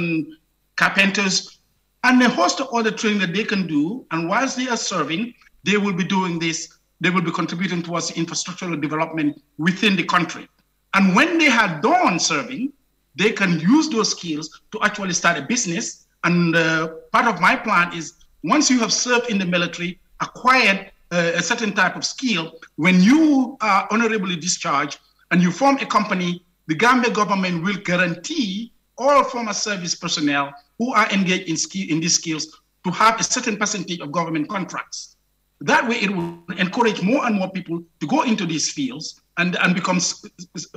carpenters, and a host of other training that they can do. And whilst they are serving, they will be doing this, they will be contributing towards infrastructural development within the country. And when they are done serving, they can use those skills to actually start a business. And uh, part of my plan is once you have served in the military, acquired uh, a certain type of skill, when you are honorably discharged and you form a company, the Gambia government will guarantee all former service personnel who are engaged in, in these skills to have a certain percentage of government contracts. That way, it will encourage more and more people to go into these fields and, and, become,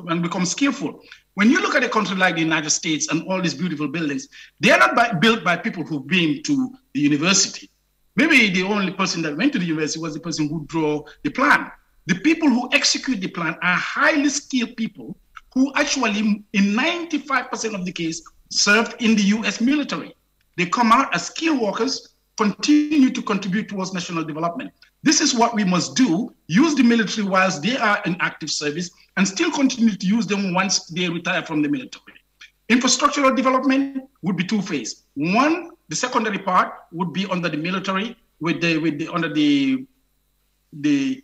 and become skillful. When you look at a country like the United States and all these beautiful buildings, they are not by, built by people who've been to the university. Maybe the only person that went to the university was the person who drew the plan. The people who execute the plan are highly skilled people who actually, in 95% of the case, served in the US military. They come out as skilled workers continue to contribute towards national development. This is what we must do use the military whilst they are in active service and still continue to use them once they retire from the military. Infrastructural development would be two phase. One, the secondary part would be under the military with the with the under the the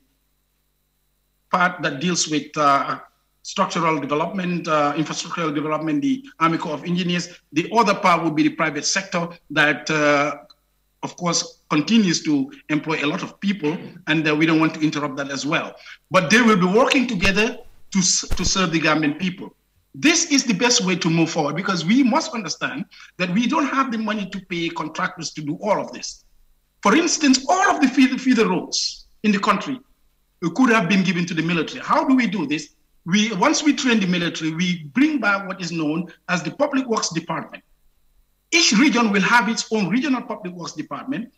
part that deals with uh, structural development, uh, infrastructural development, the Army Corps of Engineers. The other part would be the private sector that uh, of course, continues to employ a lot of people, and uh, we don't want to interrupt that as well. But they will be working together to, to serve the Gambian people. This is the best way to move forward because we must understand that we don't have the money to pay contractors to do all of this. For instance, all of the feeder, feeder roads in the country could have been given to the military. How do we do this? We once we train the military, we bring back what is known as the public works department each region will have its own regional public works department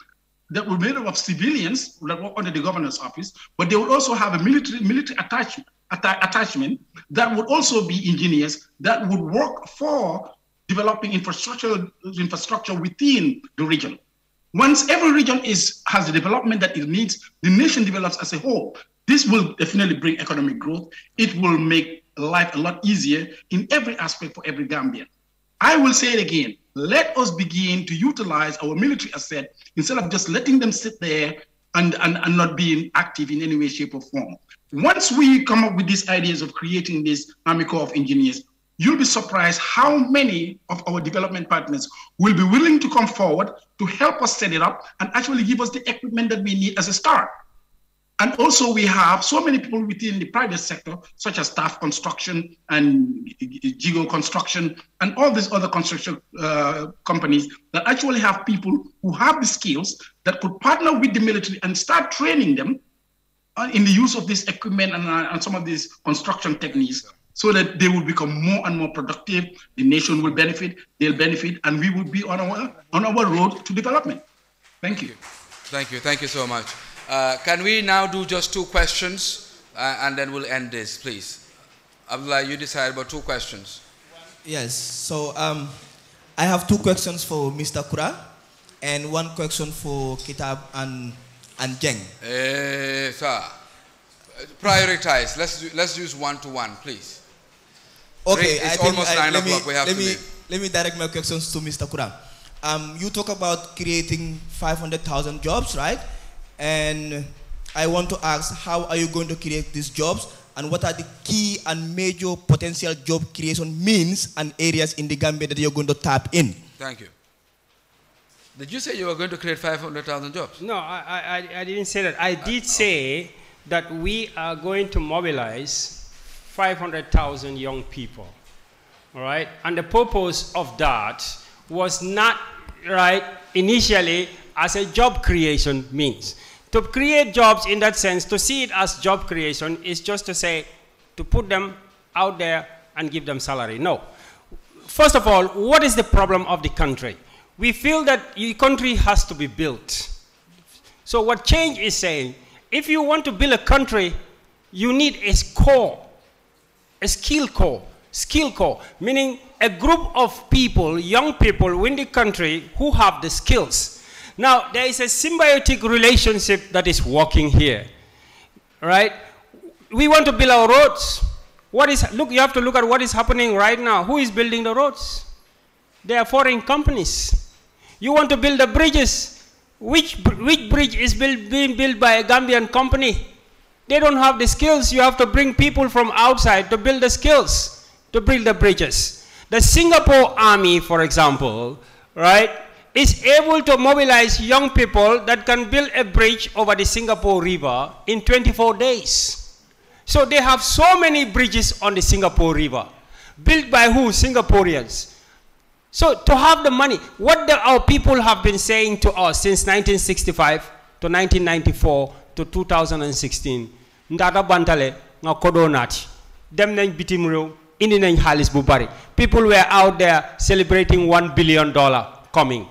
that will be made up of civilians that work under the governor's office, but they will also have a military military attachment attachment that would also be engineers that would work for developing infrastructure infrastructure within the region. Once every region is has the development that it needs, the nation develops as a whole. This will definitely bring economic growth. It will make life a lot easier in every aspect for every Gambian. I will say it again. Let us begin to utilize our military asset instead of just letting them sit there and, and, and not being active in any way, shape, or form. Once we come up with these ideas of creating this Army Corps of Engineers, you'll be surprised how many of our development partners will be willing to come forward to help us set it up and actually give us the equipment that we need as a start. And also we have so many people within the private sector, such as staff construction and Gigo construction and all these other construction uh, companies that actually have people who have the skills that could partner with the military and start training them uh, in the use of this equipment and, uh, and some of these construction techniques so that they will become more and more productive. The nation will benefit, they'll benefit, and we will be on our, on our road to development. Thank you. Thank you. Thank you so much. Uh, can we now do just two questions uh, and then we'll end this, please? Abdullah, you decide about two questions. Yes, so um, I have two questions for Mr. Kura and one question for Kitab and, and Jeng. Eh, sir. Prioritize. let's, let's use one to one, please. Okay, it's I almost I, 9 o'clock. We have let to me, leave. Let me direct my questions to Mr. Kura. Um, you talk about creating 500,000 jobs, right? And I want to ask, how are you going to create these jobs? And what are the key and major potential job creation means and areas in the Gambia that you're going to tap in? Thank you. Did you say you were going to create 500,000 jobs? No, I, I, I, didn't say that. I did say that we are going to mobilize 500,000 young people. All right? And the purpose of that was not, right, initially as a job creation means. To create jobs in that sense, to see it as job creation is just to say, to put them out there and give them salary. No. First of all, what is the problem of the country? We feel that the country has to be built. So what change is saying, if you want to build a country, you need a core, a skill core, skill core, meaning a group of people, young people in the country who have the skills now, there is a symbiotic relationship that is working here, right? We want to build our roads. What is, look, you have to look at what is happening right now. Who is building the roads? They are foreign companies. You want to build the bridges. Which, which bridge is being built by a Gambian company? They don't have the skills. You have to bring people from outside to build the skills, to build the bridges. The Singapore army, for example, right, is able to mobilize young people that can build a bridge over the Singapore River in 24 days. So they have so many bridges on the Singapore River, built by who? Singaporeans. So to have the money, what the, our people have been saying to us since 1965 to 1994 to 2016, ndata bantale nga kodonati, dem nañ bitim rew, indi nañ People were out there celebrating 1 billion dollar coming.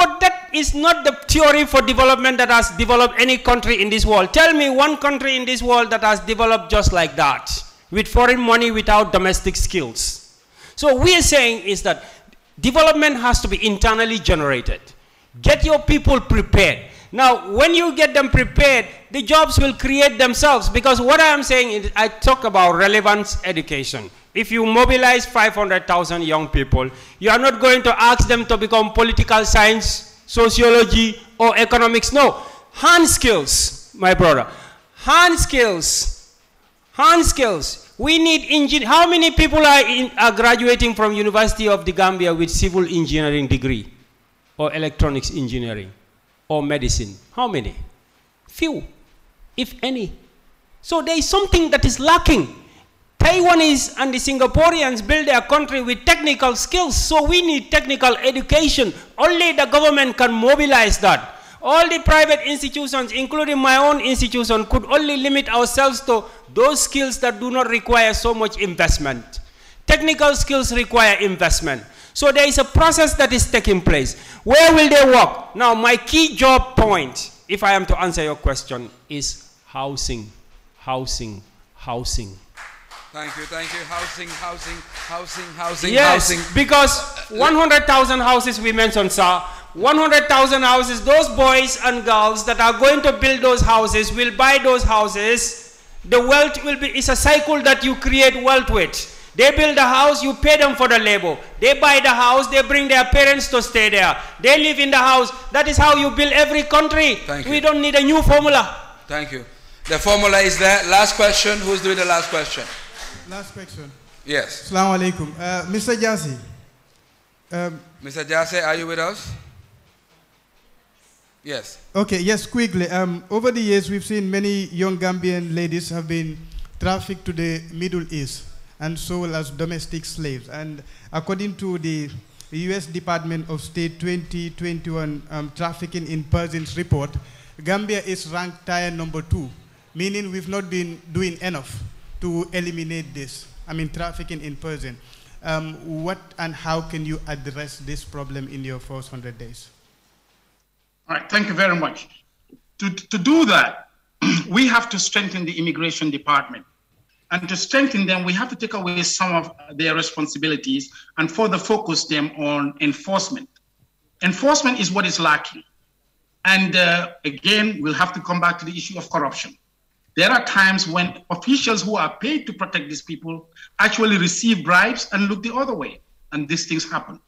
But that is not the theory for development that has developed any country in this world. Tell me one country in this world that has developed just like that, with foreign money without domestic skills. So what we are saying is that development has to be internally generated. Get your people prepared. Now, when you get them prepared, the jobs will create themselves because what I am saying is I talk about relevance education. If you mobilize 500,000 young people, you are not going to ask them to become political science, sociology, or economics. No. Hand skills, my brother. Hand skills. Hand skills. We need engine. How many people are, in, are graduating from University of the Gambia with civil engineering degree or electronics engineering or medicine? How many? Few, if any. So there is something that is lacking Taiwanese and the Singaporeans build their country with technical skills, so we need technical education. Only the government can mobilize that. All the private institutions, including my own institution, could only limit ourselves to those skills that do not require so much investment. Technical skills require investment. So there is a process that is taking place. Where will they work? Now, my key job point, if I am to answer your question, is housing, housing, housing. Thank you, thank you. Housing, housing, housing, housing, yes, housing. because 100,000 houses we mentioned, sir. 100,000 houses, those boys and girls that are going to build those houses will buy those houses. The wealth will be, it's a cycle that you create wealth with. They build a house, you pay them for the labor. They buy the house, they bring their parents to stay there. They live in the house. That is how you build every country. Thank we don't need a new formula. Thank you. The formula is there. Last question. Who's doing the last question? Last question. Yes. Assalamu alaikum. Uh, Mr. Jasi. Um, Mr. Jase, are you with us? Yes. Okay, yes, quickly. Um, over the years, we've seen many young Gambian ladies have been trafficked to the Middle East and sold as domestic slaves. And according to the U.S. Department of State 2021 um, Trafficking in Persons report, Gambia is ranked tier number two, meaning we've not been doing enough to eliminate this? I mean, trafficking in person. Um, what and how can you address this problem in your first 100 days? All right, thank you very much. To, to do that, we have to strengthen the immigration department. And to strengthen them, we have to take away some of their responsibilities and further focus them on enforcement. Enforcement is what is lacking. And uh, again, we'll have to come back to the issue of corruption. There are times when officials who are paid to protect these people actually receive bribes and look the other way, and these things happen.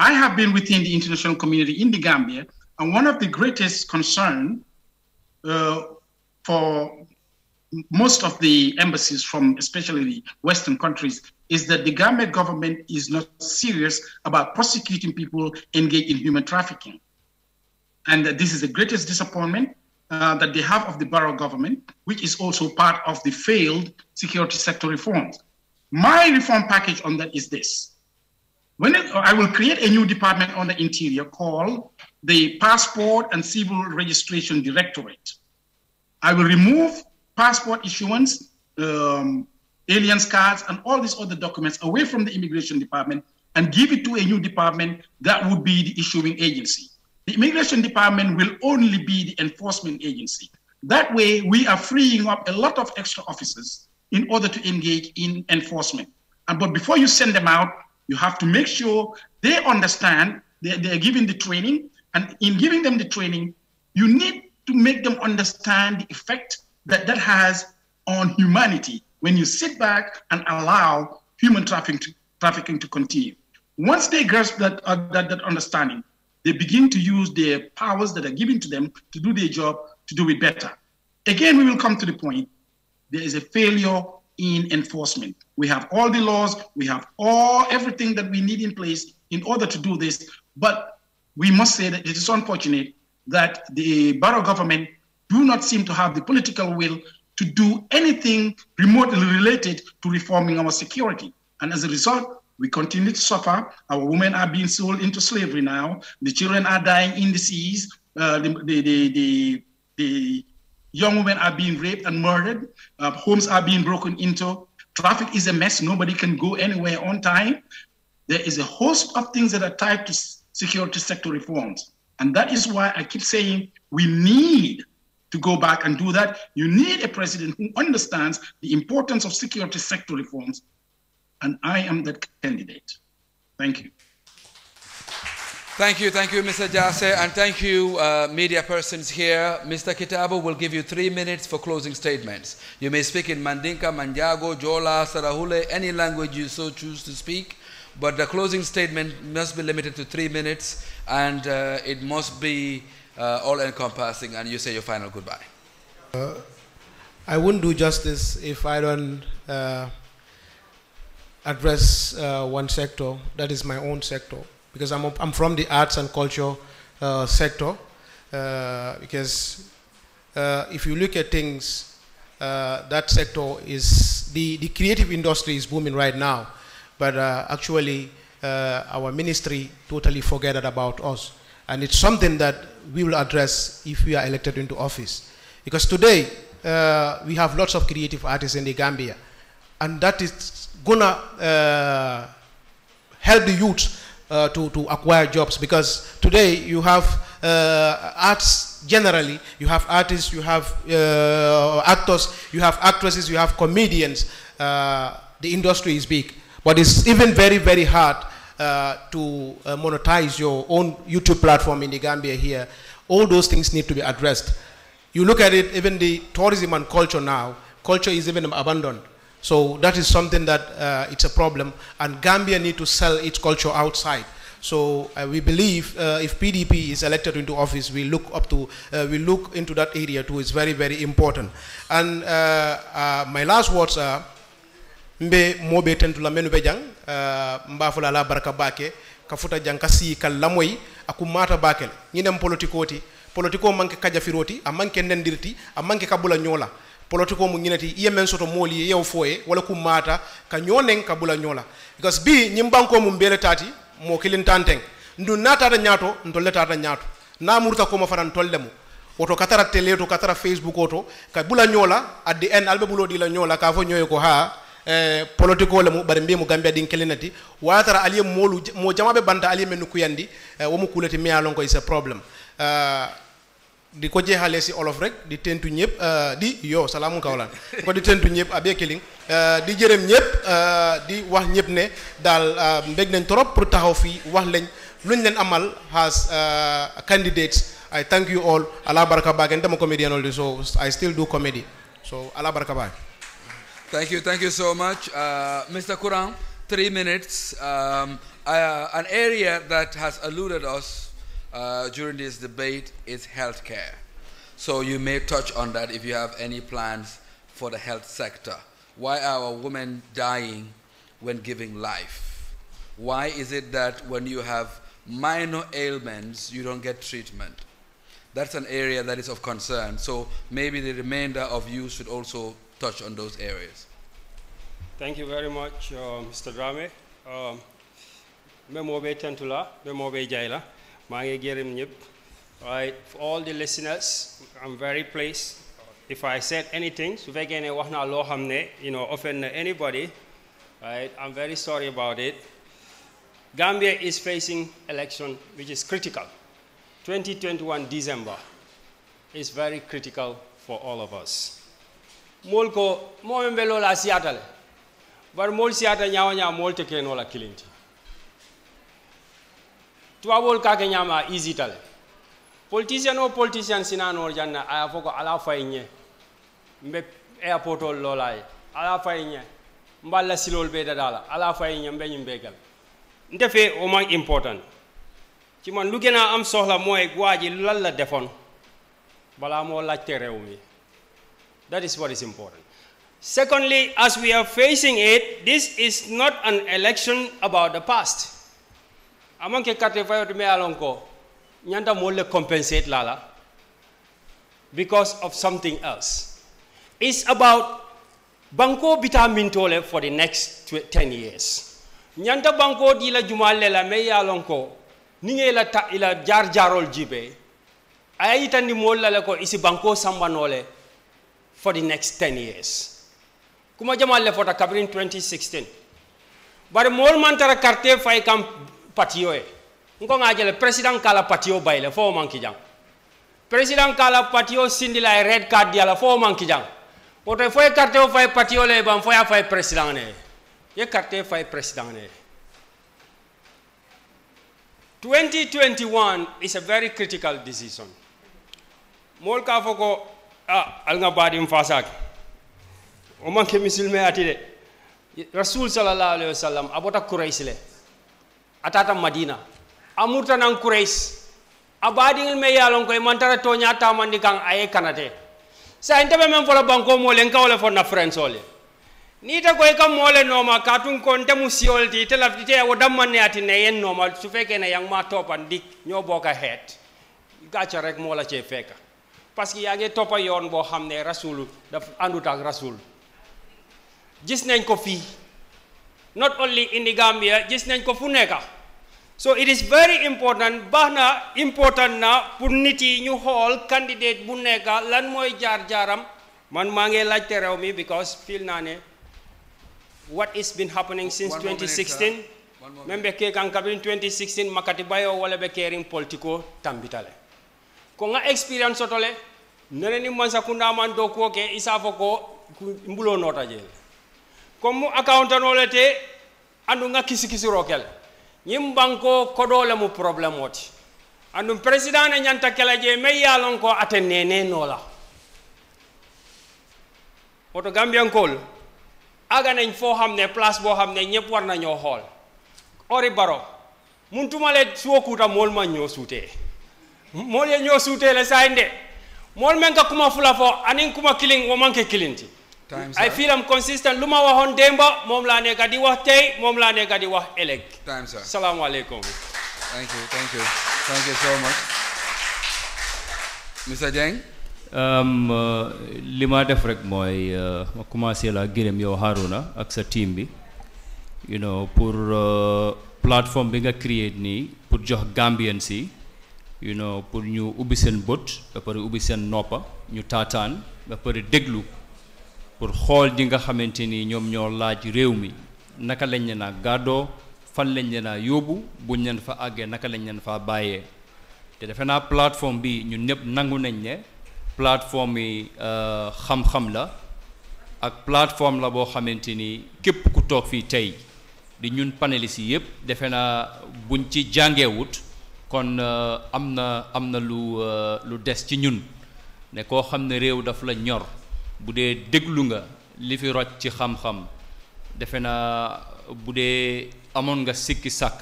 I have been within the international community in the Gambia, and one of the greatest concern uh, for most of the embassies from especially the Western countries is that the Gambia government is not serious about prosecuting people engaged in human trafficking. And this is the greatest disappointment uh, that they have of the Barrow government, which is also part of the failed security sector reforms. My reform package on that is this. When it, I will create a new department on the interior called the Passport and Civil Registration Directorate. I will remove passport issuance, um, aliens cards, and all these other documents away from the immigration department and give it to a new department that would be the issuing agency. The Immigration Department will only be the enforcement agency. That way, we are freeing up a lot of extra officers in order to engage in enforcement. And but before you send them out, you have to make sure they understand they, they are given the training. And in giving them the training, you need to make them understand the effect that that has on humanity when you sit back and allow human trafficking to, trafficking to continue. Once they grasp that, uh, that, that understanding, they begin to use their powers that are given to them to do their job, to do it better. Again, we will come to the point there is a failure in enforcement. We have all the laws, we have all everything that we need in place in order to do this, but we must say that it is unfortunate that the borough government do not seem to have the political will to do anything remotely related to reforming our security. And as a result, we continue to suffer. Our women are being sold into slavery now. The children are dying in uh, the seas. Uh, the, the, the, the, young women are being raped and murdered. Uh, homes are being broken into. Traffic is a mess. Nobody can go anywhere on time. There is a host of things that are tied to security sector reforms. And that is why I keep saying we need to go back and do that. You need a president who understands the importance of security sector reforms and I am that candidate. Thank you. Thank you, thank you, Mr. Jase, and thank you, uh, media persons here. Mr. Kitabo will give you three minutes for closing statements. You may speak in Mandinka, Manjago, Jola, Sarahule, any language you so choose to speak, but the closing statement must be limited to three minutes, and uh, it must be uh, all-encompassing, and you say your final goodbye. Uh, I wouldn't do justice if I don't uh, address uh, one sector, that is my own sector, because I'm, I'm from the arts and culture uh, sector. Uh, because uh, if you look at things, uh, that sector is the, the creative industry is booming right now, but uh, actually, our ministry totally forgot about us. And it's something that we will address if we are elected into office. Because today, we have lots of creative artists in the Gambia. And that is gonna uh, help the youth uh, to, to acquire jobs because today you have uh, arts generally you have artists you have uh, actors you have actresses you have comedians uh, the industry is big but it's even very very hard uh, to monetize your own YouTube platform in the Gambia here all those things need to be addressed you look at it even the tourism and culture now culture is even abandoned so that is something that uh, it's a problem, and Gambia need to sell its culture outside. So uh, we believe uh, if PDP is elected into office, we look up to, uh, we look into that area too. It's very, very important. And uh, uh, my last words are, mbe mobe tentula menu bejang, mbafula la baraka bake, kafuta kasi kalamoi, akumata bakele. Nyine mpolitikoti, politiko manke kajafiroti, amanke nendirti, amanke kabula nyola. politiko mu ñinati iye men soto moli ye yow foye wala ku maata ka ñoo ka bula ñoo la because bi ñiŋ banko mu mbele taati moo kilin ndu naa tata ñaato ntolle tata ñaato naa murta koma fana ntolle mu woto katara tele to katara facebook oto ka bula ñola at the end albe bulo di la ñola ka fo ñoy ko ha eh, politiko le mu bare mbi mu gambia din kelinati wala tara aliye molu mo jama be banta aliye men kuyandi eh, wo mu kulati mi ko problem uh, di ko jeexalee si olof rek di tentu ñëpp euh, di yo salaamu kawlaan ko di tentu ñëpp abe kiling euh, di jërëm ñëpp euh, di wax ñëpp ne daal mbég nañ trop pour taxaw wax lañ luñ leen amal has candidates I thank you all allah baraka baag and I'm all so I still do comedy so allah baraka baag thank you thank you so much uh, Mr. Kuran three minutes um, uh, an area that has eluded us uh, during this debate is healthcare. So you may touch on that if you have any plans for the health sector. Why are women dying when giving life? Why is it that when you have minor ailments, you don't get treatment? That's an area that is of concern. So maybe the remainder of you should also touch on those areas. Thank you very much, uh, Mr. Drame. Um, Tentula, maa ngi gërëm for all the listeners I'm very pleased if I said anything su fekkee ne wax naa you know offend anybody right I'm very sorry about it Gambia is facing election which is critical 2021 December is very critical for all of us mol mo mbelo la lola siyata le bar mol siyata nyawa nyawa mol te kenola kilinti tuwawol kake ñama isital politicien o politicien sinanol janna aya fo ko ala fay ñe mbe airportol loolaye ala fay ñe mballa silol be dala ala fay ñe mbe ñum begal nte o man important ci man lu gën a am soxla mooy waa ji lan la defoon balaa moo laajte réew mi that is what is important secondly as we are facing it this is not an election about the past aman ke carte fayoto me alon ko nyanta mo le compensate lala because of something else it's about banko vitamin tole for the next 10 years nyanta banko di la jumal le la me yalon ko ni nge la ta ila jar jarol jibe ay itandi mo la ko isi banko sambanole for the next 10 years kuma jamal le fota kabrin 2016 bar mol mantara carte fay kam patio eh. e president kala patio bayle fo man president kala patio red card fo man fo carte o fay patio le ban fo ya fay president ne ye carte fay president ne 2021 is a very critical decision mol ka ah al nga o manke misilme atide rasul sallallahu alaihi wasallam abota quraish le atata madina amurta nan kurais ngel me yalon koy nyaata man tamandi kan aye kanate sa inte be men fola banko len kawle fo na frensole ni ta koy kam mole noma katun konte mu siolti te te wo dammanne ati ne yen noma su feke ne yang ma topan dik ño boka het gacha rek mola ci feka parce que yaage topa yon bo xamne rasul daf andut ak rasul gis nañ ko fi not only in the Gambia just nañ ko so it is very important baax important na pour nit yi ñu candidate bu nekk lan mooy jaar-jaaram man maa ngi laajte mi because feel na ne what is been happening since 2016 même ɓe keekankabin 2016 makati bayo wala ɓe keering politico tambitale ko nga experience otole neneni mansa man do kuwo ke isa mbulo nota comme account no lété andu nga kisi kisi rokel ñim banko ko do le mu problème woti andu président ñanta kala je me yalon ko atene né no la oto gambian kol aga nañ fo xamné place bo xamné ñepp war nañu xol ori baro muntuma le suoku ta mol ma ñoo suté mol ye ñoo suté le saynde mol men ka kuma fulafo anin kuma kiling wo manke kilinti times I feel I'm consistent Luma ma waxoon démba moom laa nekka di wax tey moom laa nekka di wax ëllëg times are thank you thank you thank you so much Mr Dieng li lima def rek mooy uh, ma commencé la gërëm yow Haruna ak sa team bi you know pour uh, platform bi nga créer nii pour jox Gambian si you know pour ñu ubbi seen bët ba pare ubbi seen noppa ñu taataan ba pare déglu pour xool ñi nga xamante ni ñoom ñoo laaj réew mi naka lañ leen a gàddoo fan lañ leen a yóbbu buñ leen fa àggee naka lañ leen faa bàyyee te defe naa plateforme bi ñun ñëpp nangu nañ ne plateforme yi euh, xam-xam la ak plateforme la boo xamante ni képp ku toog fii tey di ñun panélistes yi yëpp defe naa buñ ci jàngeewut kon euh, am na am na lu euh, lu des ci ñun ne koo xam ne réew daf la ñor bu dee déglu nga li fi roj ci xam-xam defe naa bu dee amoon nga sikki sàkk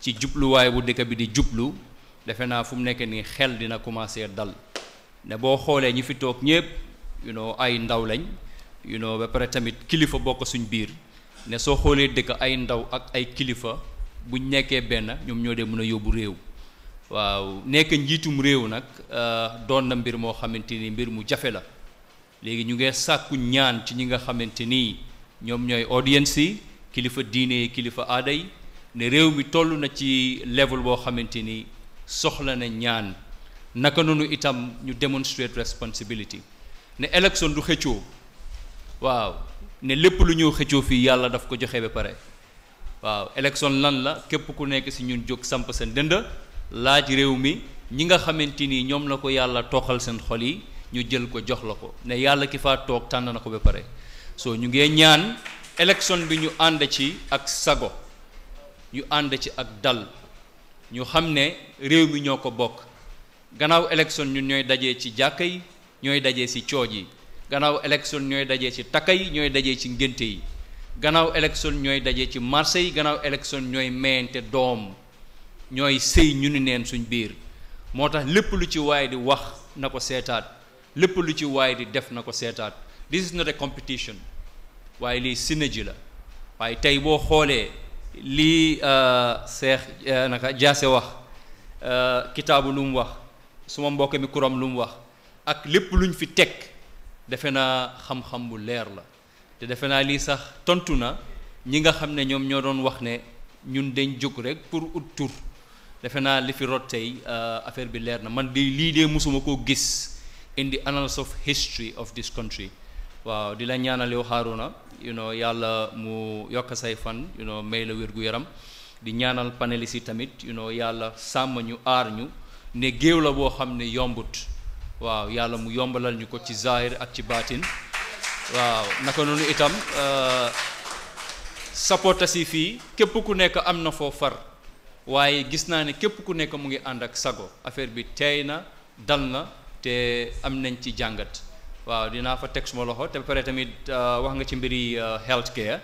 ci jubluwaay bu dëkk bi di jublu defe naa fu mu nekk nii xel dina commencer dal ne boo xoolee ñi fi toog ñépp you know ay ndaw lañ yu know ba pare tamit kilifa bokk suñ biir ne soo xoolee dëkk ay ndaw ak ay kilifa buñ nekkee benn ñoom ñoo dee mën a yóbbu réew waaw nekk njiitum réew nag euh, doon na mbir moo xamante ni mbir mu jafe la léegi ñu ngee sàkku ñaan ci ñi nga xamante ni ñoom ñooy audience yi kilifa diine kilifa aada yi ne réew mi toll na ci level boo xamante ni soxla na ñaan naka noonu itam ñu demonstrate responsibility ne élection du xëccoo waaw ne lépp lu ñëw xëccoo fii yàlla daf ko joxe ba pare waaw élection lan la képp ku nekk si ñun jóg samp seen dënd laaj réew mi ñi nga xamante ni ñoom la ko yàlla toxal seen xol yi ñu jël ko jox la ko ne yàlla ki faa toog tànn na ko ba pare soo ñu ngee ñaan élection bi ñu ànd ci ak sago ñu ànd ci ak dal ñu xam ne réew mi ñoo ko bokk gannaaw élection ñu ñooy dajee ci jàkka yi ñooy dajee ci cooj yi gannaaw élection ñooy dajee ci takka yi ñooy dajee ci ngénte yi gannaaw élection ñooy dajee ci marché yi gannaaw élection ñooy meyante doom ñooy sëy ñu ni neen suñ biir moo tax lépp lu ci waaye di wax na ko seetaat lépp lu ci waaye di def na ko seetaat this is not a competition waaye lii synergie la waaye tey boo xoolee lii seex euh, euh, naka jaase wax euh, kitaabu lu mu wax suma mbokk mi kuram lu mu wax ak lépp lu luñ fi teg defe naa xam-xam bu leer la te defe naa lii sax tontu na ñi nga xam ne ñoom ñoo doon wax ne ñun dañ jóg rek pour ut tur defe naa li fi rot tey affaire bi leer na man de lii dee mosuma koo gis in the annals of history of this country wow! Dilanyana leo haruna, you know yala mu yoka saifan, you know may la wér gu yaram di tamit you know yala sàmm ñu aar ñu ne géew la boo ne yombut waaw yàlla mu yombalal ñu ko ci zahir ak ci baatin waaw naka noonu itam euh, supporters yi fii képp ku nekk am na far waaye gis naa ne képp sago affaire bi teey na te am nañ ci jàngat waaw dinaa fa teg suma loxo te ba pare tamit uh, wax nga ci mbiri uh, health care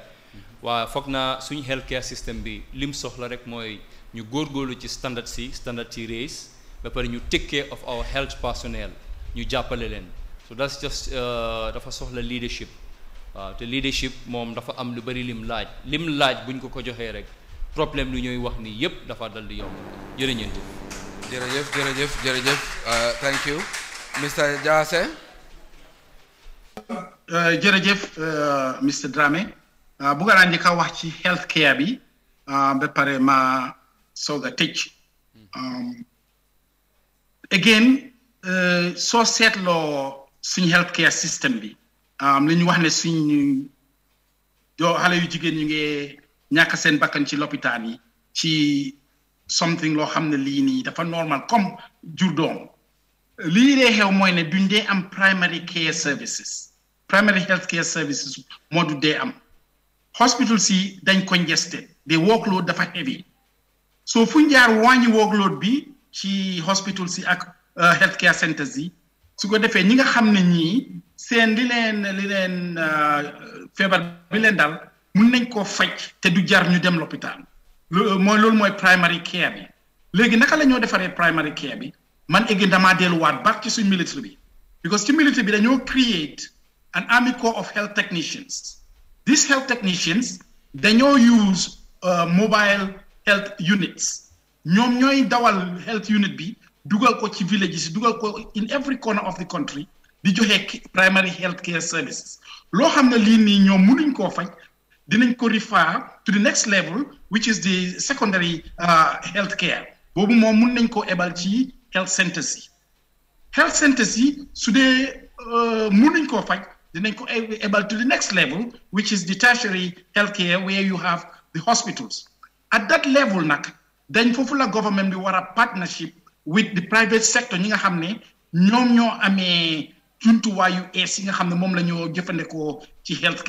waaw foog naa suñu health care system bi lim soxla rek mooy ñu góorgóorlu ci standard si standard si race ba pare ñu take care of our health personnel ñu jàppale leen so that's just uh, dafa soxla leadership waaw te leadership moom dafa am lu bari lim laaj lim laaj buñ ko ko joxee rek problème lu ñuy wax ni yépp dafa dal di yomb jërëjëf jërëjëf jërëjëf jërëjëf thank you Mr. Jase. Uh, Mr. Drame. bukan hanya njëkk a health care bi uh, pare ma so eh, again eh, so set lo sin health care system bi um, li ñu wax ne suñ yoo yu jigen yu nge nyaka sen bakan ci something lo xam li ni dafa normal comme jur lii dee xew mooy ne duñ dee am primary care services primary health care services moo du dee am hospital si dañ congested the workload dafa heavy so fuñ jaar wàññi workload bi ci hospital si ak uh, health care centers yi su ko defee ñi nga xam ne ñii seen li leen li leen uh, feebar bi leen dal mun nañ koo faj te du jar ñu dem lopitaan uh, mooy loolu mooy primary care bi léegi naka la ñoo defaree primary care bi man again damaa delluwaat back ci suñ military bi because ci military bi dañoo create an army corps of health technicians these health technicians dañoo use uh, mobile health units ñoom ñooy dawal health unit bi dugal ko ci villages dugal ko in every corner of the country di joxe primary health care services Lo xam ne lii nii ñoom mënuñ koo faj dinañ ko refer to the next level which is the secondary uh, health care boobu moom mun nañ ebal ci health centres yi health centres yi su dee mënuñ koo faj dinañ ko able to the next level which is the tertiary healthcare, where you have the hospitals at that level nak dañ foofu la government bi war a partnership with the private sector ñi nga xam ne ñoom ñoo amee jumtuwaayu ees yi nga xam ne moom la ñoo jëfandikoo ci health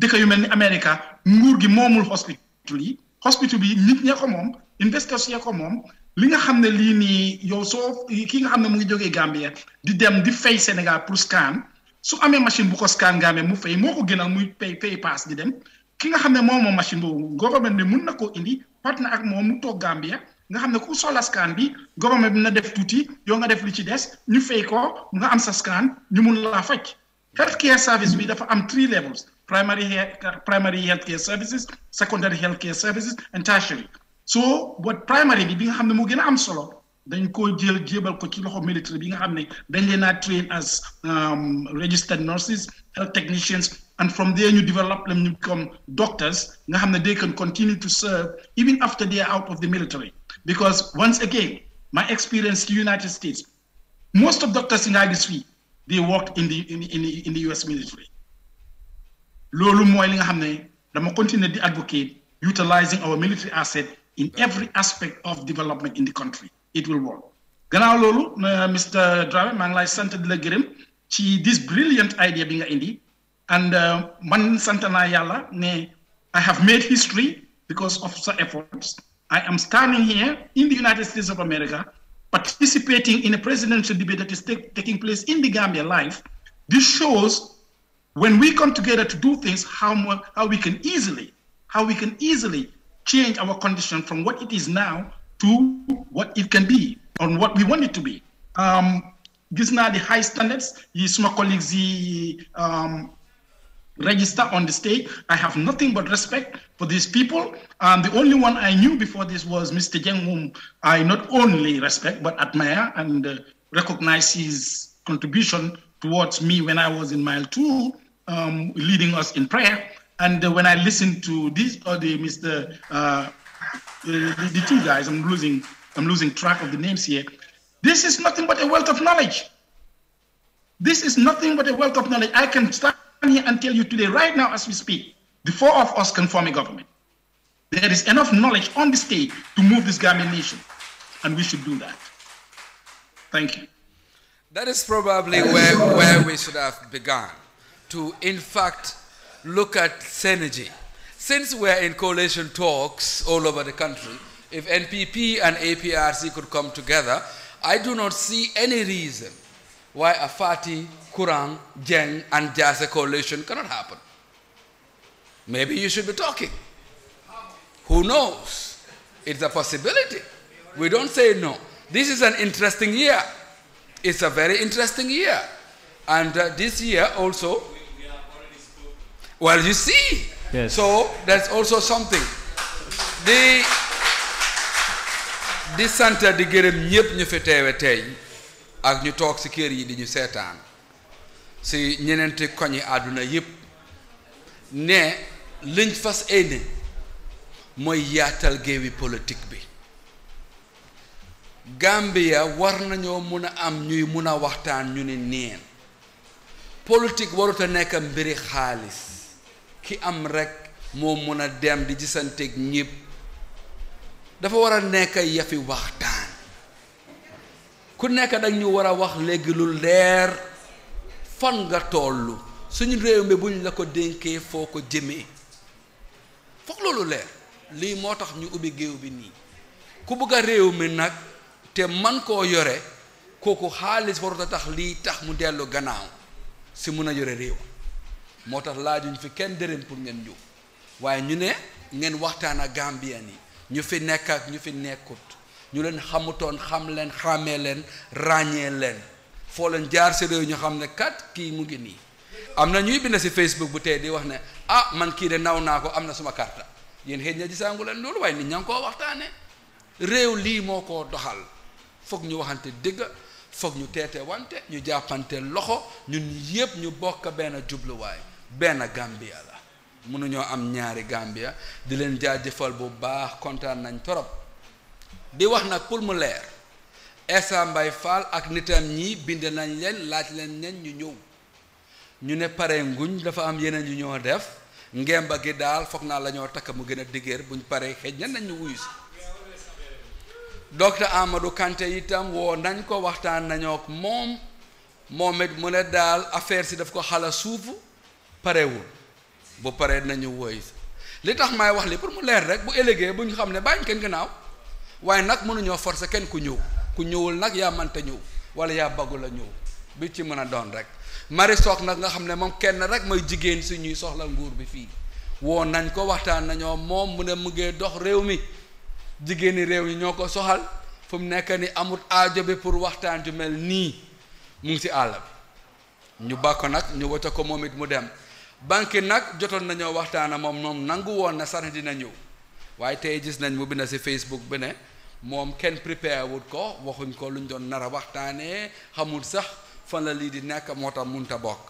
dëkk yu mel ni America nguur gi moomul hospital yi hospital bi nit ñee ko moom investors yee ko moom li nga xam li ni yow so ki nga mu ngi jógee Gambia di dem di fay Sénégal pour scan su amé machine bu ko scan Gambia mu fay moko gënal muy pay pay pass di dem ki nga xam mo mo machine bu government bi mën nako indi patna ak mo mu tok Gambia nga xam ku so la scan bi government bi na def touti yo nga def li ci dess ñu fay ko nga am sa scan ñu mun la faj healthcare service bi dafa am three levels primary primary healthcare services secondary healthcare services and tertiary so what primarily bi nga xam ne moo am solo dañ ko jël jébal ko ci loxo military bi nga xam ne dañ leen train as um, registered nurses health technicians and from there you develop them to become doctors nga xam they can continue to serve even after they are out of the military because once again my experience in the United States most of doctors in IBS fii they worked in the in in in the US military loolu mooy li nga xam dama continuer di advocate utilizing our military asset in every aspect of development in the country it will work gannaaw Mr Dramé maa lay sant di gërëm ci this brilliant idea bi nga indi and uh, man sant naa yàlla ne I have made history because of our efforts I am standing here in the United States of America participating in a presidential debate that is taking place in the Gambia live this shows when we come together to do things how how we can easily how we can easily change our condition from what it is now to what it can be on what we want it to be. Um, these are the high standards. These my colleagues the um, register on the stage. I have nothing but respect for these people. Um, the only one I knew before this was Mr. Jeng, whom I not only respect but admire and uh, recognize his contribution towards me when I was in mile two, um, leading us in prayer. And uh, when I listen to this or the Mr. Uh, the, the, two guys, I'm losing, I'm losing track of the names here. This is nothing but a wealth of knowledge. This is nothing but a wealth of knowledge. I can stand here and tell you today, right now, as we speak, the four of us can form a government. There is enough knowledge on the state to move this Gambian nation, and we should do that. Thank you. That is probably where, where we should have begun to, in fact, look at synergy. Since we're in coalition talks all over the country, if NPP and APRC could come together, I do not see any reason why Afati, Kurang, Jeng, and Jase coalition cannot happen. Maybe you should be talking. Who knows? It's a possibility. We don't say no. This is an interesting year. It's a very interesting year. And uh, this year also, well, you see. Yes. So that's also something. The, di centre di gërëm ñëpp ñu fi teewe tey ak ñu toog ci kër yi di ñu setan. ci ñeneenti koñi aduna yëpp ne liñ fas yéene mooy yaatal géewi politique bi Gambia war nañoo mun am ñuy mun a waxtaan ñu ne neen politique warut nekk mbiri xaalis ki am rekk moo mën a dem di gisanteeg ñëpp dafa war a nekk yafi waxtaan ku nekk dag ñu war a wax léegi lu leer fan nga toll suñu réew mi buñ la ko dénkee foo ko jëmee foog loolu leer lii moo tax ñu ubbi géew bi nii ku bëgg a réew mi nag te man koo yore kooku xaalis warut a tax lii tax mu dellu gannaaw si mën a yore réew moo tax laajuñ fi kenn dërëm pour ngeen ñëw waaye ñu ne ngeen waxtaan ak Gambien yi ñu fi nekk ak ñu fi nekkut ñu leen xamutoon xam leen xàmmee leen ràññee leen foo leen jaar si réew ñu xam ne kat kii mu ngi nii am na ñuy bind si Facebook bu tey di wax ne ah man kii de naw naa ko am na suma karta yéen xëy na gisaangu leen loolu waaye nit ñaa ngi koo waxtaane réew lii moo ko doxal foog ñu waxante dëgg foog ñu teete wante ñu jàppante loxo ñun yépp ñu bokk benn jubluwaay Bena Gambia la ñoo am ñaari Gambia di leen jaajeufal bu baax kontaan nañ torop di wax nak pour mu leer Essa Mbay Fall ak nitam ñi bind nañ leen laaj leen ñen ñu ñew ñu ne paré nguñ dafa am yeneen ñu ñoo def ngemba gi dal fokk na la tak mu gëna digeer buñ paré xëj nañ ñu wuyu docteur Amadou Kanté itam wo nañ ko waxtaan nañoo ak mom moom mu ne dal affaire ci daf ko xala soufou parewul bu paree nañu woy li tax maay wax li pour mu leer rek bu élégé bu ñu xam ne bàyyi kenn gannaaw waaye nag mënuñoo forcer kenn ku ñëw ku ñëwul nag yaa manta ñëw wala yaa baggu la ñëw bi ci mën a doon rek mari soog nag nga xam ne moom kenn rek mooy jigéen si ñuy soxla nguur bi fii woo nañ ko waxtaan nañoo moom mu ne muggee dox réew mi jigéeni réew ñi ñoo ko soxal fu mu nekk ni amut aajo bi pour waxtaan ju mel nii mu ngi si àll bi ñu bàkk nag ñu wote ko moom it mu dem banque nag jotoon nañoo waxtaana moom moom nangu woon na sax dina ñëw waaye tey gis nañ mu bind si Facebook bi ne moom kenn prépare ko waxuñ ko lu luñ doon nara waxtaanee xamul sax fan la lii di nekk moo tax a bokk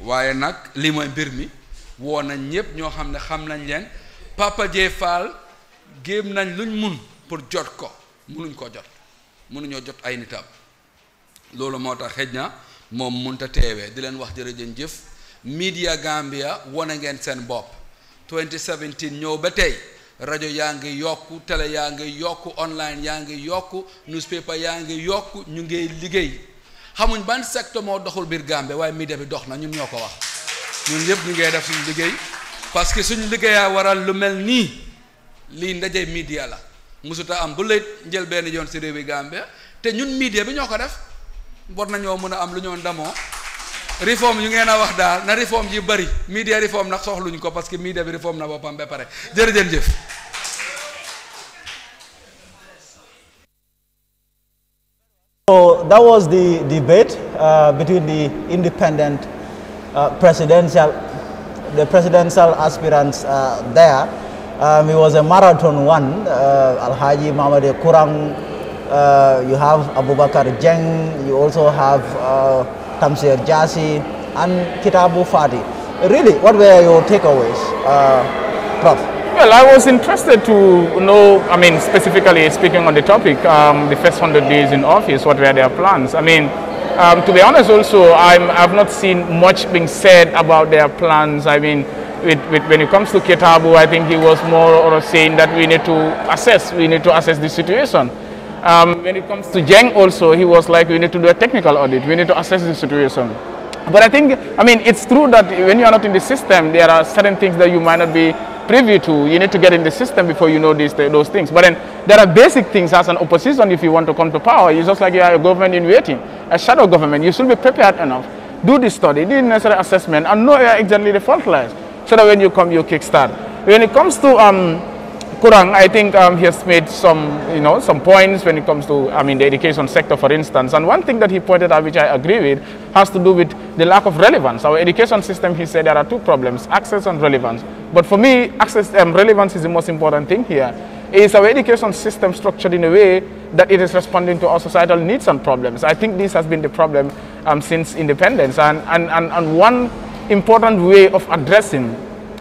waaye nag li mooy mbir mi woo nañ ñëpp ñoo xam ne xam nañ leen Papa Dieye Fall géem nañ luñ mun pour jot ko munuñ ko jot munuñoo jot ay nitam loolu moo tax xëj na moom munta teewee di leen wax jërëjëf jëf Media Gambia wane ngeen seen bopp 2017 ñëw ba tey rajo yaa ngi yokk télé yaa ngi yokk online yaa ngi yokk newspaper yaa ngi yokk ñu ngi liggéey xamuñ ban secteur moo doxul biir Gambia waaye media bi dox na ñun ñoo ko wax ñun yëpp ñu ngi def suñu liggéey parce que suñu liggéeyaa waral lu mel nii lii ndaje media la musuta am bu lay njël benn yoon si réew yi Gambia te ñun media bi ñoo ko def war nañoo mën a am lu ñoo ndamoo yu ngeen a wax daal na yi bëri media nag soxluñ ko parce que media bi na boppam ba pare jërëjëf jëf So that was the debate uh, between the independent uh, presidential, the presidential aspirants uh, there. Um, it was a marathon one. Uh, Alhaji Mamadi Kurang, uh, you have Abubakar Jeng, you also have uh, Tamsir Jasi, and Kitabu Fadi. Really, what were your takeaways, uh, Prof? Well, I was interested to know, I mean, specifically speaking on the topic, um, the first 100 days in office, what were their plans? I mean, um, to be honest, also, i have not seen much being said about their plans. I mean, with, with, when it comes to Ketabu, I think he was more or saying that we need to assess, we need to assess the situation. Um, when it comes to Jeng also, he was like, we need to do a technical audit. We need to assess the situation. But I think, I mean, it's true that when you are not in the system, there are certain things that you might not be privy to. You need to get in the system before you know these, those things. But then there are basic things as an opposition if you want to come to power. It's just like you are a government in waiting, a shadow government. You should be prepared enough. Do the study, do the necessary assessment, and know exactly the fault lines so that when you come, you kickstart. When it comes to um, Kurang, I think um, he has made some, you know, some points when it comes to, I mean, the education sector, for instance. And one thing that he pointed out, which I agree with, has to do with the lack of relevance. Our education system, he said, there are two problems, access and relevance. But for me, access um, relevance is the most important thing here. Is our education system structured in a way that it is responding to our societal needs and problems? I think this has been the problem um, since independence. And, and, and, and one important way of addressing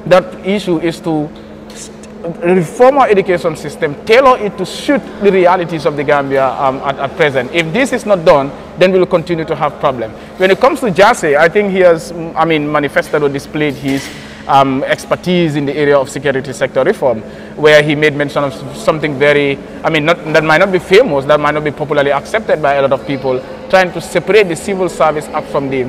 that issue is to reform our education system, tailor it to suit the realities of the Gambia um, at, at, present. If this is not done, then we'll continue to have problems. When it comes to Jase, I think he has, I mean, manifested or displayed his um, expertise in the area of security sector reform, where he made mention of something very, I mean, not, that might not be famous, that might not be popularly accepted by a lot of people, trying to separate the Civil Service Act from the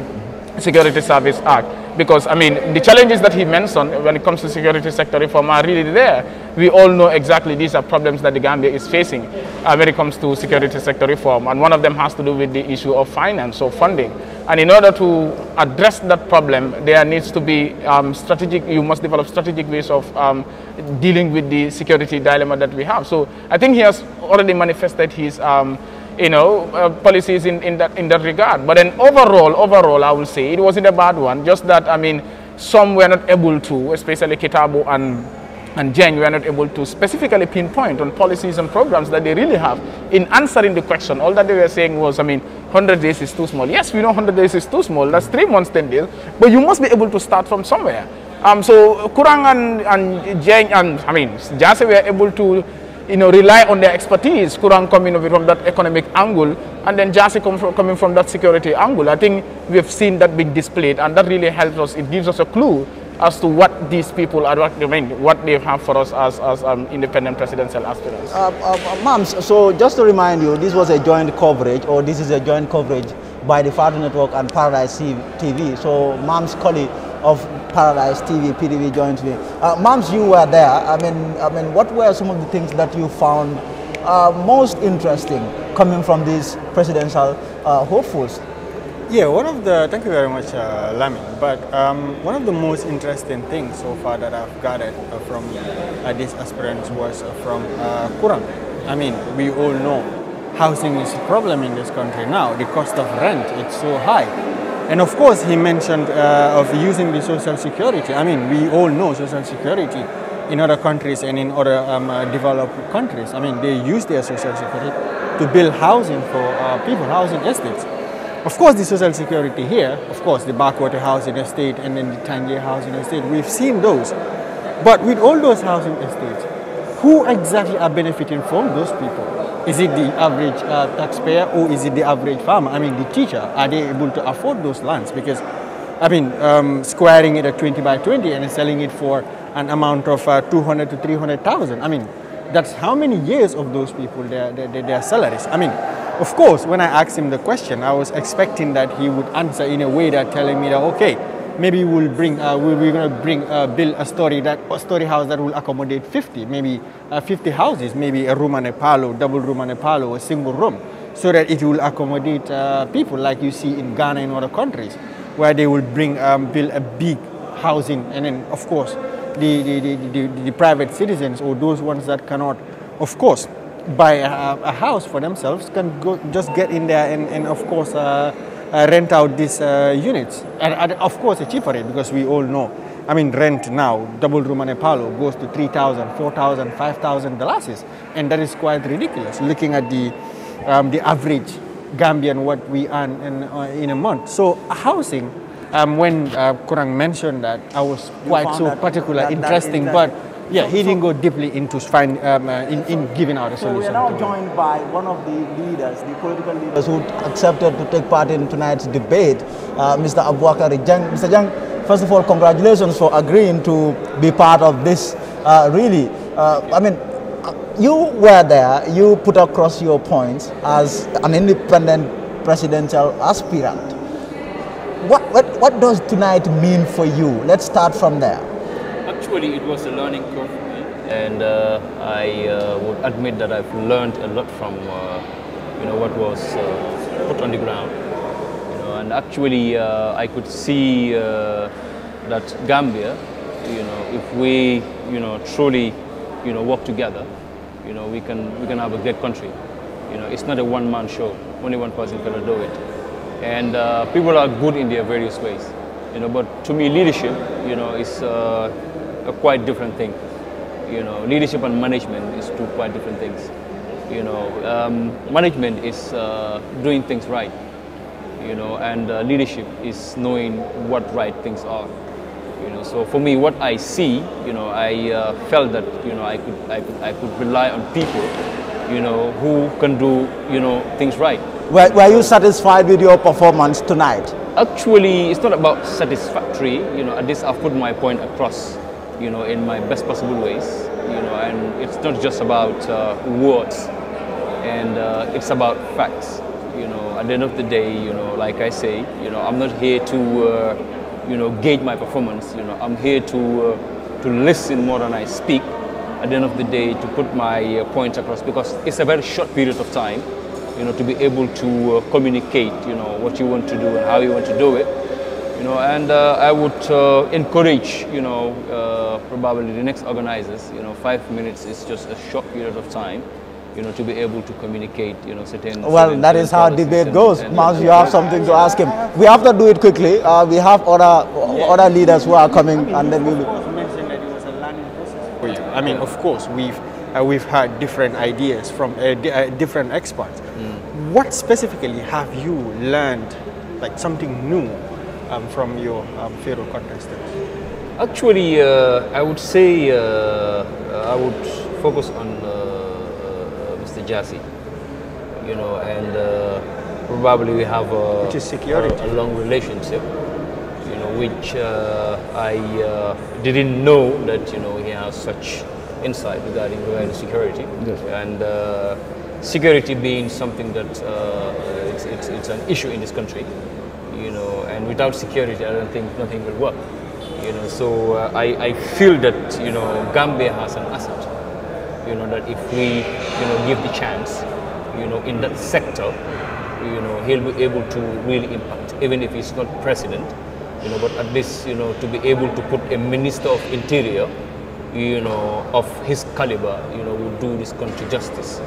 Security Service Act because I mean the challenges that he mentioned when it comes to security sector reform are really there. We all know exactly these are problems that the Gambia is facing uh, when it comes to security sector reform, and one of them has to do with the issue of finance or funding. And in order to address that problem, there needs to be um, strategic. You must develop strategic ways of um, dealing with the security dilemma that we have. So I think he has already manifested his. Um, you know, uh, policies in, in, that, in that regard. But then overall, overall, I will say it wasn't a bad one. Just that, I mean, some were not able to, especially Kitabo and and Jen were not able to specifically pinpoint on policies and programs that they really have in answering the question. All that they were saying was, I mean, 100 days is too small. Yes, we know 100 days is too small. That's three months, 10 days. But you must be able to start from somewhere. Um, so Kurang and, and Jen and, I mean, Jase were able to you know, rely on their expertise. Kurang coming from that economic angle and then Jassy coming from that security angle. I think we've seen that being displayed and that really helps us. It gives us a clue as to what these people are recommending, what they have for us as, as um, independent presidential aspirants. Uh, uh, uh so just to remind you, this was a joint coverage, or this is a joint coverage by the Father Network and Paradise TV. So Mams Collie of Paradise TV, PDV Joint Uh, Moms, you were there. I mean, I mean, what were some of the things that you found uh, most interesting coming from these presidential uh, hopefuls? Yeah, one of the, thank you very much, uh, Lamy, but um, one of the most interesting things so far that I've gathered uh, from uh, these aspirants was uh, from uh, Kurang. I mean, we all know housing is a problem in this country now. The cost of rent, it's so high. And of course, he mentioned uh, of using the social security. I mean, we all know social security in other countries and in other um, uh, developed countries. I mean, they use their social security to build housing for uh, people, housing estates. Of course, the social security here, of course, the backwater housing estate and then the Tangier housing estate, we've seen those. But with all those housing estates, who exactly are benefiting from those people? Is it the average uh, taxpayer or is it the average farmer? I mean, the teacher, are they able to afford those lands? Because, I mean, um, squaring it at 20 by 20 and selling it for an amount of uh, 200 to 300,000, I mean, that's how many years of those people, their, their, their salaries. I mean, of course, when I asked him the question, I was expecting that he would answer in a way that telling me that, okay, maybe we'll bring uh, we're going to bring uh, build a story that a story house that will accommodate 50 maybe uh, 50 houses maybe a room and a palo double room and a palo a single room so that it will accommodate uh, people like you see in Ghana and other countries where they will bring um, build a big housing and then of course the the, the, the, the private citizens or those ones that cannot of course buy a, a house for themselves can go just get in there and, and of course uh, uh, rent out these uh, units and of course a cheaper rate because we all know I mean, rent now, double room and a palo goes to 3,000, 4,000, 5,000 dollars. And that is quite ridiculous looking at the, um, the average Gambian what we earn in, uh, in a month. So housing, um, when uh, Kurang mentioned that, I was quite so particular, that, that interesting, that, but yeah, so, he didn't go deeply into find, um, uh, in, so, in, giving out a solution. So we are now joined by one of the leaders, the political leaders who accepted to take part in tonight's debate, uh, Mr. Abubakar Jang. Mr. Jang, first of all, congratulations for agreeing to be part of this. Uh, really, uh, I mean, uh, you were there, you put across your points as an independent presidential aspirant. What, what, what does tonight mean for you? Let's start from there. Actually, it was a learning curve. And uh, I uh, would admit that I've learned a lot from, uh, you know, what was uh, put on the ground. You know, and actually, uh, I could see that Gambia, you know, if we, you know, truly, you know, work together, you know, we can we can have a great country. You know, it's not a one-man show. Only one person can do it. And uh, people are good in their various ways. You know, but to me, leadership, you know, is uh, a quite different thing. You know, leadership and management is two quite different things. You know, um, management is uh, doing things right. You know, and uh, leadership is knowing what right things are. You know, so for me, what I see, you know, I uh, felt that you know I could, I could I could rely on people, you know, who can do you know things right. Were, were you satisfied with your performance tonight? Actually, it's not about satisfactory. You know, at least I've put my point across you know, in my best possible ways, you know, and it's not just about uh, words, and uh, it's about facts, you know. At the end of the day, you know, like I say, you know, I'm not here to, uh, you know, gauge my performance. You know, I'm here to uh, to listen more than I speak. At the end of the day, to put my uh, point across because it's a very short period of time, you know, to be able to uh, communicate, you know, what you want to do and how you want to do it you know, and uh, I would uh, encourage, you know, uh, probably the next organizers, you know, five minutes is just a short period of time, you know, to be able to communicate, you know, certain... Well, certain that is how debate goes. And, you have something to ask him. We have to do it quickly. Uh, we have other, yeah. other leaders who are coming I mean, and then we'll... mentioned that it was a learning process. I mean, of course, we've, uh, we've had different ideas from uh, different experts. Mm. What specifically have you learned, like something new um, from your um, Fero contestants? Actually, uh, I would say uh, uh I would focus on uh, uh Mr. Jassy, you know, and uh, probably we have a, which is security. A, a long relationship, you know, which I didn't know that, you know, he has such insight regarding, regarding security. Yes. And security being something that it's, it's, it's an issue in this country you know, and without security, I don't think nothing will work. You know, so uh, I, I feel that you know Gambia has an asset. You know that if we you know give the chance, you know, in that sector, you know, he'll be able to really impact, even if he's not president. You know, but at least you know to be able to put a minister of interior, you know, of his caliber, you know, would do this country justice.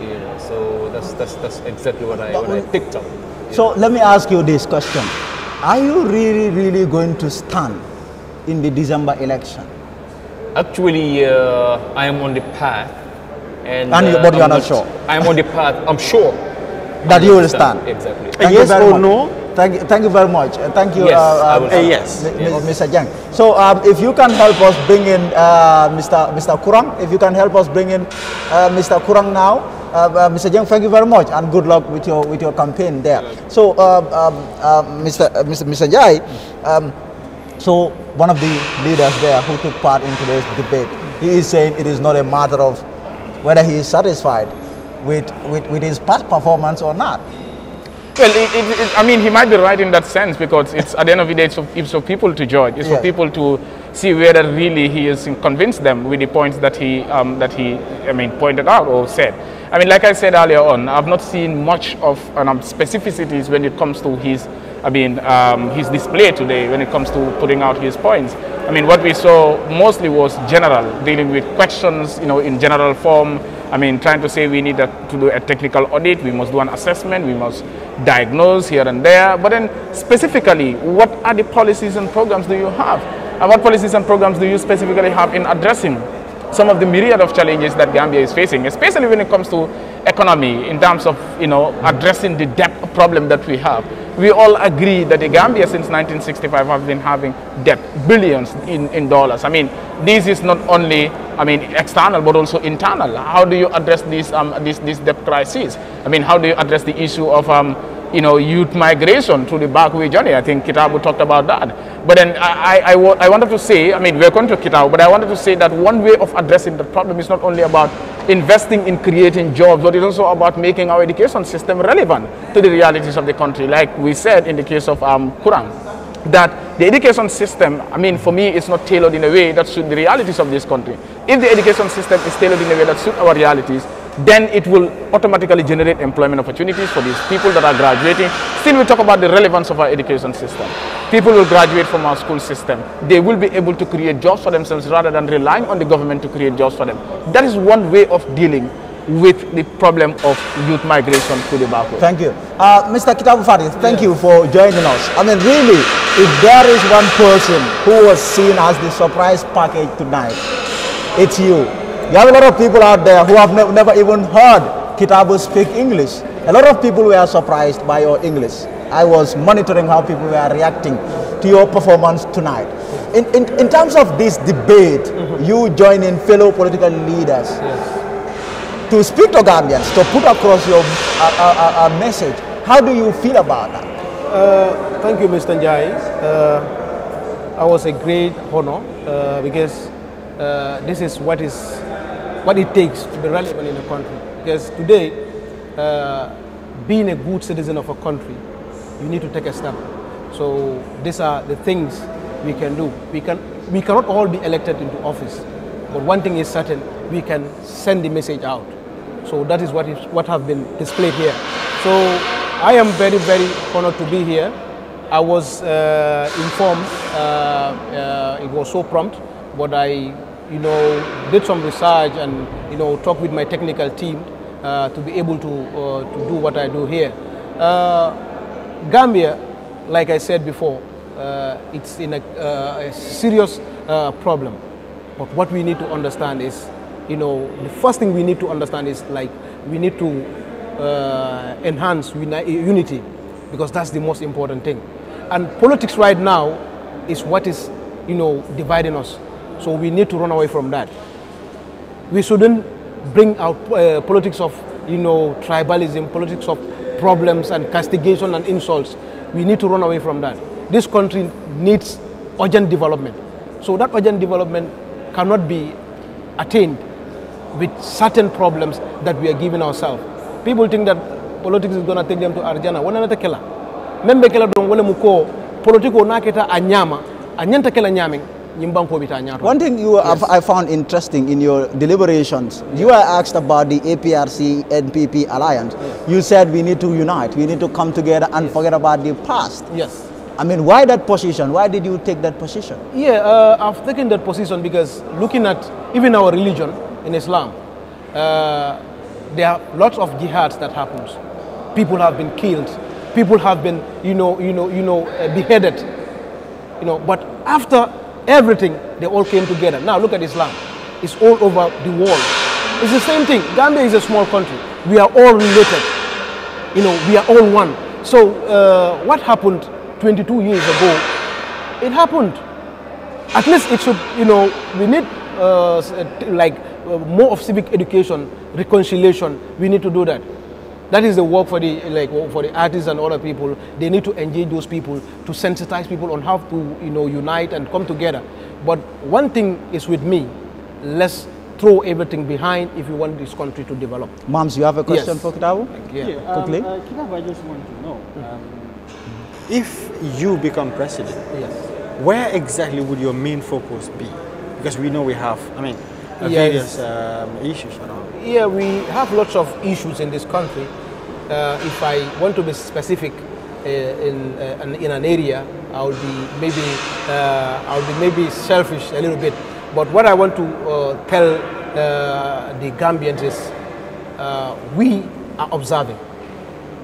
You know, so that's that's that's exactly what I what I picked up. So let me ask you this question. Are you really, really going to stand in the December election? Actually, uh, I am on the path. And, and uh, but you are not, not sure. I am on the path. I'm sure that you will stand. Exactly. Thank yes or much. no? Thank you, thank you very much. Uh, thank you, yes, uh, uh, uh yes. Mr. Yang. So, um, if you can help us bring in uh, Mr. Mr. Kurang, if you can help us bring in uh, Mr. Kurang now, uh, uh, Mr. Jeng, thank you very much and good luck with your with your campaign there. So, Mr. Mr. Mr. Jai, um, so one of the leaders there who took part in today's debate, he is saying it is not a matter of whether he is satisfied with, with, with his past performance or not. Well, it, it, it, I mean, he might be right in that sense because it's at the end of the day, it's for, it's for people to judge. It's yes. for people to see whether really he has convinced them with the points that he um, that he, I mean, pointed out or said. I mean, like I said earlier on, I've not seen much of um, specificities when it comes to his, I mean, um, his display today when it comes to putting out his points. I mean, what we saw mostly was general, dealing with questions, you know, in general form. I mean, trying to say we need a, to do a technical audit, we must do an assessment, we must diagnose here and there. But then specifically, what are the policies and programs do you have? And what policies and programs do you specifically have in addressing some of the myriad of challenges that Gambia is facing, especially when it comes to economy in terms of you know addressing the debt problem that we have. We all agree that the Gambia since 1965 have been having debt, billions in, in dollars. I mean, this is not only I mean external but also internal. How do you address this um, this this debt crisis? I mean, how do you address the issue of um, you know, youth migration to the backway journey. I think Kitabu talked about that. But then I, I, I, I wanted to say, I mean, we're going to Kitabu, but I wanted to say that one way of addressing the problem is not only about investing in creating jobs, but it's also about making our education system relevant to the realities of the country. Like we said in the case of um, Kurang that the education system, I mean, for me, it's not tailored in a way that suits the realities of this country. If the education system is tailored in a way that suits our realities, then it will automatically generate employment opportunities for these people that are graduating. Still, we talk about the relevance of our education system. People will graduate from our school system. They will be able to create jobs for themselves rather than relying on the government to create jobs for them. That is one way of dealing with the problem of youth migration to the backward. Thank you. Uh, Mr. Kitabu Fadi, thank yes. you for joining us. I mean, really, if there is one person who was seen as the surprise package tonight, it's you. There are a lot of people out there who have ne never even heard Kitabu speak English. A lot of people were surprised by your English. I was monitoring how people were reacting to your performance tonight. In, in, in terms of this debate, mm -hmm. you joining fellow political leaders yes. to speak to Gambians, to put across your uh, uh, uh, message, how do you feel about that? Uh, thank you, Mr. Njai. Uh, I was a great honor uh, because this is what is what it takes to be relevant in a country. Because today, uh, being a good citizen of a country, you need to take a step. So these are the things we can do. We, can, we cannot all be elected into office, but one thing is certain, we can send the message out. So that is what, is, what have been displayed here. So I am very, very honored to be here. I was uh, informed, uh, uh it was so prompt, but I you know, did some research and, you know, talk with my technical team uh, to be able to, uh, to do what I do here. Uh, Gambia, like I said before, uh, it's in a, uh, a serious problem. But what we need to understand is, you know, the first thing we need to understand is like we need to enhance unity because that's the most important thing. And politics right now is what is, you know, dividing us. So we need to run away from that. We shouldn't bring out uh, politics of you know tribalism, politics of problems and castigation and insults. We need to run away from that. This country needs urgent development. So that urgent development cannot be attained with certain problems that we are giving ourselves. People think that politics is going to take them to Arjana. Wananatakela. Membe kela don wale muko politiko naketa anyama. Anyantakela nyaming. One thing you yes. I found interesting in your deliberations, yes. you were asked about the APRC NPP alliance. Yes. You said we need to unite, we need to come together and forget about the past. Yes. I mean, why that position? Why did you take that position? Yeah, uh, I've taken that position because looking at even our religion in Islam, uh, there are lots of jihads that happens. People have been killed. People have been, you know, you know, you know, uh, beheaded. You know, but after everything, they all came together. Now look at Islam. It's all over the world. It's the same thing. Gambia is a small country. We are all related. You know, we are all one. So uh, what happened 22 years ago, it happened. At least it should, you know, we need uh, uh like uh, more of civic education, reconciliation. We need to do that. That is the work for the like for the artists and other people. They need to engage those people to sensitize people on how to you know unite and come together. But one thing is with me, let's throw everything behind if you want this country to develop. Moms, you have a question yes. for Kitabu? Yeah, yeah um, quickly. Uh, Kitabu, I just want to know. Um, mm-hmm. if you become president, yes. where exactly would your main focus be? Because we know we have, I mean, various yes. um, issues around. Yeah, we have lots of issues in this country, uh, if I want to be specific uh, in, uh, in an area, I will be maybe, uh, I will be maybe selfish a little bit. But what I want to uh, tell uh, the Gambians is we are observing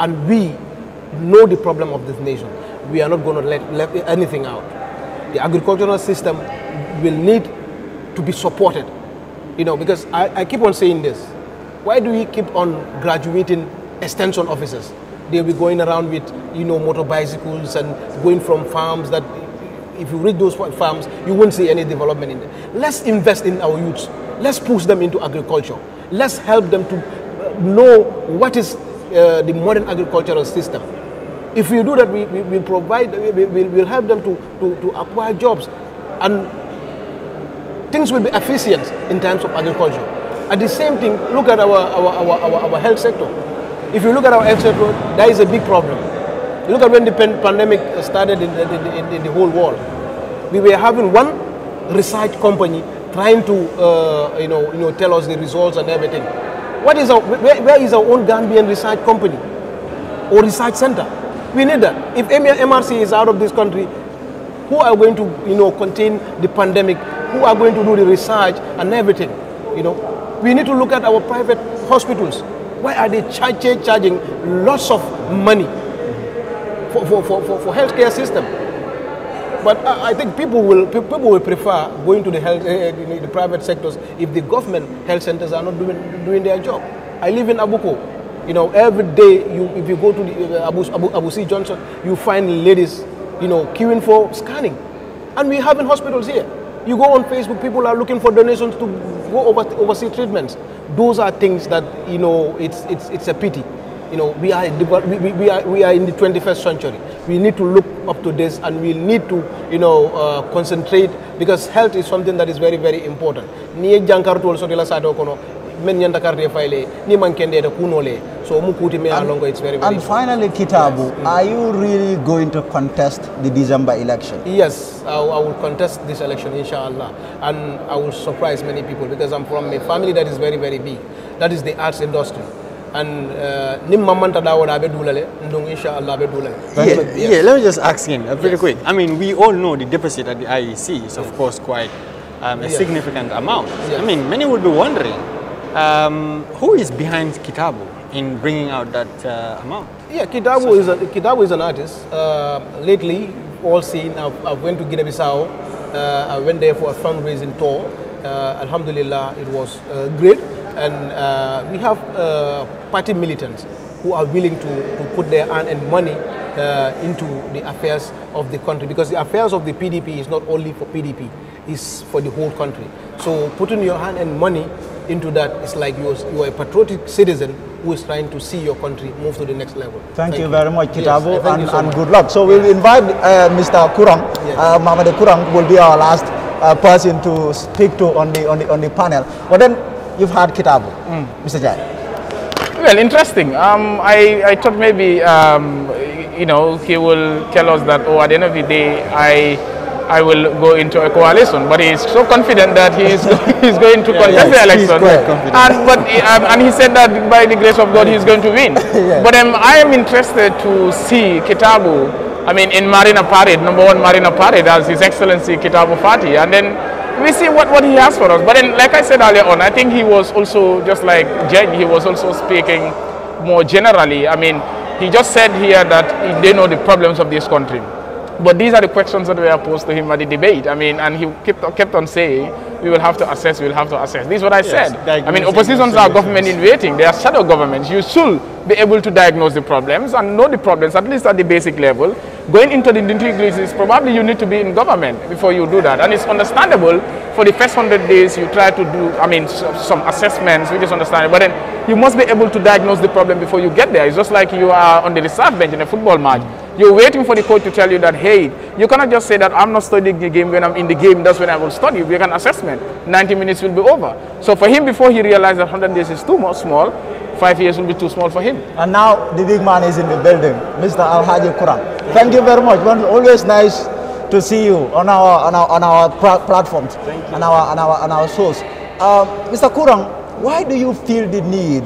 and we know the problem of this nation. We are not going to let, let anything out. The agricultural system will need to be supported. You know, because I, I keep on saying this. Why do we keep on graduating extension officers. They'll be going around with, you know, motor bicycles and going from farms that, if you read those farms, you won't see any development in them. Let's invest in our youths. Let's push them into agriculture. Let's help them to uh, know what is uh, the modern agricultural system. If we do that, we, we, will provide, we, will we'll help them to, to, to acquire jobs and things will be efficient in terms of agriculture. At the same thing, look at our, our, our, our, our health sector. If you look at our exit road, that is a big problem. Look at when the pandemic started in the, in, in the whole world. We were having one research company trying to uh, you know you know tell us the results and everything. What is our where, where is our own Gambian research company or research center? We need that. If MRC is out of this country, who are going to you know contain the pandemic? Who are going to do the research and everything? You know, we need to look at our private hospitals. Why are they charging lots of money for, for, for, for, for healthcare system? But I, I think people will people will prefer going to the health uh, the, the private sectors if the government health centers are not doing doing their job. I live in Abuko. You know, every day you if you go to the, uh, Abu, Abu, Abu C Johnson, you find ladies, you know, queuing for scanning, and we have in hospitals here. You go on Facebook, people are looking for donations to go over, oversee treatments. Those are things that, you know, it's, it's, it's a pity. You know, we are, we, we, are, we are in the 21st century. We need to look up to this and we need to, you know, uh, concentrate because health is something that is very, very important. Niye also dila sa men ni man kende da kunole so mu kuti me it's very very and finally kitabu yes. are you really going to contest the december election yes I, I will contest this election inshallah and i will surprise many people because i'm from a family that is very very big that is the arts industry and uh, nim mamanta da wada be dulale ndung inshallah be dulale yeah let me just ask him uh, pretty yes. quick i mean we all know the deficit at the iec is of course quite um, a yes. significant amount i mean many would be wondering um, who is behind Kitabu in bringing out that uh, amount? Yeah, Kitabu so, is a, Kitabu is an artist. Uh, lately, all seen. I, I went to Guinea-Bissau. Uh, I went there for a fundraising tour. Uh, alhamdulillah, it was uh, great, and uh, we have party militants who are willing to, to put their hand and money uh, into the affairs of the country because the affairs of the PDP is not only for PDP, it's for the whole country. So putting your hand and money into that, it's like you are, you are a patriotic citizen who is trying to see your country move to the next level. Thank, thank you, you, very much, Kitabo, yes, and, so and much. good luck. So we'll invite uh, Mr. Kurang, yes. uh, Mohamed Kurang will be our last uh, person to speak to on the, on the, on the panel. But then you've had Kitabo, mm. Mr. Jai. Well, interesting. Um, I, I thought maybe, um, you know, he will tell us that, oh, at the end of the day, I I will go into a coalition. But he is so confident that he is he's going to contest yeah, the election. And but um, and he said that by the grace of God he is going to win. yeah. But um, I am interested to see Kitabu. I mean, in Marina Parade, number one Marina Parade, as His Excellency Kitabu Fati, and then we see what, what he has for us. But then, like I said earlier on, I think he was also, just like Jen, he was also speaking more generally. I mean, he just said here that they know the problems of this country. But these are the questions that were posed to him at the debate. I mean, and he kept, kept on saying, we will have to assess, we will have to assess. This is what I yes, said. I mean, oppositions are government in waiting. They are shadow governments. You should be able to diagnose the problems and know the problems, at least at the basic level. Going into the nitty-gritties, probably you need to be in government before you do that. And it's understandable for the first 100 days you try to do, I mean, some assessments, which is understandable. But then you must be able to diagnose the problem before you get there. It's just like you are on the reserve bench in a football match you're waiting for the coach to tell you that, hey, you cannot just say that I'm not studying the game when I'm in the game, that's when I will study. We have an assessment. 90 minutes will be over. So for him, before he realized that 100 days is too much small, five years will be too small for him. And now the big man is in the building, Mr. Alhaji Kuran. Thank you very much. Always nice to see you on our on our, on our platforms, on our on our on our shows. Uh, Mr. Kurang, why do you feel the need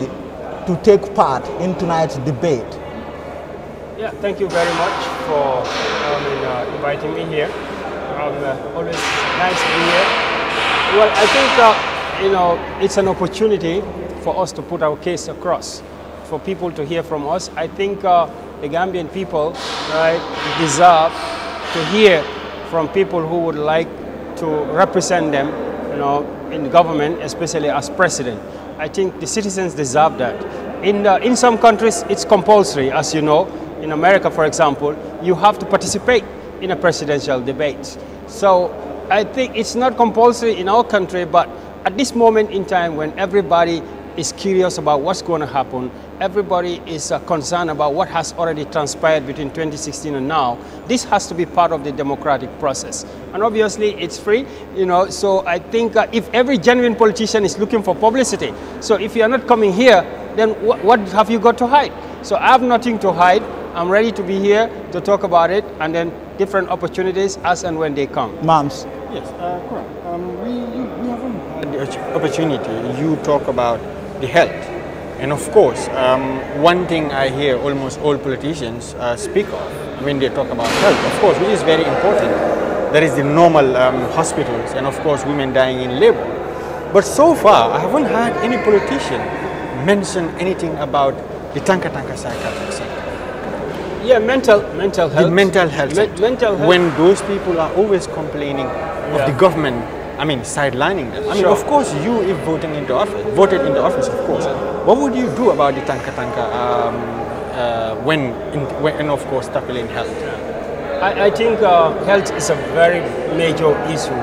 to take part in tonight's debate yeah, thank you very much for um, uh, inviting me here. Um, uh, always nice to be here. Well, I think uh, you know it's an opportunity for us to put our case across, for people to hear from us. I think uh, the Gambian people right, deserve to hear from people who would like to represent them, you know, in government, especially as president. I think the citizens deserve that. In, uh, in some countries, it's compulsory, as you know, in America, for example, you have to participate in a presidential debate. So I think it's not compulsory in our country, but at this moment in time when everybody is curious about what's going to happen, everybody is uh, concerned about what has already transpired between 2016 and now, this has to be part of the democratic process. And obviously it's free, you know, so I think uh, if every genuine politician is looking for publicity, so if you're not coming here, then wh what have you got to hide? So I have nothing to hide. I'm ready to be here to talk about it and then different opportunities as and when they come. Moms. Yes, uh, correct. Um, we, we haven't had the opportunity. You talk about the health. And of course, um, one thing I hear almost all politicians uh, speak of when they talk about health, of course, which is very important. There is the normal um, hospitals and of course women dying in labor. But so far, I haven't heard any politician mention anything about the Tanka Tanka psychiatric yeah, mental mental health. The mental health. Me mental health. When those people are always complaining yeah. of the government, I mean, sidelining them. I sure. mean, of course, you, if voting into office, voted into office, of course. Yeah. What would you do about the tanka tanka um, uh, when, in, when, and of course, tackling health? I, I think uh, health is a very major issue,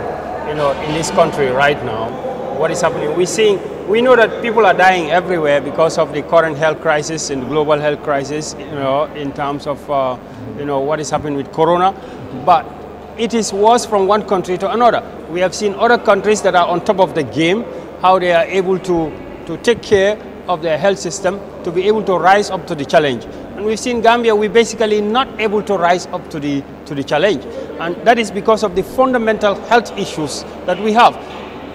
you know, in this country right now. What is happening? We're seeing we know that people are dying everywhere because of the current health crisis and global health crisis, you know, in terms of, uh, you know, what is happening with corona. But it is worse from one country to another. We have seen other countries that are on top of the game, how they are able to, to take care of their health system to be able to rise up to the challenge. And we've seen Gambia, we're basically not able to rise up to the, to the challenge. And that is because of the fundamental health issues that we have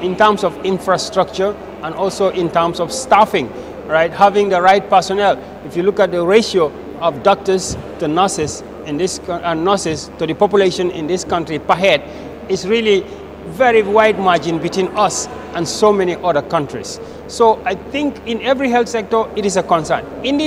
in terms of infrastructure, and also in terms of staffing, right? Having the right personnel. If you look at the ratio of doctors to nurses in this and uh, nurses to the population in this country per head, it's really very wide margin between us and so many other countries. So I think in every health sector, it is a concern. In the,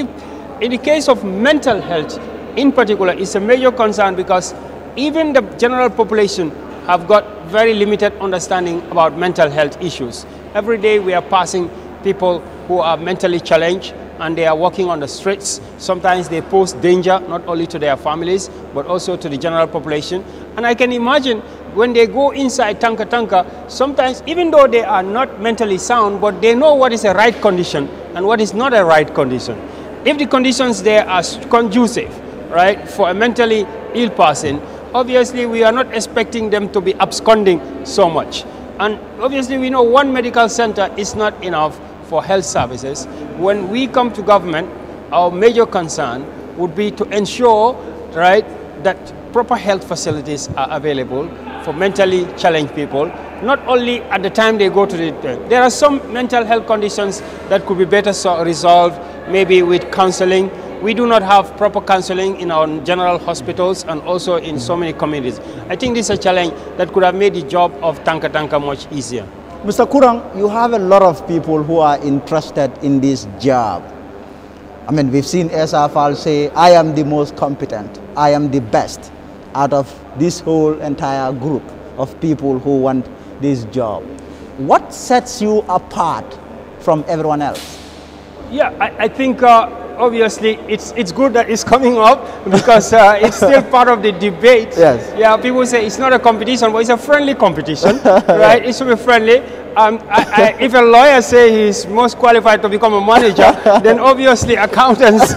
in the case of mental health in particular, it's a major concern because even the general population have got very limited understanding about mental health issues. Every day we are passing people who are mentally challenged and they are walking on the streets. Sometimes they pose danger not only to their families but also to the general population. And I can imagine when they go inside Tanka Tanka, sometimes even though they are not mentally sound, but they know what is a right condition and what is not a right condition. If the conditions there are conducive, right, for a mentally ill person, obviously we are not expecting them to be absconding so much. And obviously we know one medical center is not enough for health services. When we come to government, our major concern would be to ensure, right, that proper health facilities are available for mentally challenged people, not only at the time they go to the... There are some mental health conditions that could be better resolved, maybe with counseling, we do not have proper counseling in our general hospitals and also in so many communities. I think this is a challenge that could have made the job of Tanka Tanka much easier. Mr. Kurang, you have a lot of people who are interested in this job. I mean, we've seen SFL say, I am the most competent, I am the best out of this whole entire group of people who want this job. What sets you apart from everyone else? Yeah, I, I think uh, obviously it's it's good that it's coming up because uh, it's still part of the debate. Yes. Yeah, people say it's not a competition, but it's a friendly competition, right? It should be friendly. Um, I, I, if a lawyer says he's most qualified to become a manager, then obviously accountants.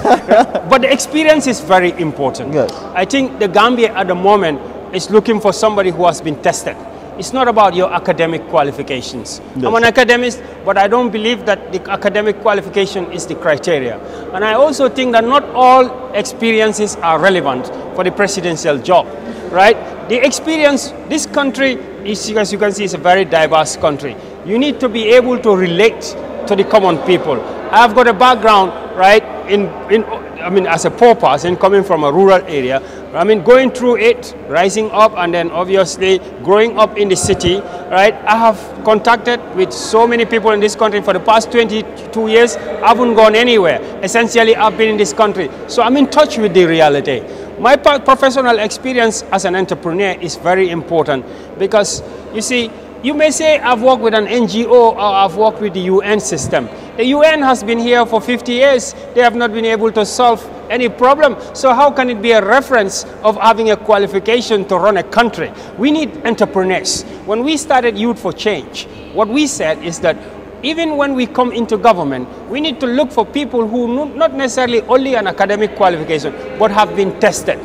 but the experience is very important. Yes. I think the Gambia at the moment is looking for somebody who has been tested. It's not about your academic qualifications. Yes. I'm an academic, but I don't believe that the academic qualification is the criteria. And I also think that not all experiences are relevant for the presidential job, right? The experience, this country, is, as you can see, is a very diverse country. You need to be able to relate to the common people. I've got a background, right, in, in I mean, as a poor person coming from a rural area, I mean, going through it, rising up, and then obviously growing up in the city, right? I have contacted with so many people in this country for the past 22 years. I haven't gone anywhere. Essentially, I've been in this country. So I'm in touch with the reality. My professional experience as an entrepreneur is very important because, you see, you may say, I've worked with an NGO or I've worked with the UN system. The UN has been here for 50 years. They have not been able to solve any problem. So how can it be a reference of having a qualification to run a country? We need entrepreneurs. When we started Youth for Change, what we said is that even when we come into government, we need to look for people who not necessarily only an academic qualification, but have been tested.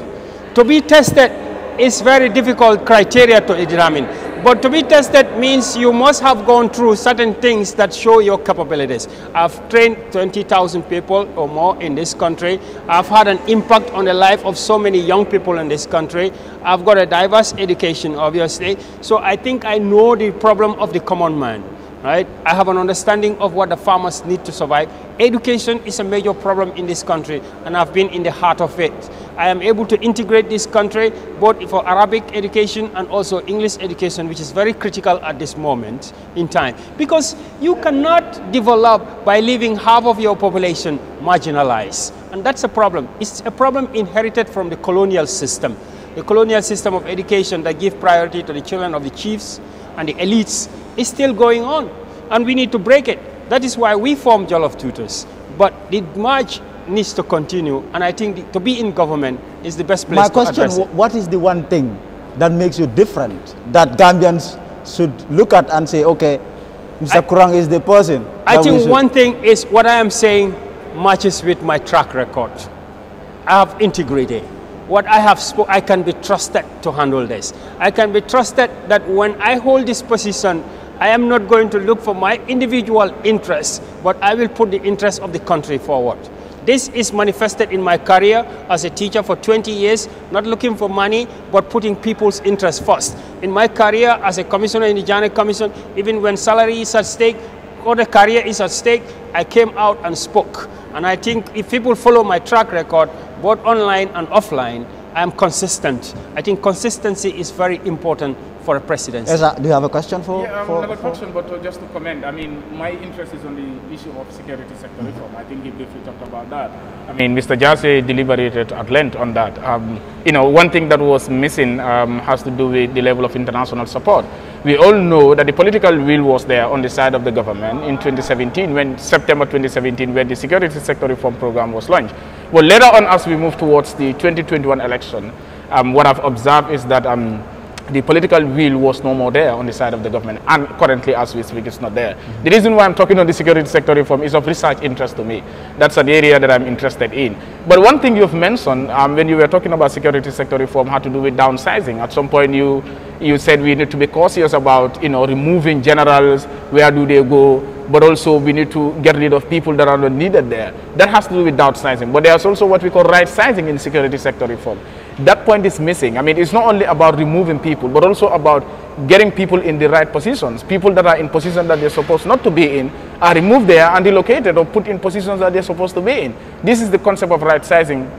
To be tested is very difficult criteria to determine. But to be tested means you must have gone through certain things that show your capabilities. I've trained 20,000 people or more in this country. I've had an impact on the life of so many young people in this country. I've got a diverse education, obviously. So I think I know the problem of the common man right? I have an understanding of what the farmers need to survive. Education is a major problem in this country, and I've been in the heart of it. I am able to integrate this country both for Arabic education and also English education, which is very critical at this moment in time. Because you cannot develop by leaving half of your population marginalized. And that's a problem. It's a problem inherited from the colonial system. The colonial system of education that give priority to the children of the chiefs, and the elites is still going on. And we need to break it. That is why we formed Jollof Tutors. But the march needs to continue. And I think the, to be in government is the best place My question, what is the one thing that makes you different that Gambians should look at and say, okay, Mr. I, Kurang is the person? I think one thing is what I am saying matches with my track record. I have integrity what I have spoke, I can be trusted to handle this. I can be trusted that when I hold this position, I am not going to look for my individual interests, but I will put the interests of the country forward. This is manifested in my career as a teacher for 20 years, not looking for money, but putting people's interests first. In my career as a commissioner in the Jana Commission, even when salary is at stake, or the career is at stake, I came out and spoke. And I think if people follow my track record, both online and offline, I'm consistent. I think consistency is very important for a presidency. do you have a question for? Yeah, um, for, I have a question, but uh, just to comment, I mean, my interest is on the issue of security sector reform. I think he briefly talked about that. I mean, Mr. Jassy deliberated at length on that. Um, you know, one thing that was missing um, has to do with the level of international support. We all know that the political will was there on the side of the government in 2017, when September 2017, when the security sector reform program was launched. Well, later on, as we move towards the 2021 election, um, what I've observed is that um, the political will was no more there on the side of the government. And currently, as we speak, it's not there. Mm -hmm. The reason why I'm talking on the security sector reform is of research interest to me. That's an area that I'm interested in. But one thing you've mentioned um, when you were talking about security sector reform had to do with downsizing. At some point, you you said we need to be cautious about you know removing generals. Where do they go? But also, we need to get rid of people that are not needed there. That has to do with downsizing. But there's also what we call right sizing in security sector reform that point is missing. I mean, it's not only about removing people, but also about getting people in the right positions. People that are in positions that they're supposed not to be in are removed there and relocated or put in positions that they're supposed to be in. This is the concept of right sizing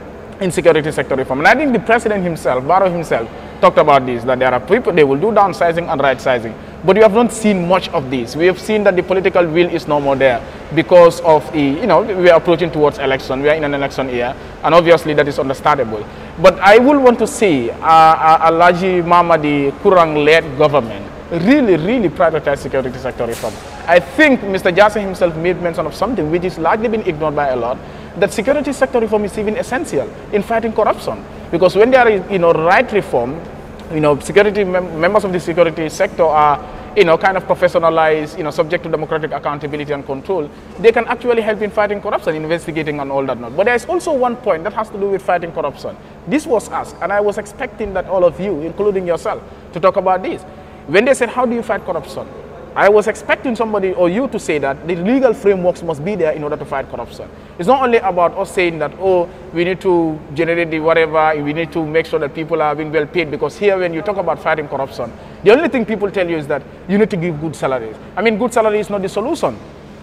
in security sector reform. And I think the president himself, Barrow himself, talked about this, that there are people, they will do downsizing and right sizing. But you have not seen much of this. We have seen that the political will is no more there because of, a, you know, we are approaching towards election. We are in an election year. And obviously that is understandable. But I would want to see uh, uh Alaji Mamadi Kurang-led government really, really prioritize security sector reform. I think Mr. Jassy himself made mention of something which is largely been ignored by a lot, that security sector reform is even essential in fighting corruption. Because when there is, you know, right reform, you know, security mem members of the security sector are you know, kind of professionalized, you know, subject to democratic accountability and control, they can actually help in fighting corruption, investigating and all that not. But there's also one point that has to do with fighting corruption. This was asked, and I was expecting that all of you, including yourself, to talk about this. When they said, how do you fight corruption? I was expecting somebody or you to say that the legal frameworks must be there in order to fight corruption. It's not only about us saying that, oh, we need to generate the whatever, we need to make sure that people are being well paid, because here when you talk about fighting corruption, the only thing people tell you is that you need to give good salaries. I mean, good salary is not the solution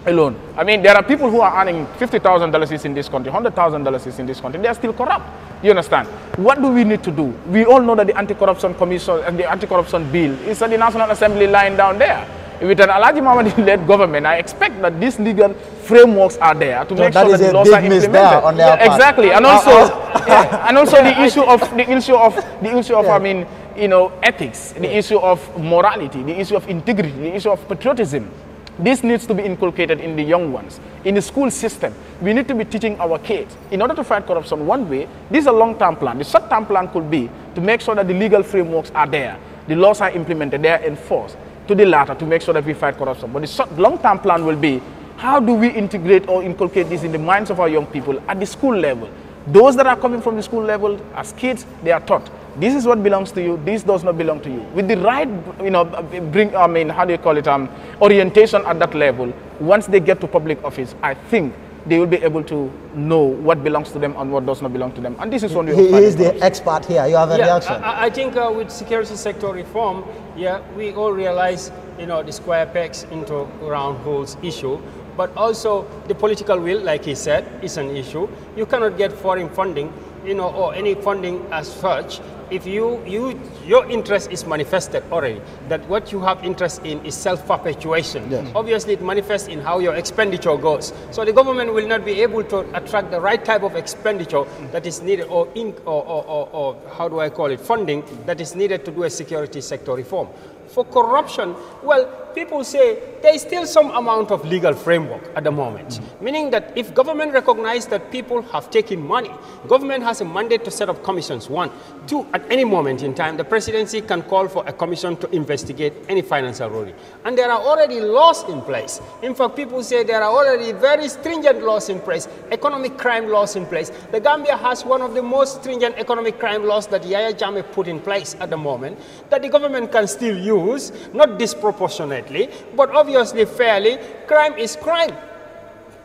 alone. I mean, there are people who are earning $50,000 in this country, $100,000 in this country, they are still corrupt. You understand? What do we need to do? We all know that the Anti-Corruption Commission and the Anti-Corruption Bill is at the National Assembly lying down there with an Alaji Mohammed-led government, I expect that these legal frameworks are there to so make sure that the laws are implemented. Yeah, exactly, and uh, also, uh, yeah, and also the issue of the issue of the issue of yeah. I mean, you know, ethics, the issue of morality, the issue of integrity, the issue of patriotism. This needs to be inculcated in the young ones, in the school system. We need to be teaching our kids. In order to fight corruption, one way, this is a long-term plan. The short-term plan could be to make sure that the legal frameworks are there, the laws are implemented, they are enforced to the latter to make sure that we fight corruption. But the long-term plan will be how do we integrate or inculcate this in the minds of our young people at the school level? Those that are coming from the school level as kids, they are taught this is what belongs to you, this does not belong to you. With the right, you know, bring, I mean, how do you call it, um, orientation at that level, once they get to public office, I think they will be able to know what belongs to them and what does not belong to them. And this is one he, he is the expert here. You have a yeah, reaction. I, I think uh, with security sector reform, yeah, we all realize you know the square pegs into round holes issue. But also the political will, like he said, is an issue. You cannot get foreign funding, you know, or any funding as such if you, you your interest is manifested already, that what you have interest in is self-perpetuation. Yes. Mm-hmm. Obviously, it manifests in how your expenditure goes. So the government will not be able to attract the right type of expenditure mm-hmm. that is needed, or, in, or, or, or, or how do I call it, funding that is needed to do a security sector reform. For corruption, well, people say there is still some amount of legal framework at the moment, mm meaning that if government recognizes that people have taken money, government has a mandate to set up commissions. One, two, at any moment in time, the presidency can call for a commission to investigate any financial ruling. And there are already laws in place. In fact, people say there are already very stringent laws in place, economic crime laws in place. The Gambia has one of the most stringent economic crime laws that Yaya Jammeh put in place at the moment that the government can still use, not disproportionate but obviously fairly, crime is crime.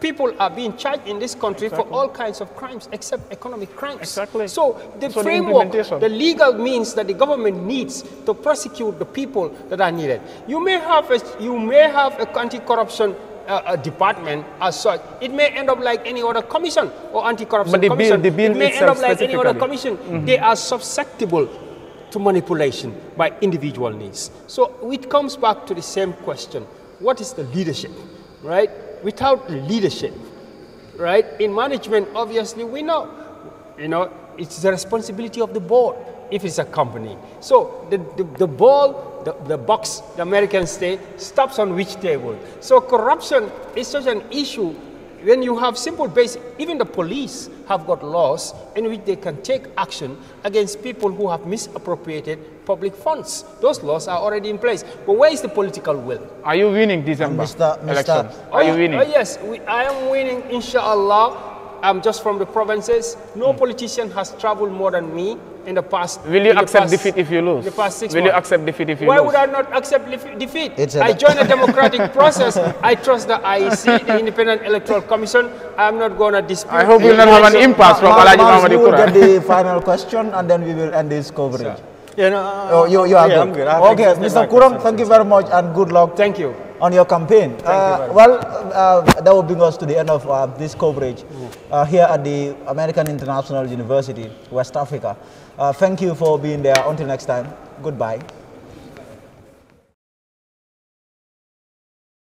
People are being charged in this country exactly. for all kinds of crimes except economic crimes. Exactly. So the so framework, the, the legal means that the government needs to prosecute the people that are needed. You may have a, you may have a anti-corruption a uh, uh, department as such. It may end up like any other commission or anti-corruption commission. Bill, bill it may end up like any other commission. Mm -hmm. They are susceptible to manipulation by individual needs. So it comes back to the same question. What is the leadership, right? Without leadership, right? In management, obviously, we know, you know, it's the responsibility of the board if it's a company. So the, the, the ball, the, the box, the Americans say, stops on which table. So corruption is such an issue when you have simple basic, even the police have got laws in which they can take action against people who have misappropriated public funds. Those laws are already in place. But where is the political will? Are you winning December Mr. Mr. Are oh, you winning? Oh, yes, we, I am winning, inshallah. I'm just from the provinces. No mm. politician has traveled more than me in the past. Will you accept past, defeat if you lose? The past six Will months. you accept defeat if you Why lose? would I not accept defeat? I joined a democratic process. I trust the IEC, the Independent Electoral Commission. I'm not going to dispute. I hope you will not have an impasse from Alaji We will get the final question and then we will end this coverage. Yeah, no, oh, you, you are yeah, good. good. Okay, Mr. Kurong, thank you very much and good luck. Thank you. On your campaign. Uh, you well, uh, that will bring us to the end of uh, this coverage. Mm uh, here at the American International University, West Africa. Uh, thank you for being there. Until next time, goodbye.